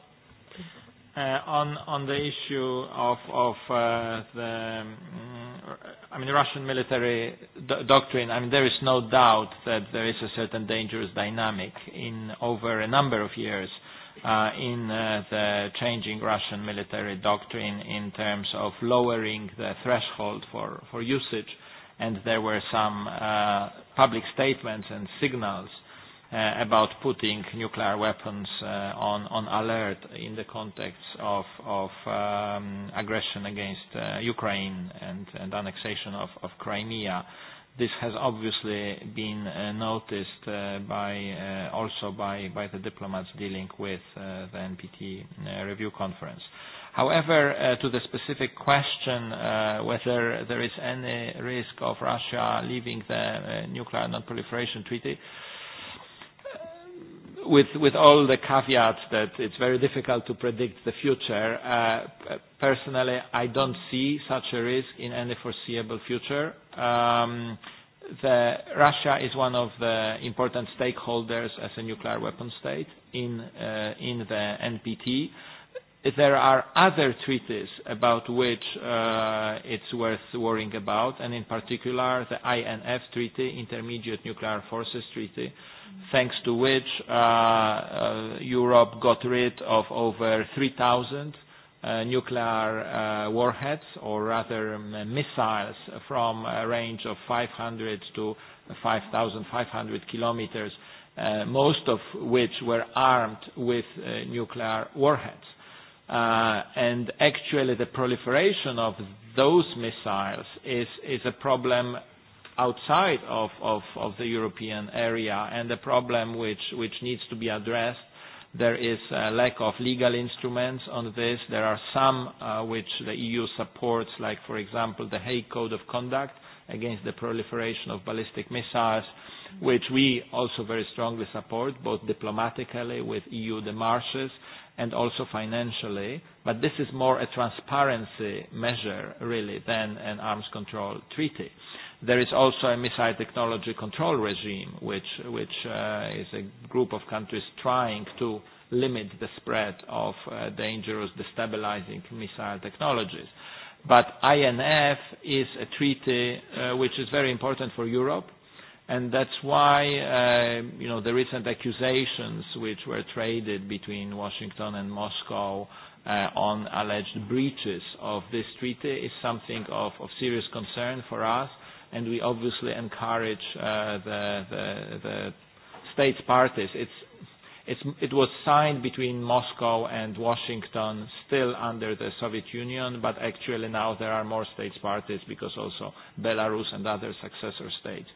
Uh, on on the issue of of uh, the, mm, I mean, Russian military do doctrine, I mean, there is no doubt that there is a certain dangerous dynamic in over a number of years uh, in uh, the changing Russian military doctrine in terms of lowering the threshold for for usage, and there were some uh, public statements and signals uh, about putting nuclear weapons uh, on, on alert in the context of, of um, aggression against uh, Ukraine and, and annexation of, of Crimea. This has obviously been uh, noticed uh, by, uh, also by, by the diplomats dealing with uh, the NPT uh, review conference. However, uh, to the specific question uh, whether there is any risk of Russia leaving the uh, nuclear non-proliferation treaty, with, with all the caveats that it's very difficult to predict the future, uh, personally, I don't see such a risk in any foreseeable future. Um, the, Russia is one of the important stakeholders as a nuclear weapon state in, uh, in the NPT there are other treaties about which uh, it's worth worrying about, and in particular the INF Treaty, Intermediate Nuclear Forces Treaty, thanks to which uh, uh, Europe got rid of over 3,000 uh, nuclear uh, warheads, or rather um, missiles, from a range of 500 to 5,500 kilometers, uh, most of which were armed with uh, nuclear warheads. Uh, and actually the proliferation of those missiles is, is a problem outside of, of, of the European area and a problem which, which needs to be addressed. There is a lack of legal instruments on this. There are some uh, which the EU supports, like, for example, the Hague Code of Conduct against the proliferation of ballistic missiles, which we also very strongly support, both diplomatically with EU demarches, and also financially. But this is more a transparency measure, really, than an arms control treaty. There is also a missile technology control regime, which, which uh, is a group of countries trying to limit the spread of uh, dangerous destabilizing missile technologies. But INF is a treaty uh, which is very important for Europe and That's why uh, you know the recent accusations which were traded between Washington and Moscow uh, on alleged breaches of this treaty is something of of serious concern for us, and we obviously encourage uh, the the the states parties. It's it's It was signed between Moscow and Washington, still under the Soviet Union, but actually now there are more states parties because also Belarus and other successor states.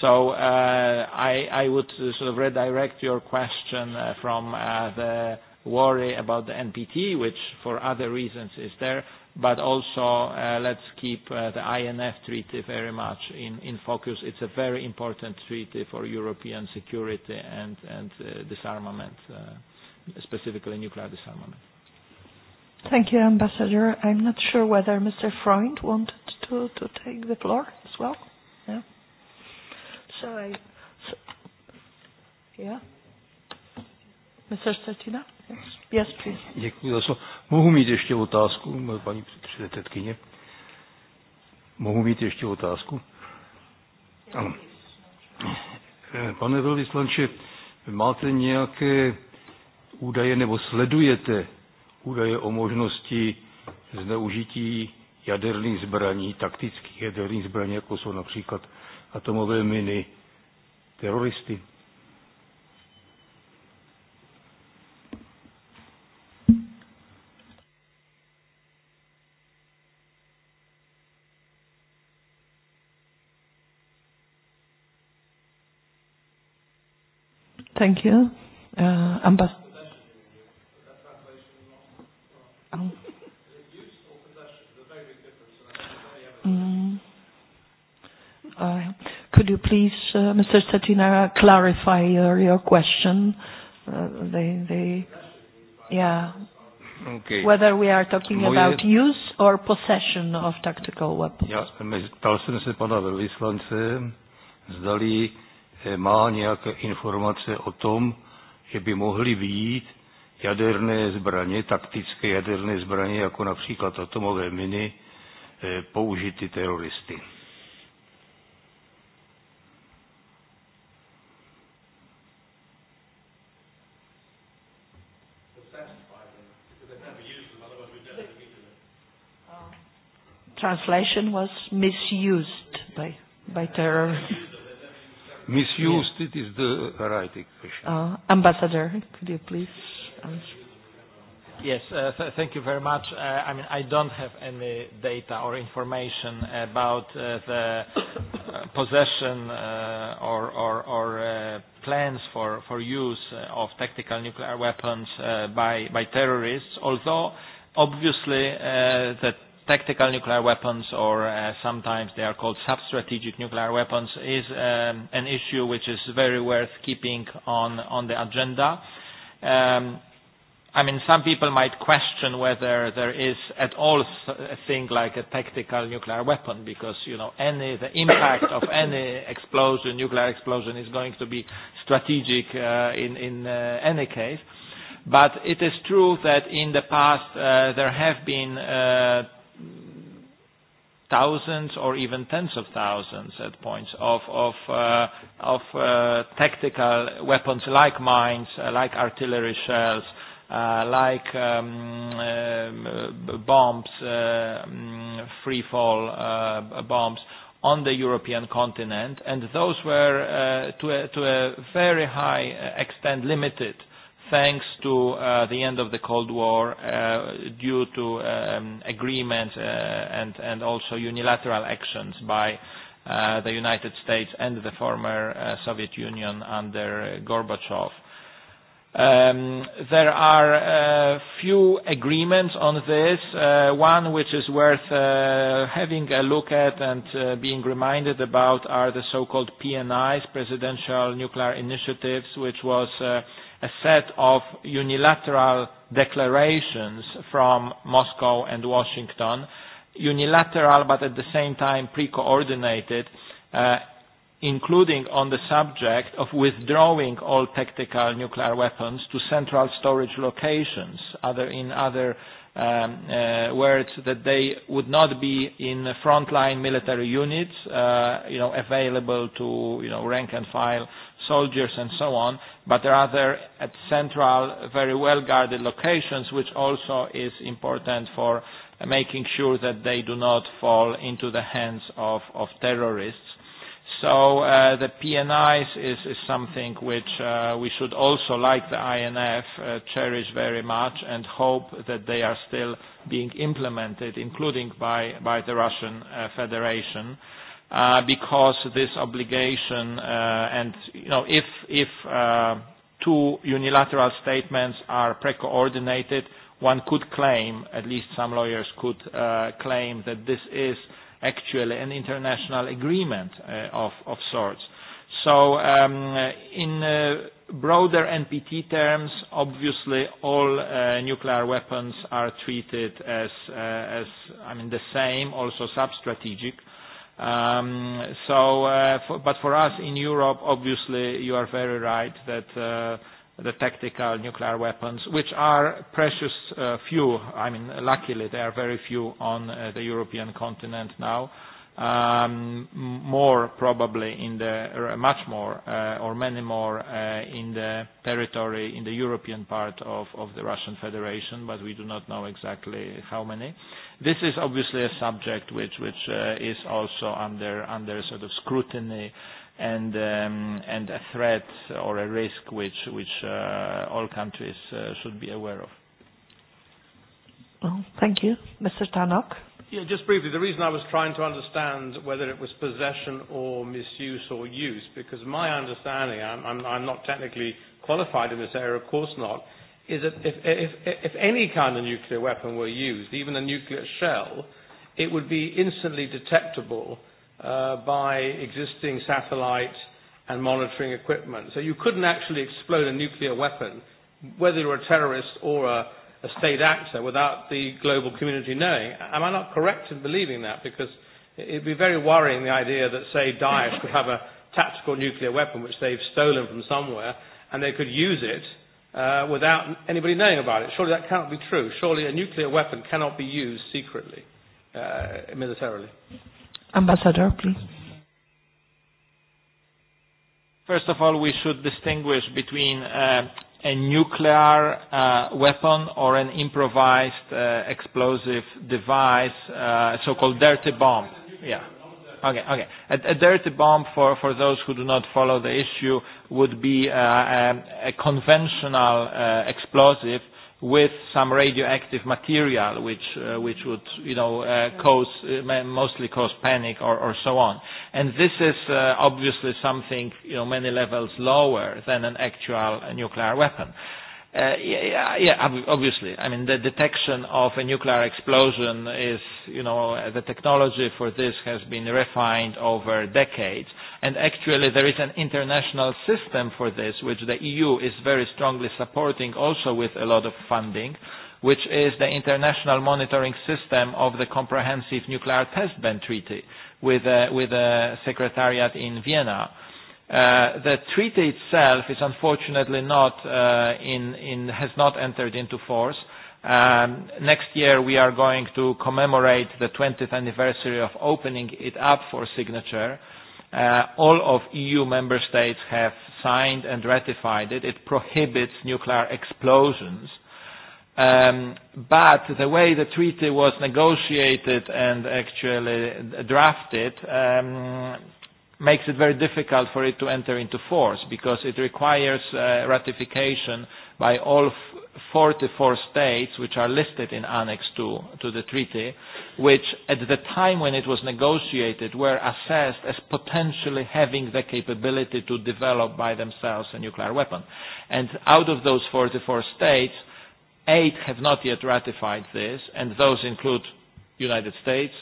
So uh, I, I would uh, sort of redirect your question uh, from uh, the worry about the NPT, which for other reasons is there, but also uh, let's keep uh, the INF treaty very much in, in focus. It's a very important treaty for European security and, and uh, disarmament, uh, specifically nuclear disarmament. Thank you, Ambassador. I'm not sure whether Mr. Freund wanted to, to take the floor as well. Yeah. So I, so, yeah. Mr. Stetina? Yes, yes please. Děkuji za slovo. Mohu mít ještě otázku, paní předsedkyně? Mohu mít ještě otázku? Ano. Pane velvyslanče, máte nějaké údaje nebo sledujete údaje o možnosti zneužití jaderných zbraní, taktických jaderných zbraní, jako jsou například atomové miny teroristy? Thank you. Uh, ambas- Oh. Mm. Uh, Could you please, uh, Mr. Satina clarify uh, your question? Uh, the the yeah. Okay. Whether we are talking Moje... about use or possession of tactical weapons. Ja, ptal jsem se pana velvyslance, zdali eh, má nějaké informace o tom, že by mohly být jaderné zbraně, taktické jaderné zbraně, jako například atomové miny, eh, použity teroristy. translation was misused by, by terror. misused, yes. it is the right expression. Uh, Ambassador, could you please answer? Yes, uh, th thank you very much. Uh, I mean, I don't have any data or information about uh, the uh, possession uh, or, or, or uh, plans for, for use of tactical nuclear weapons uh, by, by terrorists, although obviously uh, the tactical nuclear weapons, or uh, sometimes they are called sub-strategic nuclear weapons, is um, an issue which is very worth keeping on, on the agenda. Um, I mean, some people might question whether there is at all a thing like a tactical nuclear weapon because, you know, any, the impact of any explosion, nuclear explosion is going to be strategic uh, in, in uh, any case. But it is true that in the past uh, there have been uh, thousands or even tens of thousands at points of of uh, of uh, tactical weapons like mines, uh, like artillery shells, uh, like um, uh, bombs, uh, mm, free fall uh, bombs on the European continent, and those were uh, to a, to a very high uh, extent limited thanks to uh, the end of the Cold War, uh, due to um, agreements uh, and, and also unilateral actions by uh, the United States and the former uh, Soviet Union under uh, Gorbachev. Um, there are uh, few agreements on this, uh, one which is worth uh, having a look at and uh, being reminded about are the so-called PNIs, Presidential Nuclear Initiatives, which was uh, a set of unilateral declarations from Moscow and Washington, unilateral but at the same time pre-coordinated, uh, including on the subject of withdrawing all tactical nuclear weapons to central storage locations, other in other um, uh, words that they would not be in frontline military units, uh, you know, available to you know rank and file soldiers and so on, but rather at central, very well-guarded locations, which also is important for making sure that they do not fall into the hands of, of terrorists. So uh, the PNIs is, is something which uh, we should also, like the INF, uh, cherish very much and hope that they are still being implemented, including by, by the Russian uh, Federation uh, because this obligation uh, and you know if if uh, two unilateral statements are pre-coordinated, one could claim, at least some lawyers could uh, claim that this is actually an international agreement uh, of, of sorts. So um, in uh, broader NPT terms, obviously all uh, nuclear weapons are treated as, uh, as I mean, the same, also sub-strategic. Uh, Um, so, uh, for, but for us in Europe, obviously, you are very right that uh, the tactical nuclear weapons, which are precious uh, few, I mean, luckily, they are very few on uh, the European continent now um, more probably in the, much more, uh, or many more, uh, in the territory, in the European part of, of the Russian Federation, but we do not know exactly how many. This is obviously a subject which, which uh, is also under, under sort of scrutiny and, um, and a threat or a risk which, which uh, all countries uh, should be aware of. Well, thank you. Mr. Tannock. Yeah, just briefly, the reason I was trying to understand whether it was possession or misuse or use, because my understanding, I'm, I'm, I'm not technically qualified in this area, of course not, is that if, if, if any kind of nuclear weapon were used, even a nuclear shell, it would be instantly detectable uh, by existing satellite and monitoring equipment. So you couldn't actually explode a nuclear weapon, whether you're a terrorist or a a state actor without the global community knowing. Am I not correct in believing that? Because it would be very worrying the idea that, say, Daesh could have a tactical nuclear weapon which they've stolen from somewhere and they could use it uh, without anybody knowing about it. Surely that cannot be true. Surely a nuclear weapon cannot be used secretly uh, militarily. Ambassador, please. First of all, we should distinguish between uh, a nuclear uh, weapon or an improvised uh, explosive device, uh, so-called dirty bomb. Yeah. Okay, okay. A, a dirty bomb, for, for those who do not follow the issue, would be uh, a, a conventional uh, explosive with some radioactive material which uh, which would you know uh, cause uh, mostly cause panic or, or so on and this is uh, obviously something you know many levels lower than an actual uh, nuclear weapon uh, yeah, yeah, obviously. I mean, the detection of a nuclear explosion is, you know, the technology for this has been refined over decades. And actually there is an international system for this, which the EU is very strongly supporting also with a lot of funding, which is the international monitoring system of the comprehensive nuclear test ban treaty with a, uh, with a secretariat in Vienna. Uh, the treaty itself is unfortunately not uh, in, in, has not entered into force. Um, next year we are going to commemorate the 20th anniversary of opening it up for signature. Uh, all of EU member states have signed and ratified it. It prohibits nuclear explosions. Um, but the way the treaty was negotiated and actually drafted um, makes it very difficult for it to enter into force because it requires uh, ratification by all 44 states which are listed in Annex 2 to the treaty, which at the time when it was negotiated were assessed as potentially having the capability to develop by themselves a nuclear weapon. And out of those 44 states, eight have not yet ratified this, and those include United States,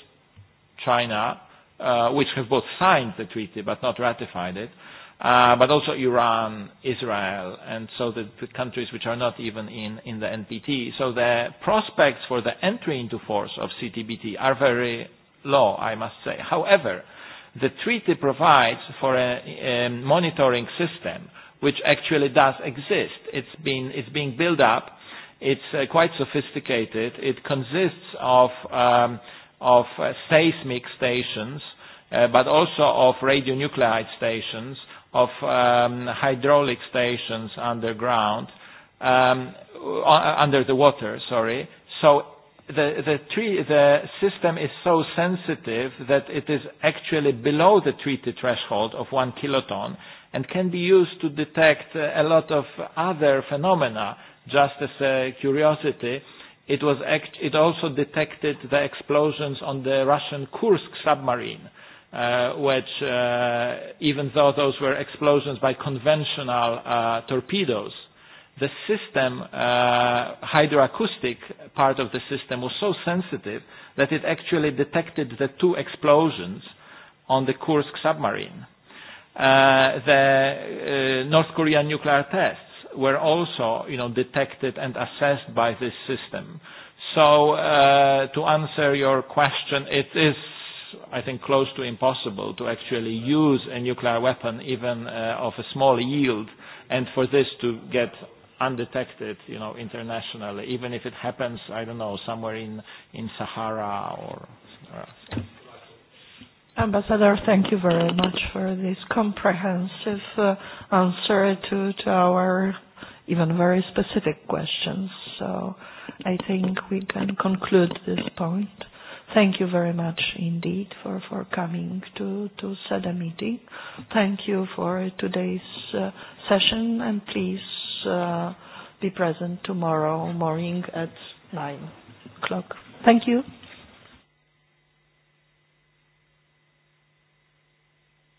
China, uh, which have both signed the treaty but not ratified it, uh, but also Iran, Israel, and so the, the countries which are not even in, in the NPT. So the prospects for the entry into force of CTBT are very low, I must say. However, the treaty provides for a, a monitoring system which actually does exist. It's, been, it's being built up. It's uh, quite sophisticated. It consists of um, of uh, seismic stations, uh, but also of radionuclide stations, of um, hydraulic stations underground, um, uh under the water, sorry. So the, the, tree, the system is so sensitive that it is actually below the treaty threshold of one kiloton and can be used to detect uh, a lot of other phenomena, just as a curiosity It, was act it also detected the explosions on the Russian Kursk submarine, uh, which, uh, even though those were explosions by conventional uh, torpedoes, the system, uh, hydroacoustic part of the system was so sensitive that it actually detected the two explosions on the Kursk submarine. Uh, the uh, North Korean nuclear test were also, you know, detected and assessed by this system. So, uh, to answer your question, it is, I think, close to impossible to actually use a nuclear weapon, even uh, of a small yield, and for this to get undetected, you know, internationally, even if it happens, I don't know, somewhere in in Sahara or. or uh, Ambassador, thank you very much for this comprehensive uh, answer to, to our even very specific questions. So I think we can conclude this point. Thank you very much indeed for, for coming to, to SEDA meeting. Thank you for today's uh, session and please uh, be present tomorrow morning at 9 o'clock. Thank you.